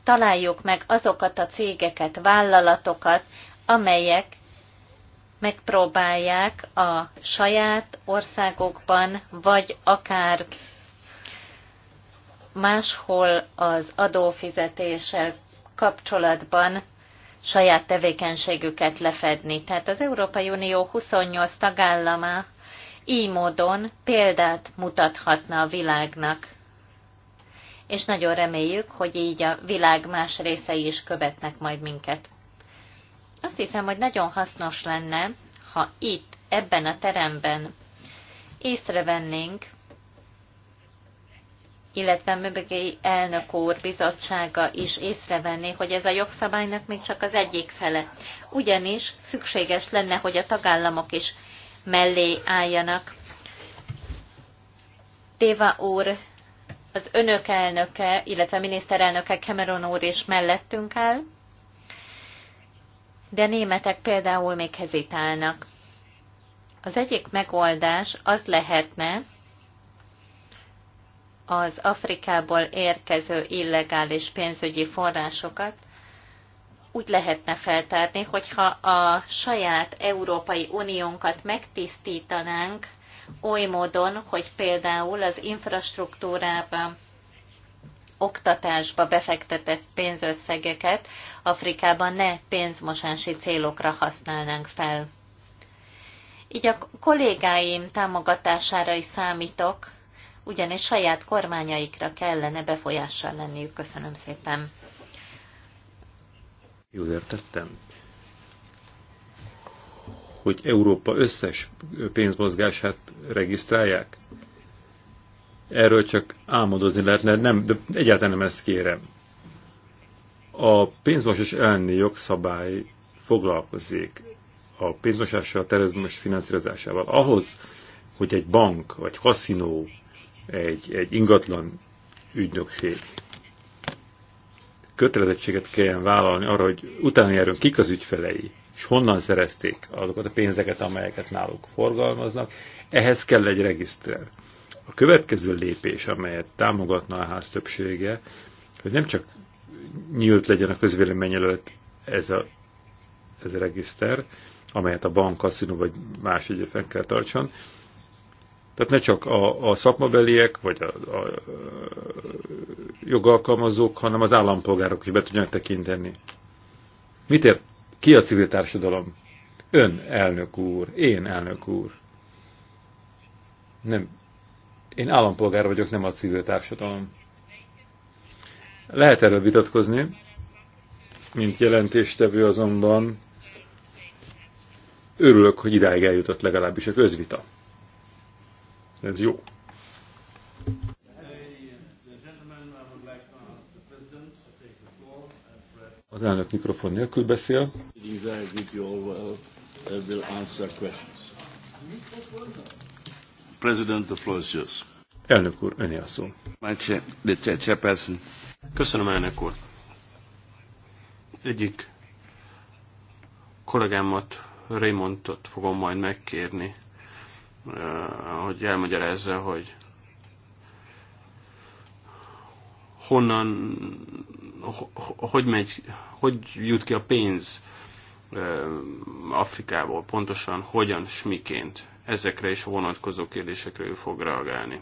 Találjuk meg azokat a cégeket, vállalatokat, amelyek megpróbálják a saját országokban, vagy akár máshol az adófizetéssel kapcsolatban saját tevékenységüket lefedni. Tehát az Európai Unió 28 tagállama így módon példát mutathatna a világnak. És nagyon reméljük, hogy így a világ más részei is követnek majd minket. Azt hiszem, hogy nagyon hasznos lenne, ha itt, ebben a teremben észrevennénk, illetve Möbegei elnök úr bizottsága is észrevenné, hogy ez a jogszabálynak még csak az egyik fele. Ugyanis szükséges lenne, hogy a tagállamok is mellé álljanak. Téva úr, az önök elnöke, illetve a miniszterelnöke Cameron úr is mellettünk áll, de németek például még hezitálnak. Az egyik megoldás az lehetne, az Afrikából érkező illegális pénzügyi forrásokat úgy lehetne feltárni, hogyha a saját Európai Uniónkat megtisztítanánk oly módon, hogy például az infrastruktúrába, oktatásba befektetett pénzösszegeket Afrikában ne pénzmosási célokra használnánk fel. Így a kollégáim támogatására is számítok, ugyanis saját kormányaikra kellene befolyással lenniük. Köszönöm szépen. Jól értettem hogy Európa összes pénzmozgását regisztrálják? Erről csak álmodozni lehetne, nem, de egyáltalán nem ezt kérem. A pénzmosás elleni jogszabály foglalkozik a pénzmosással, a terrorizmus finanszírozásával. Ahhoz, hogy egy bank vagy kaszinó egy, egy ingatlan ügynökség kötelezettséget kelljen vállalni arra, hogy utána járjon kik az ügyfelei, és honnan szerezték azokat a pénzeket, amelyeket náluk forgalmaznak, ehhez kell egy regiszter. A következő lépés, amelyet támogatna a ház többsége, hogy nem csak nyílt legyen a közvélemény előtt ez a, ez a regiszter, amelyet a bank, kaszinó vagy más egyébként kell tartson, tehát ne csak a, a szakmabeliek, vagy a, a, jogalkalmazók, hanem az állampolgárok is be tudjanak tekinteni. Mit ért ki a civil társadalom? Ön, elnök úr, én, elnök úr. Nem. Én állampolgár vagyok, nem a civil társadalom. Lehet erről vitatkozni, mint jelentéstevő azonban örülök, hogy idáig eljutott legalábbis a közvita. Ez jó. Az elnök mikrofon nélkül beszél. President, the floor is yours. Elnök úr, öné a szó. Köszönöm, elnök úr. Egyik kollégámat, Raymondot fogom majd megkérni Eh, hogy elmagyarázza, hogy honnan, hogy megy, hogy jut ki a pénz eh, Afrikából, pontosan hogyan, smiként. Ezekre is vonatkozó kérdésekre ő fog reagálni.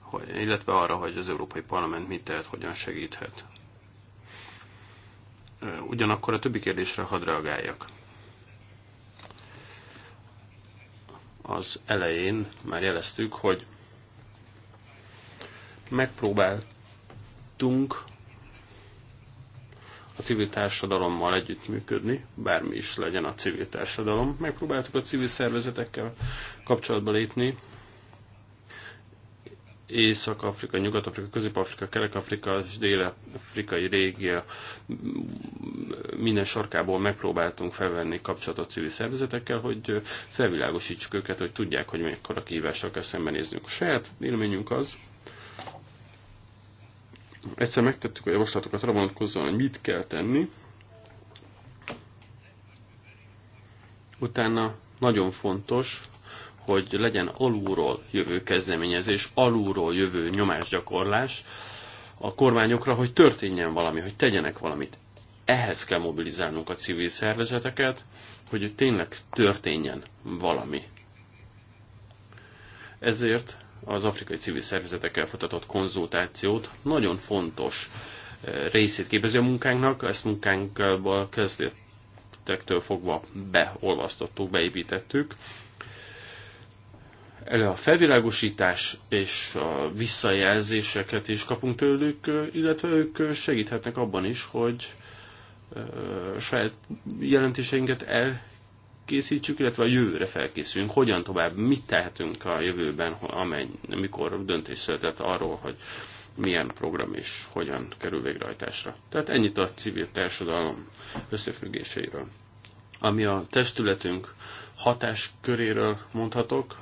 Hogy, illetve arra, hogy az Európai Parlament mit tehet, hogyan segíthet. Eh, ugyanakkor a többi kérdésre hadd reagáljak. az elején már jeleztük, hogy megpróbáltunk a civil társadalommal együttműködni, bármi is legyen a civil társadalom. Megpróbáltuk a civil szervezetekkel kapcsolatba lépni, Észak-Afrika, Nyugat-Afrika, Közép-Afrika, Kelet-Afrika és Dél-Afrikai régia minden sarkából megpróbáltunk felvenni kapcsolatot civil szervezetekkel, hogy felvilágosítsuk őket, hogy tudják, hogy mekkora kihívással kell szembenéznünk. A saját élményünk az, egyszer megtettük a javaslatokat arra vonatkozóan, hogy mit kell tenni, utána nagyon fontos, hogy legyen alulról jövő kezdeményezés, alulról jövő nyomásgyakorlás a kormányokra, hogy történjen valami, hogy tegyenek valamit. Ehhez kell mobilizálnunk a civil szervezeteket, hogy tényleg történjen valami. Ezért az afrikai civil szervezetekkel folytatott konzultációt nagyon fontos eh, részét képezi a munkánknak, ezt munkánkkal kezdettektől fogva beolvasztottuk, beépítettük a felvilágosítás és a visszajelzéseket is kapunk tőlük, illetve ők segíthetnek abban is, hogy saját jelentéseinket elkészítsük, illetve a jövőre felkészülünk, hogyan tovább, mit tehetünk a jövőben, amely, mikor döntés született arról, hogy milyen program és hogyan kerül végrehajtásra. Tehát ennyit a civil társadalom összefüggéseiről. Ami a testületünk hatásköréről mondhatok,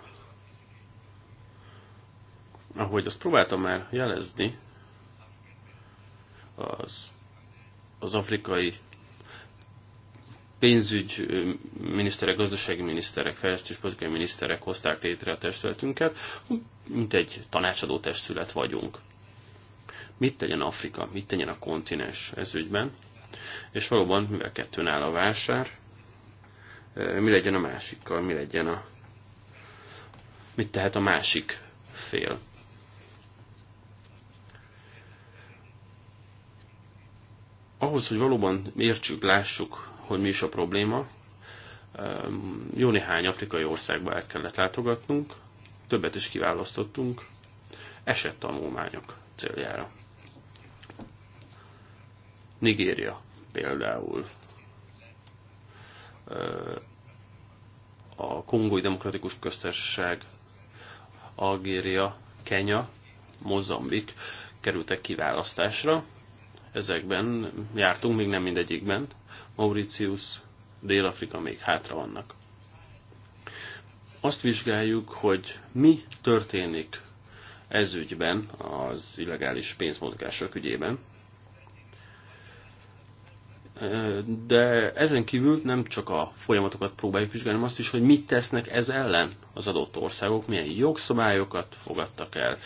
ahogy azt próbáltam már jelezni, az, az afrikai miniszterek, gazdasági miniszterek, politikai miniszterek hozták létre a testületünket, mint egy tanácsadó testület vagyunk. Mit tegyen Afrika, mit tegyen a kontinens ez ügyben? És valóban, mivel kettőn áll a vásár, mi legyen a másikkal, mi legyen a... mit tehet a másik fél. Ahhoz, hogy valóban értsük, lássuk, hogy mi is a probléma, ehm, jó néhány afrikai országba el kellett látogatnunk, többet is kiválasztottunk tanulmányok céljára. Nigéria például ehm, a Kongói Demokratikus Köztársaság, Algéria, Kenya, Mozambik kerültek kiválasztásra ezekben jártunk, még nem mindegyikben. Mauritius, Dél-Afrika még hátra vannak. Azt vizsgáljuk, hogy mi történik ez ügyben, az illegális pénzmozgások ügyében. De ezen kívül nem csak a folyamatokat próbáljuk vizsgálni, azt is, hogy mit tesznek ez ellen az adott országok, milyen jogszabályokat fogadtak el,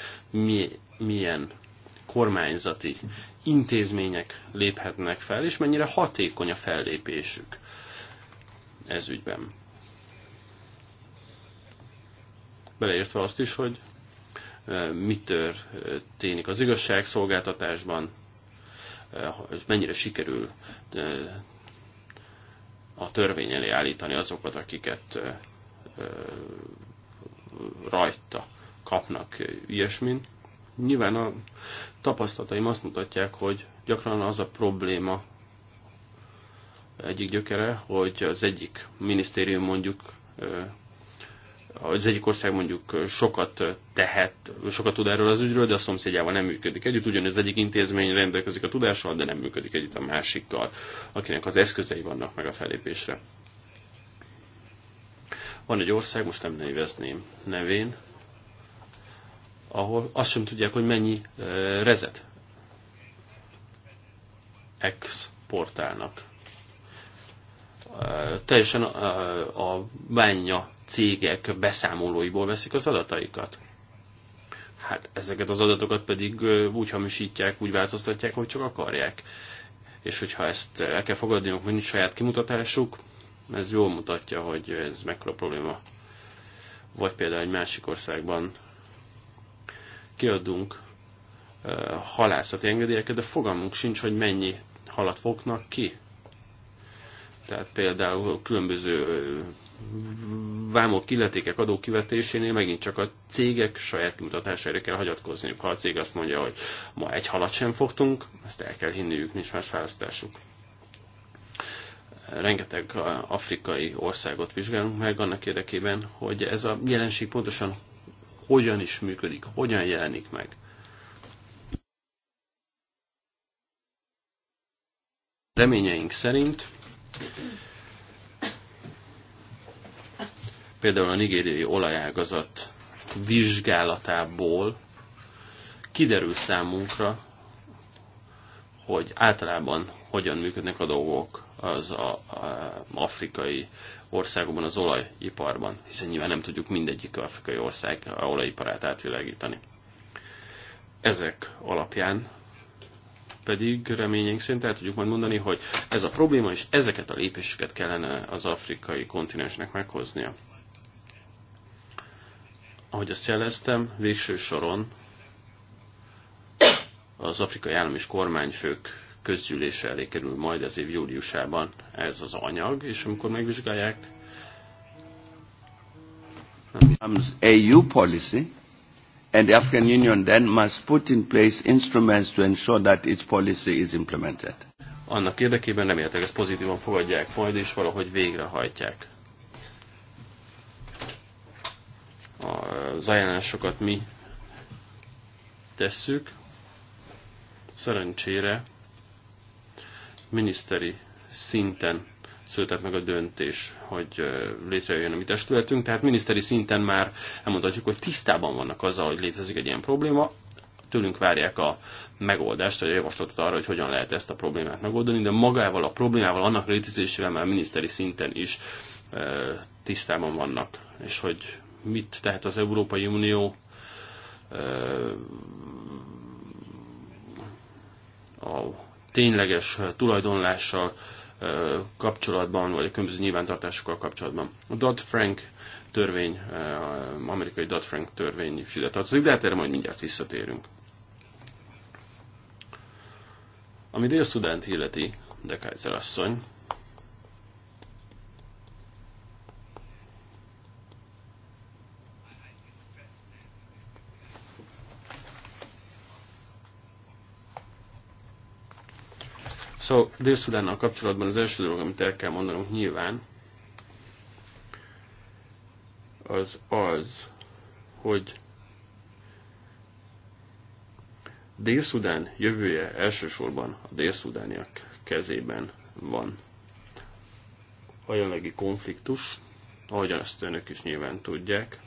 milyen kormányzati intézmények léphetnek fel, és mennyire hatékony a fellépésük ez ügyben. Beleértve azt is, hogy mi történik az igazságszolgáltatásban, és mennyire sikerül a törvény elé állítani azokat, akiket rajta kapnak ilyesmin. Nyilván a tapasztalataim azt mutatják, hogy gyakran az a probléma egyik gyökere, hogy az egyik minisztérium mondjuk az egyik ország mondjuk sokat tehet, sokat tud erről az ügyről, de a szomszédjával nem működik együtt. Ugyanez az egyik intézmény rendelkezik a tudással, de nem működik együtt a másikkal, akinek az eszközei vannak meg a felépésre. Van egy ország, most nem nevezném nevén, ahol azt sem tudják, hogy mennyi rezet exportálnak. Teljesen a bánya cégek beszámolóiból veszik az adataikat. Hát ezeket az adatokat pedig úgy hamisítják, úgy változtatják, hogy csak akarják. És hogyha ezt el kell fogadniuk, hogy nincs saját kimutatásuk, ez jól mutatja, hogy ez mekkora probléma. Vagy például egy másik országban kiadunk halászati engedélyeket, de fogalmunk sincs, hogy mennyi halat fognak ki. Tehát például különböző vámok, illetékek adó kivetésénél megint csak a cégek saját kimutatására kell hagyatkozniuk. Ha a cég azt mondja, hogy ma egy halat sem fogtunk, ezt el kell hinniük, nincs más választásuk. Rengeteg afrikai országot vizsgálunk meg annak érdekében, hogy ez a jelenség pontosan hogyan is működik, hogyan jelenik meg. Reményeink szerint például a nigériai olajágazat vizsgálatából kiderül számunkra, hogy általában hogyan működnek a dolgok az a, a, afrikai országokban, az olajiparban, hiszen nyilván nem tudjuk mindegyik afrikai ország a olajiparát átvilágítani. Ezek alapján pedig reményénk szerint el tudjuk majd mondani, hogy ez a probléma, és ezeket a lépéseket kellene az afrikai kontinensnek meghoznia. Ahogy azt jeleztem, végső soron az afrikai állam és kormányfők közgyűlése elé kerül majd az év júliusában ez az anyag, és amikor megvizsgálják... EU e policy, and the African Union then must put in place instruments to ensure that its policy is implemented. Annak érdekében értek, ezt pozitívan fogadják majd, és valahogy végrehajtják. Az ajánlásokat mi tesszük. Szerencsére miniszteri szinten született meg a döntés, hogy létrejön a mi testületünk, tehát miniszteri szinten már elmondhatjuk, hogy tisztában vannak azzal, hogy létezik egy ilyen probléma, tőlünk várják a megoldást, vagy a javaslatot arra, hogy hogyan lehet ezt a problémát megoldani, de magával a problémával, annak létezésével már miniszteri szinten is tisztában vannak, és hogy mit tehet az Európai Unió a tényleges eh, tulajdonlással eh, kapcsolatban, vagy a különböző nyilvántartásokkal kapcsolatban. A Dodd-Frank törvény, eh, amerikai Dodd-Frank törvény is ide tartozik, de hát erre majd mindjárt visszatérünk. Ami dél illeti, de Kaiser asszony, So, Dél-Szudánnal kapcsolatban az első dolog, amit el kell mondanunk nyilván, az az, hogy Dél-Szudán jövője elsősorban a dél-szudániak kezében van. A jelenlegi konfliktus, ahogyan ezt önök is nyilván tudják,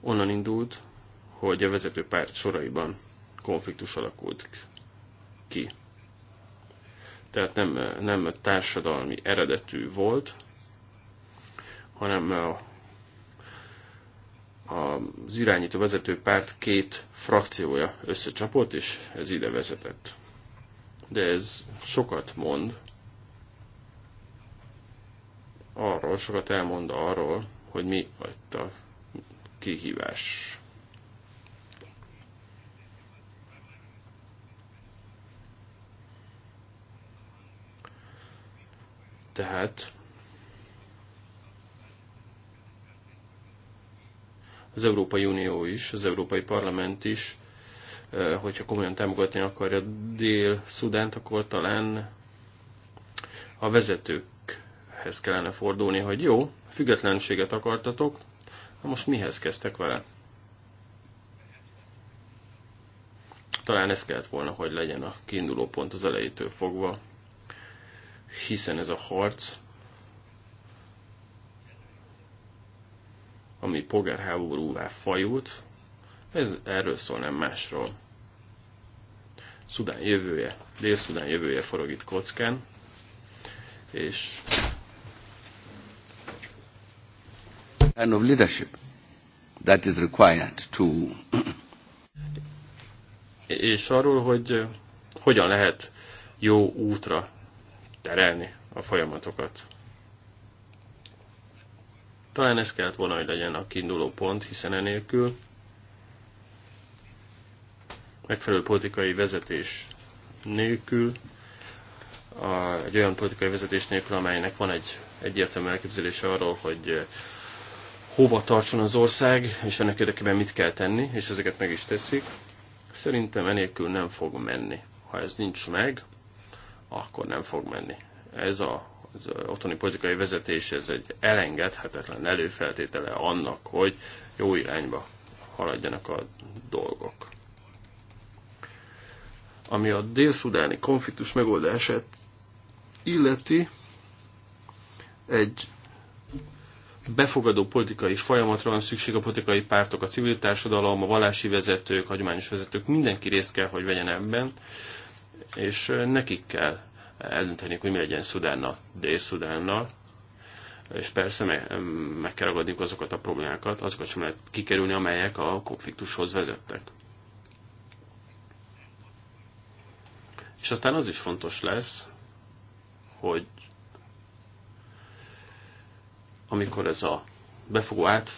onnan indult, hogy a vezető párt soraiban konfliktus alakult ki. Tehát nem, nem társadalmi eredetű volt, hanem a, az irányító vezető párt két frakciója összecsapott, és ez ide vezetett. De ez sokat mond arról, sokat elmond arról, hogy mi a kihívás. Tehát az Európai Unió is, az Európai Parlament is, hogyha komolyan támogatni akarja Dél-Szudánt, akkor talán a vezetőkhez kellene fordulni, hogy jó, függetlenséget akartatok, na most mihez kezdtek vele? Talán ez kellett volna, hogy legyen a kiinduló pont az elejétől fogva hiszen ez a harc, ami polgárháborúvá fajult, ez erről szól, nem másról. Szudán jövője, Dél-Szudán jövője forog itt kockán, és kind of leadership that is required to és arról, hogy hogyan lehet jó útra terelni a folyamatokat. Talán ez kellett volna, hogy legyen a kiinduló pont, hiszen enélkül megfelelő politikai vezetés nélkül, a, egy olyan politikai vezetés nélkül, amelynek van egy egyértelmű elképzelése arról, hogy eh, hova tartson az ország, és ennek érdekében mit kell tenni, és ezeket meg is teszik, szerintem enélkül nem fog menni. Ha ez nincs meg, akkor nem fog menni. Ez a, az otthoni politikai vezetés, ez egy elengedhetetlen előfeltétele annak, hogy jó irányba haladjanak a dolgok. Ami a dél-szudáni konfliktus megoldását illeti, egy befogadó politikai folyamatra van szükség, a politikai pártok, a civil társadalom, a vallási vezetők, hagyományos vezetők, mindenki részt kell, hogy vegyen ebben és nekik kell eldönteni, hogy mi legyen Szudánnal, Dél-Szudánnal, és persze meg, meg kell ragadni azokat a problémákat, azokat sem lehet kikerülni, amelyek a konfliktushoz vezettek. És aztán az is fontos lesz, hogy amikor ez a befogó át,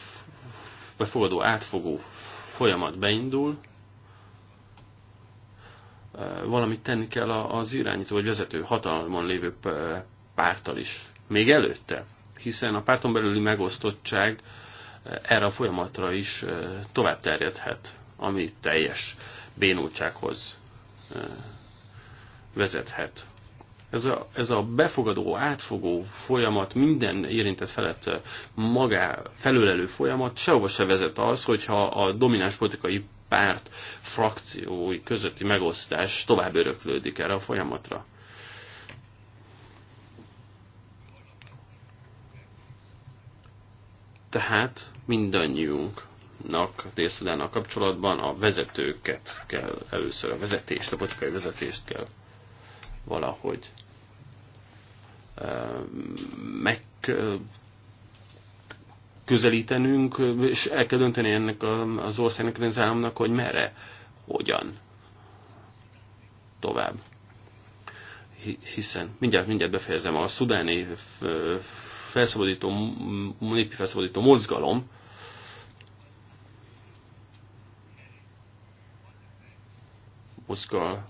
befogadó átfogó folyamat beindul, valamit tenni kell az irányító vagy vezető hatalmon lévő pártal is. Még előtte, hiszen a párton belüli megosztottság erre a folyamatra is tovább terjedhet, ami teljes bénultsághoz vezethet. Ez a, ez a befogadó, átfogó folyamat, minden érintett felett magá felülelő folyamat sehova se vezet az, hogyha a domináns politikai párt frakciói közötti megosztás tovább öröklődik erre a folyamatra. Tehát mindannyiunknak a kapcsolatban a vezetőket kell először, a vezetést, a politikai vezetést kell valahogy meg közelítenünk, és el kell dönteni ennek az országnak, az államnak, hogy merre, hogyan tovább. Hiszen mindjárt, mindjárt befejezem a szudáni felszabadító, népi felszabadító mozgalom, mozgalmat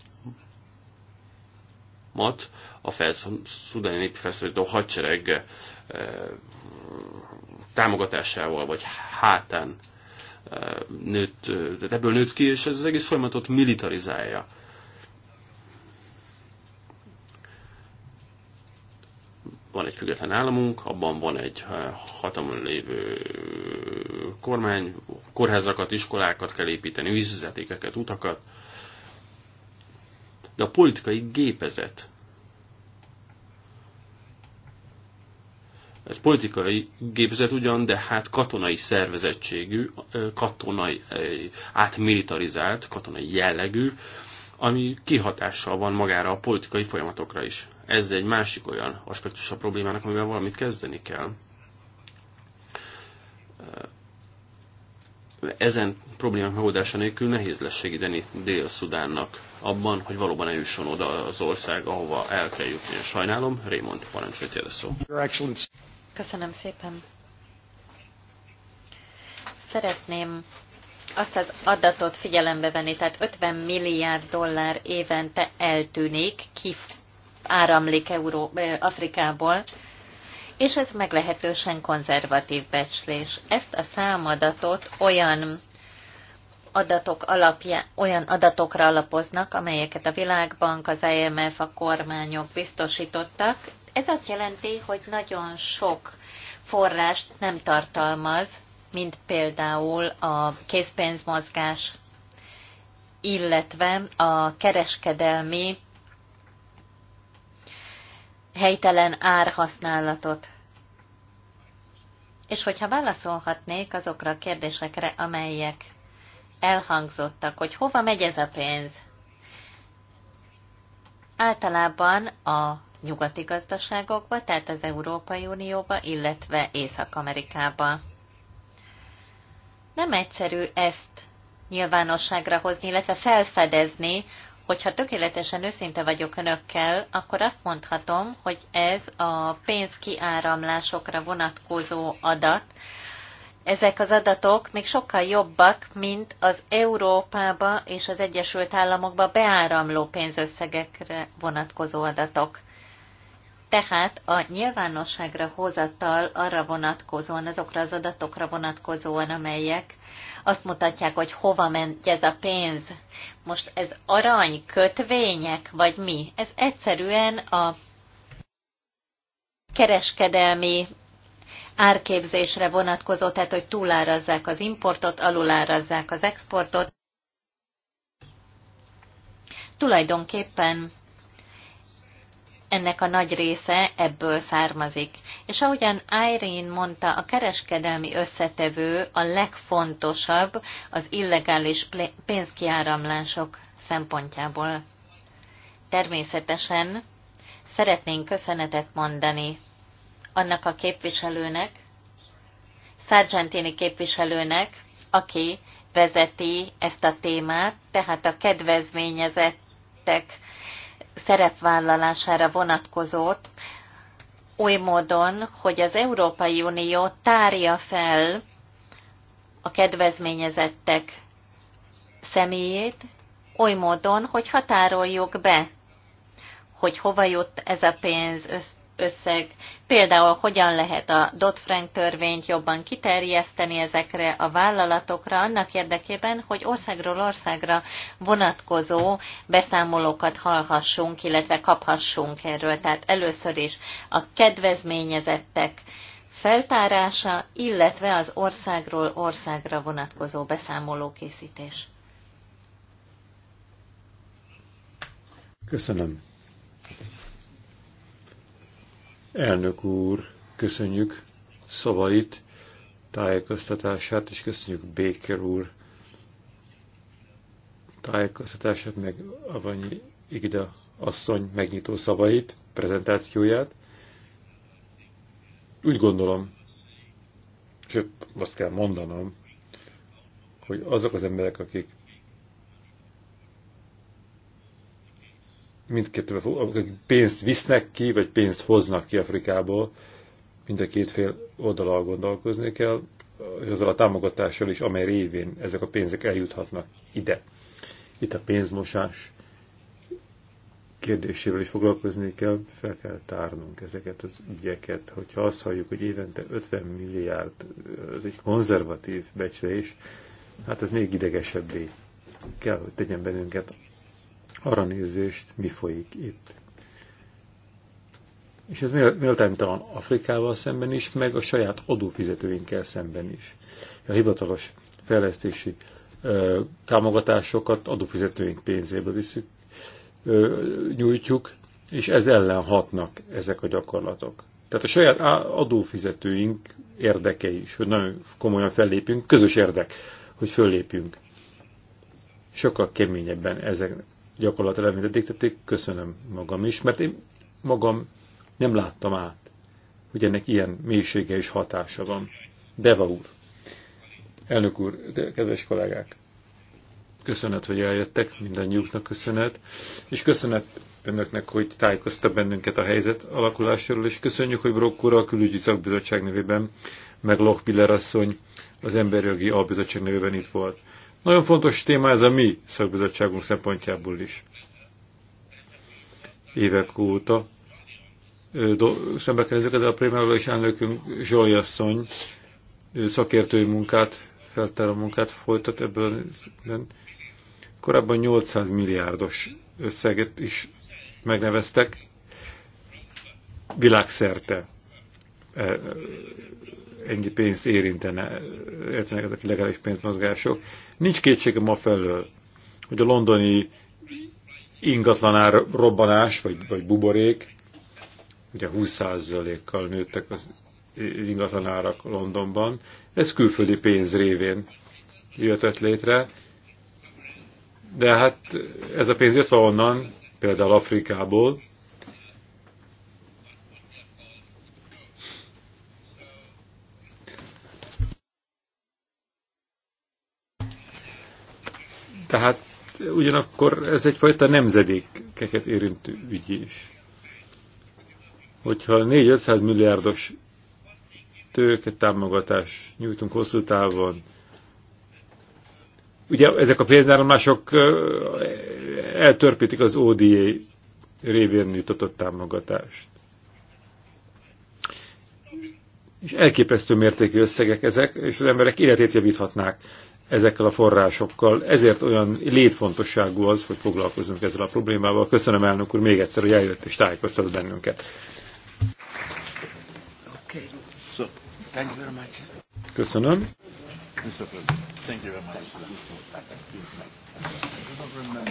a felsz, szudáni népi felszabadító hadsereg támogatásával vagy hátán nőtt, tehát ebből nőtt ki, és ez az egész folyamatot militarizálja. Van egy független államunk, abban van egy hatalmon lévő kormány, kórházakat, iskolákat kell építeni, vízvezetékeket, utakat, de a politikai gépezet ez politikai gépezet ugyan, de hát katonai szervezettségű, katonai átmilitarizált, katonai jellegű, ami kihatással van magára a politikai folyamatokra is. Ez egy másik olyan aspektus a problémának, amivel valamit kezdeni kell. Ezen problémák megoldása nélkül nehéz lesz segíteni Dél-Szudánnak abban, hogy valóban eljusson oda az ország, ahova el kell jutni. Sajnálom, Raymond parancsolja szó. Köszönöm szépen. Szeretném azt az adatot figyelembe venni, tehát 50 milliárd dollár évente eltűnik, ki áramlik Euró- Afrikából, és ez meglehetősen konzervatív becslés. Ezt a számadatot olyan adatok alapja, olyan adatokra alapoznak, amelyeket a Világbank, az IMF, a kormányok biztosítottak, ez azt jelenti, hogy nagyon sok forrást nem tartalmaz, mint például a készpénzmozgás, illetve a kereskedelmi helytelen árhasználatot. És hogyha válaszolhatnék azokra a kérdésekre, amelyek elhangzottak, hogy hova megy ez a pénz, általában a nyugati gazdaságokba, tehát az Európai Unióba, illetve Észak-Amerikába. Nem egyszerű ezt nyilvánosságra hozni, illetve felfedezni, hogyha tökéletesen őszinte vagyok önökkel, akkor azt mondhatom, hogy ez a pénzkiáramlásokra vonatkozó adat, ezek az adatok még sokkal jobbak, mint az Európába és az Egyesült Államokba beáramló pénzösszegekre vonatkozó adatok. Tehát a nyilvánosságra hozatal arra vonatkozóan, azokra az adatokra vonatkozóan, amelyek azt mutatják, hogy hova ment ez a pénz. Most ez arany, kötvények, vagy mi? Ez egyszerűen a kereskedelmi árképzésre vonatkozó, tehát hogy túlárazzák az importot, alulárazzák az exportot. Tulajdonképpen ennek a nagy része ebből származik. És ahogyan Irene mondta, a kereskedelmi összetevő a legfontosabb az illegális pénzkiáramlások szempontjából. Természetesen szeretnénk köszönetet mondani annak a képviselőnek, Sargentini képviselőnek, aki vezeti ezt a témát, tehát a kedvezményezettek szerepvállalására vonatkozott, oly módon, hogy az Európai Unió tárja fel a kedvezményezettek személyét, oly módon, hogy határoljuk be, hogy hova jut ez a pénz, összeg, például hogyan lehet a Dodd-Frank törvényt jobban kiterjeszteni ezekre a vállalatokra, annak érdekében, hogy országról országra vonatkozó beszámolókat hallhassunk, illetve kaphassunk erről. Tehát először is a kedvezményezettek feltárása, illetve az országról országra vonatkozó beszámolókészítés. Köszönöm. Elnök úr, köszönjük szavait, tájékoztatását, és köszönjük Baker úr tájékoztatását, meg Avanyi Igida asszony megnyitó szavait, prezentációját. Úgy gondolom, sőt, azt kell mondanom, hogy azok az emberek, akik mindkettőben, akik pénzt visznek ki, vagy pénzt hoznak ki Afrikából, mind a két fél oldalal gondolkozni kell, és azzal a támogatással is, amely révén ezek a pénzek eljuthatnak ide. Itt a pénzmosás kérdésével is foglalkozni kell, fel kell tárnunk ezeket az ügyeket. Hogyha azt halljuk, hogy évente 50 milliárd, az egy konzervatív becslés, hát ez még idegesebbé kell, hogy tegyen bennünket arra nézvést, mi folyik itt. És ez méltánytalan Afrikával szemben is, meg a saját adófizetőinkkel szemben is. A hivatalos fejlesztési ö, támogatásokat adófizetőink pénzéből viszük, ö, nyújtjuk, és ez ellen hatnak ezek a gyakorlatok. Tehát a saját adófizetőink érdeke is, hogy nagyon komolyan fellépünk, közös érdek, hogy föllépjünk. Sokkal keményebben ezek gyakorlatilag amit eddig tették, köszönöm magam is, mert én magam nem láttam át, hogy ennek ilyen mélysége és hatása van. Deva úr, elnök úr, kedves kollégák, köszönet, hogy eljöttek, mindannyiuknak köszönet, és köszönet önöknek, hogy tájékozta bennünket a helyzet alakulásáról, és köszönjük, hogy Brock úr a külügyi szakbizottság nevében, meg Loch Biller asszony az emberjogi albizottság nevében itt volt. Nagyon fontos téma ez a mi szakbizottságunk szempontjából is. Évek óta szembe kell ezeket a prémával, és elnökünk Zsoli asszony szakértői munkát, feltáró munkát folytat ebből. Korábban 800 milliárdos összeget is megneveztek világszerte ennyi pénzt érintene, értenek ezek a legális pénzmozgások. Nincs kétségem ma felől, hogy a londoni ingatlanár robbanás, vagy, vagy buborék, ugye 20%-kal nőttek az ingatlanárak Londonban, ez külföldi pénz révén jöttett létre, de hát ez a pénz jött onnan, például Afrikából, Tehát ugyanakkor ez egyfajta nemzedékeket érintő ügy is. Hogyha 4-500 milliárdos támogatás nyújtunk hosszú távon, ugye ezek a pénzáramlások eltörpítik az ODA révén nyújtott támogatást. És elképesztő mértékű összegek ezek, és az emberek életét javíthatnák ezekkel a forrásokkal. Ezért olyan létfontosságú az, hogy foglalkozunk ezzel a problémával. Köszönöm elnök úr még egyszer, hogy eljött és tájékoztatott bennünket. Köszönöm. Thank you very much.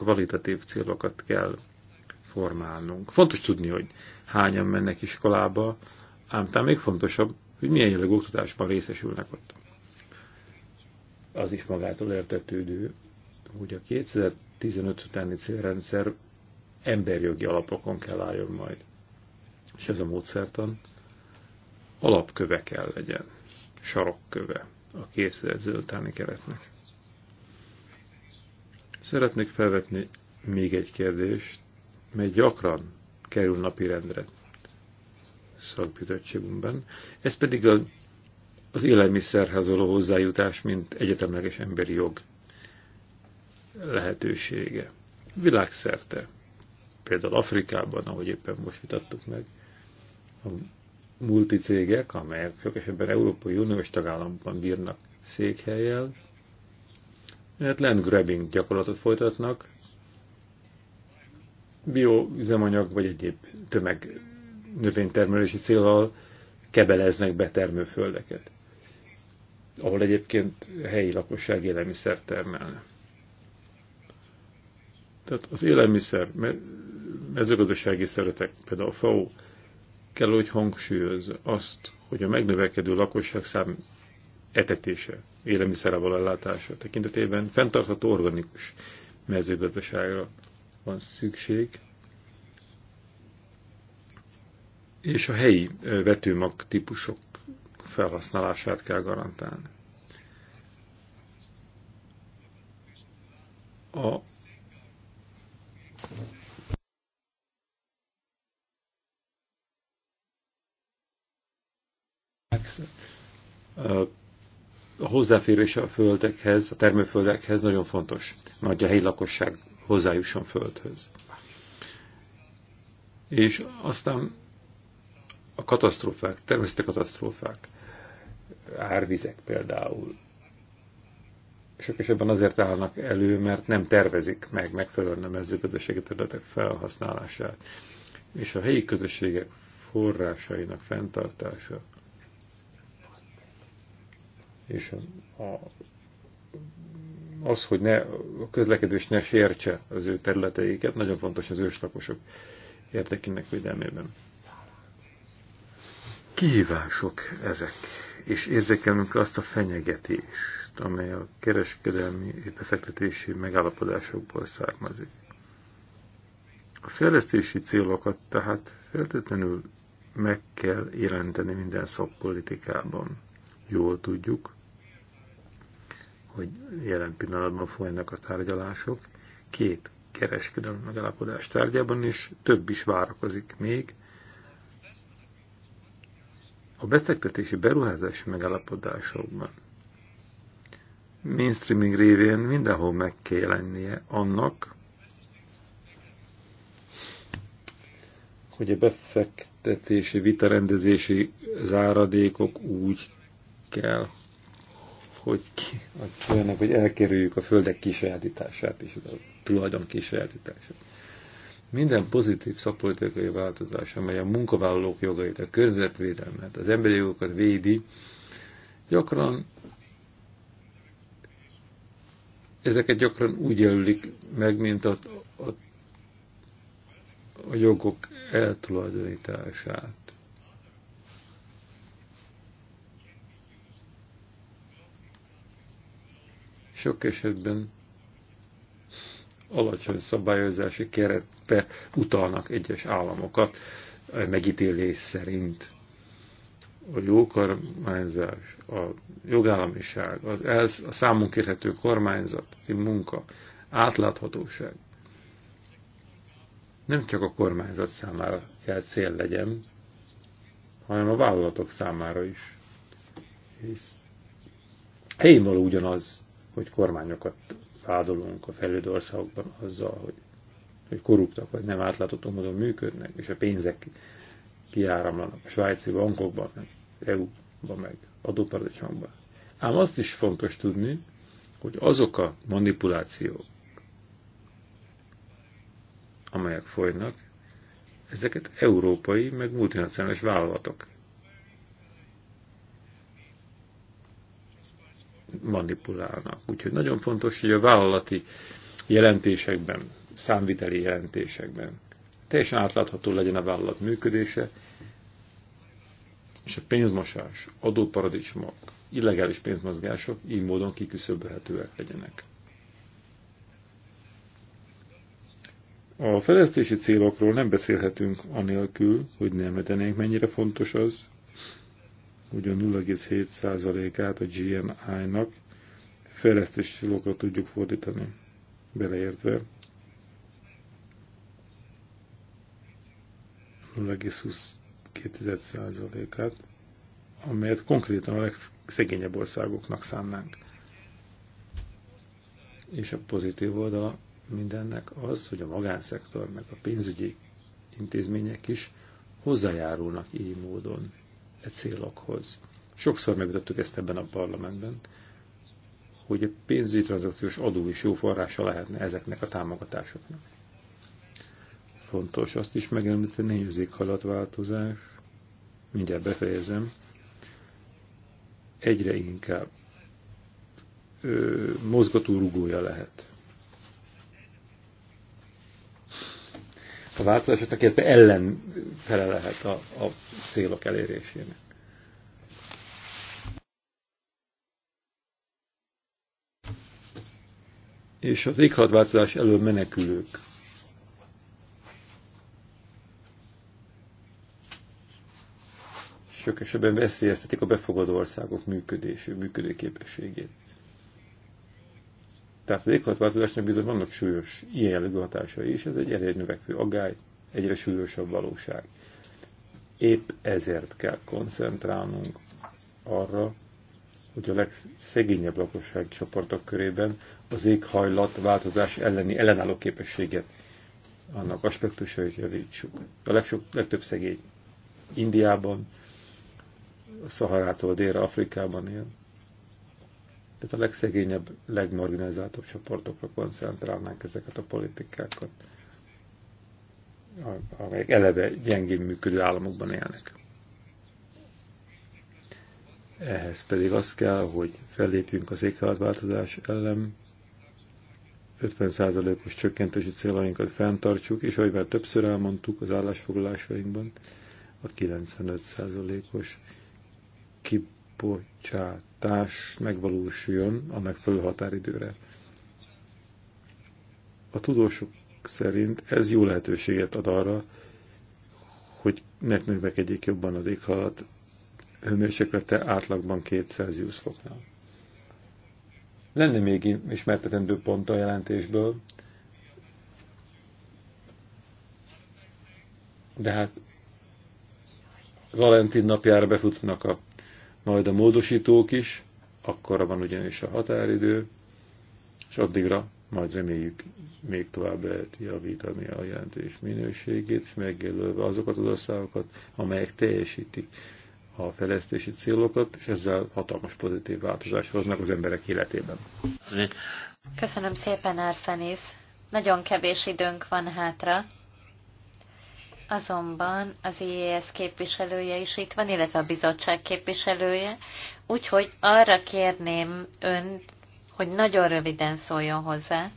kvalitatív célokat kell formálnunk. Fontos tudni, hogy hányan mennek iskolába, ám talán még fontosabb, hogy milyen jellegű oktatásban részesülnek ott. Az is magától értetődő, hogy a 2015 utáni célrendszer emberjogi alapokon kell álljon majd. És ez a módszertan alapköve kell legyen, sarokköve a 2015 utáni keretnek. Szeretnék felvetni még egy kérdést, mert gyakran kerül napirendre szakbizottságunkban. Ez pedig a, az élelmiszerhez való hozzájutás, mint egyetemleges emberi jog lehetősége. Világszerte, például Afrikában, ahogy éppen most vitattuk meg, a multicégek, amelyek sok esetben Európai Uniós tagállamban bírnak székhelyel, mert land grabbing gyakorlatot folytatnak, bioüzemanyag vagy egyéb tömeg növénytermelési célval kebeleznek be termőföldeket, ahol egyébként helyi lakosság élelmiszer termelne. Tehát az élelmiszer, mezőgazdasági szeretek, például a FAO, kell, hogy hangsúlyozza azt, hogy a megnövekedő lakosság szám etetése, élelmiszer való ellátása tekintetében fenntartható organikus mezőgazdaságra van szükség, és a helyi vetőmag típusok felhasználását kell garantálni. A a a hozzáférés a földekhez, a termőföldekhez nagyon fontos, mert a helyi lakosság hozzájusson földhöz. És aztán a katasztrófák, természeti katasztrófák, árvizek például, sok esetben azért állnak elő, mert nem tervezik meg megfelelően a mezőgazdasági területek felhasználását. És a helyi közösségek forrásainak fenntartása és a, az, hogy ne, a közlekedés ne sértse az ő területeiket, nagyon fontos az őslakosok érdekének védelmében. Kihívások ezek, és érzékelünk azt a fenyegetést, amely a kereskedelmi és befektetési megállapodásokból származik. A fejlesztési célokat tehát feltétlenül meg kell jelenteni minden szakpolitikában. Jól tudjuk, hogy jelen pillanatban folynak a tárgyalások. Két kereskedelmi megállapodás tárgyában, is több is várakozik még. A befektetési beruházási megállapodásokban mainstreaming révén mindenhol meg kell jelennie annak, hogy a befektetési vitarendezési záradékok úgy kell, hogy ki, tulajdonképpen, hogy elkerüljük a földek kisajátítását és a tulajdon kisajátítását. Minden pozitív szakpolitikai változás, amely a munkavállalók jogait, a környezetvédelmet, az emberi jogokat védi, gyakran ezeket gyakran úgy jelölik meg, mint a, a, a jogok eltulajdonítását. Sok esetben alacsony szabályozási keretbe utalnak egyes államokat megítélés szerint. A jó kormányzás, a jogállamiság, az ez a számunk érhető kormányzati munka, átláthatóság. Nem csak a kormányzat számára kell cél legyen, hanem a vállalatok számára is. Hisz helyén való ugyanaz, hogy kormányokat vádolunk a fejlődő országokban azzal, hogy, hogy korruptak vagy nem átlátott módon működnek, és a pénzek kiáramlanak a svájci bankokban, meg EU-ban, meg adóparadicsomokban. Ám azt is fontos tudni, hogy azok a manipulációk, amelyek folynak, ezeket európai, meg multinacionális vállalatok manipulálnak. Úgyhogy nagyon fontos, hogy a vállalati jelentésekben, számviteli jelentésekben teljesen átlátható legyen a vállalat működése, és a pénzmosás, adóparadicsomok, illegális pénzmozgások így módon kiküszöbölhetőek legyenek. A fejlesztési célokról nem beszélhetünk anélkül, hogy nem letenénk mennyire fontos az, ugyan 0,7%-át a GNI-nak fejlesztési célokra tudjuk fordítani, beleértve 0,22%-át, amelyet konkrétan a legszegényebb országoknak szánnánk. És a pozitív oldala mindennek az, hogy a magánszektor, meg a pénzügyi intézmények is hozzájárulnak így módon e célokhoz. Sokszor megvetettük ezt ebben a parlamentben, hogy a pénzügyi tranzakciós adó is jó forrása lehetne ezeknek a támogatásoknak. Fontos azt is megemlíteni, hogy az éghajlatváltozás, mindjárt befejezem, egyre inkább mozgatórugója lehet a változásoknak, kezdve ellen fele lehet a, a célok elérésének. És az éghajlatváltozás elől menekülők. Sok esetben veszélyeztetik a befogadó országok működését, működőképességét. Tehát az éghajlatváltozásnak bizony vannak súlyos ilyen jellegű hatásai is, ez egy elég növekvő aggály, egyre súlyosabb valóság. Épp ezért kell koncentrálnunk arra, hogy a legszegényebb lakosság csoportok körében az éghajlat változás elleni ellenálló képességet annak aspektusait javítsuk. A legsok, legtöbb szegény Indiában, Szaharától délre Afrikában él, tehát a legszegényebb, legmarginalizáltabb csoportokra koncentrálnánk ezeket a politikákat, amelyek eleve gyengén működő államokban élnek. Ehhez pedig az kell, hogy fellépjünk az éghajlatváltozás ellen, 50%-os csökkentési célainkat fenntartsuk, és ahogy már többször elmondtuk az állásfoglalásainkban, a 95%-os kib megbocsátás megvalósuljon a megfelelő határidőre. A tudósok szerint ez jó lehetőséget ad arra, hogy ne növekedjék jobban az éghalat hőmérséklete átlagban 2 Celsius foknál. Lenne még ismertetendő pont a jelentésből, de hát Valentin napjára befutnak a majd a módosítók is, akkora van ugyanis a határidő, és addigra majd reméljük még tovább lehet javítani a jelentés minőségét, és megjelölve azokat az országokat, amelyek teljesítik a fejlesztési célokat, és ezzel hatalmas pozitív változást hoznak az emberek életében. Köszönöm szépen, Arsenis. Nagyon kevés időnk van hátra. Azonban az IES képviselője is itt van, illetve a bizottság képviselője, úgyhogy arra kérném ön, hogy nagyon röviden szóljon hozzá,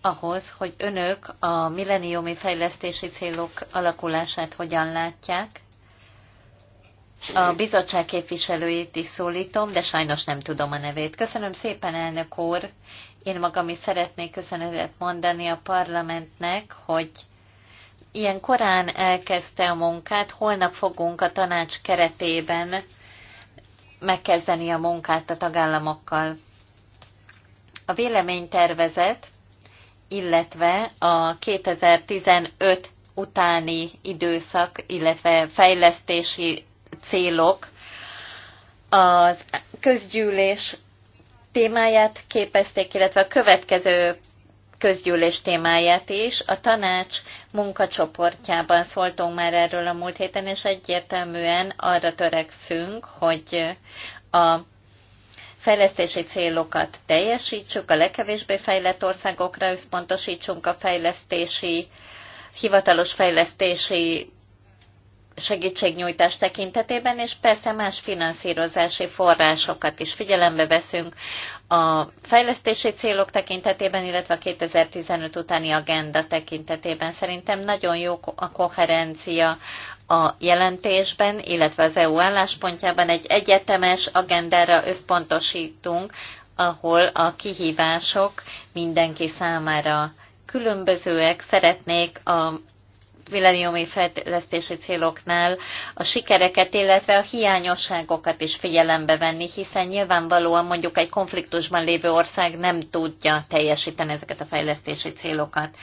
ahhoz, hogy önök a milleniumi fejlesztési célok alakulását hogyan látják. A bizottság képviselőjét is szólítom, de sajnos nem tudom a nevét. Köszönöm szépen, elnök úr! Én magam is szeretnék köszönetet mondani a parlamentnek, hogy ilyen korán elkezdte a munkát, holnap fogunk a tanács keretében megkezdeni a munkát a tagállamokkal. A véleménytervezet, illetve a 2015 utáni időszak, illetve fejlesztési célok az közgyűlés témáját képezték, illetve a következő közgyűlés témáját is. A tanács munkacsoportjában szóltunk már erről a múlt héten, és egyértelműen arra törekszünk, hogy a fejlesztési célokat teljesítsük, a legkevésbé fejlett országokra összpontosítsunk a fejlesztési hivatalos fejlesztési segítségnyújtás tekintetében, és persze más finanszírozási forrásokat is figyelembe veszünk a fejlesztési célok tekintetében, illetve a 2015 utáni agenda tekintetében. Szerintem nagyon jó a koherencia a jelentésben, illetve az EU álláspontjában egy egyetemes agendára összpontosítunk, ahol a kihívások mindenki számára különbözőek. Szeretnék a milleniumi fejlesztési céloknál a sikereket, illetve a hiányosságokat is figyelembe venni, hiszen nyilvánvalóan mondjuk egy konfliktusban lévő ország nem tudja teljesíteni ezeket a fejlesztési célokat.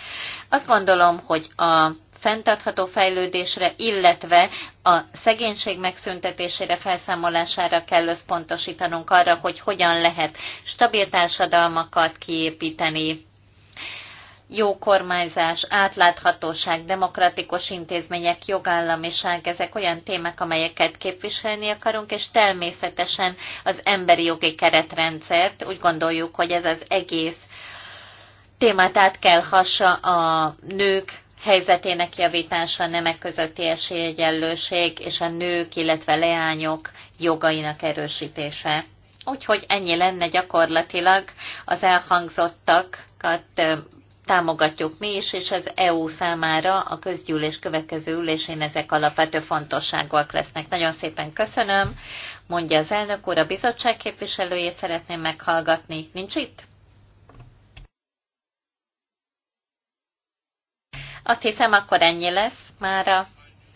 Azt gondolom, hogy a fenntartható fejlődésre, illetve a szegénység megszüntetésére, felszámolására kell összpontosítanunk arra, hogy hogyan lehet stabil társadalmakat kiépíteni, jó kormányzás, átláthatóság, demokratikus intézmények, jogállamiság, ezek olyan témák, amelyeket képviselni akarunk, és természetesen az emberi jogi keretrendszert. Úgy gondoljuk, hogy ez az egész témát át kell hassa a nők helyzetének javítása, a nemek közötti esélyegyenlőség és a nők, illetve leányok jogainak erősítése. Úgyhogy ennyi lenne gyakorlatilag az elhangzottakat támogatjuk mi is, és az EU számára a közgyűlés következő ülésén ezek alapvető fontosságúak lesznek. Nagyon szépen köszönöm, mondja az elnök úr, a bizottság képviselőjét szeretném meghallgatni. Nincs itt? Azt hiszem, akkor ennyi lesz mára.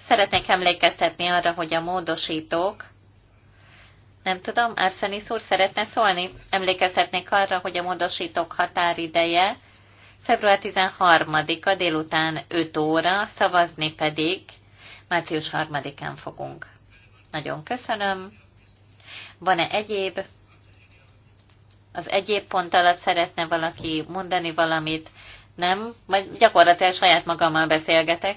Szeretnék emlékeztetni arra, hogy a módosítók nem tudom, Arsenis úr szeretne szólni? Emlékeztetnék arra, hogy a módosítók határideje február 13-a délután 5 óra, szavazni pedig március 3-án fogunk. Nagyon köszönöm. Van-e egyéb? Az egyéb pont alatt szeretne valaki mondani valamit? Nem, majd gyakorlatilag saját magammal beszélgetek.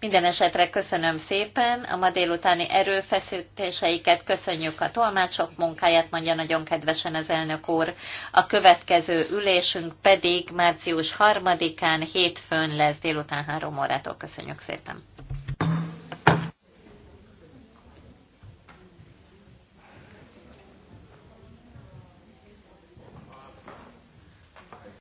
Minden esetre köszönöm szépen, a ma délutáni erőfeszítéseiket köszönjük a tolmácsok munkáját, mondja nagyon kedvesen az elnök úr. A következő ülésünk pedig március 3-án hétfőn lesz délután 3 órától. Köszönjük szépen!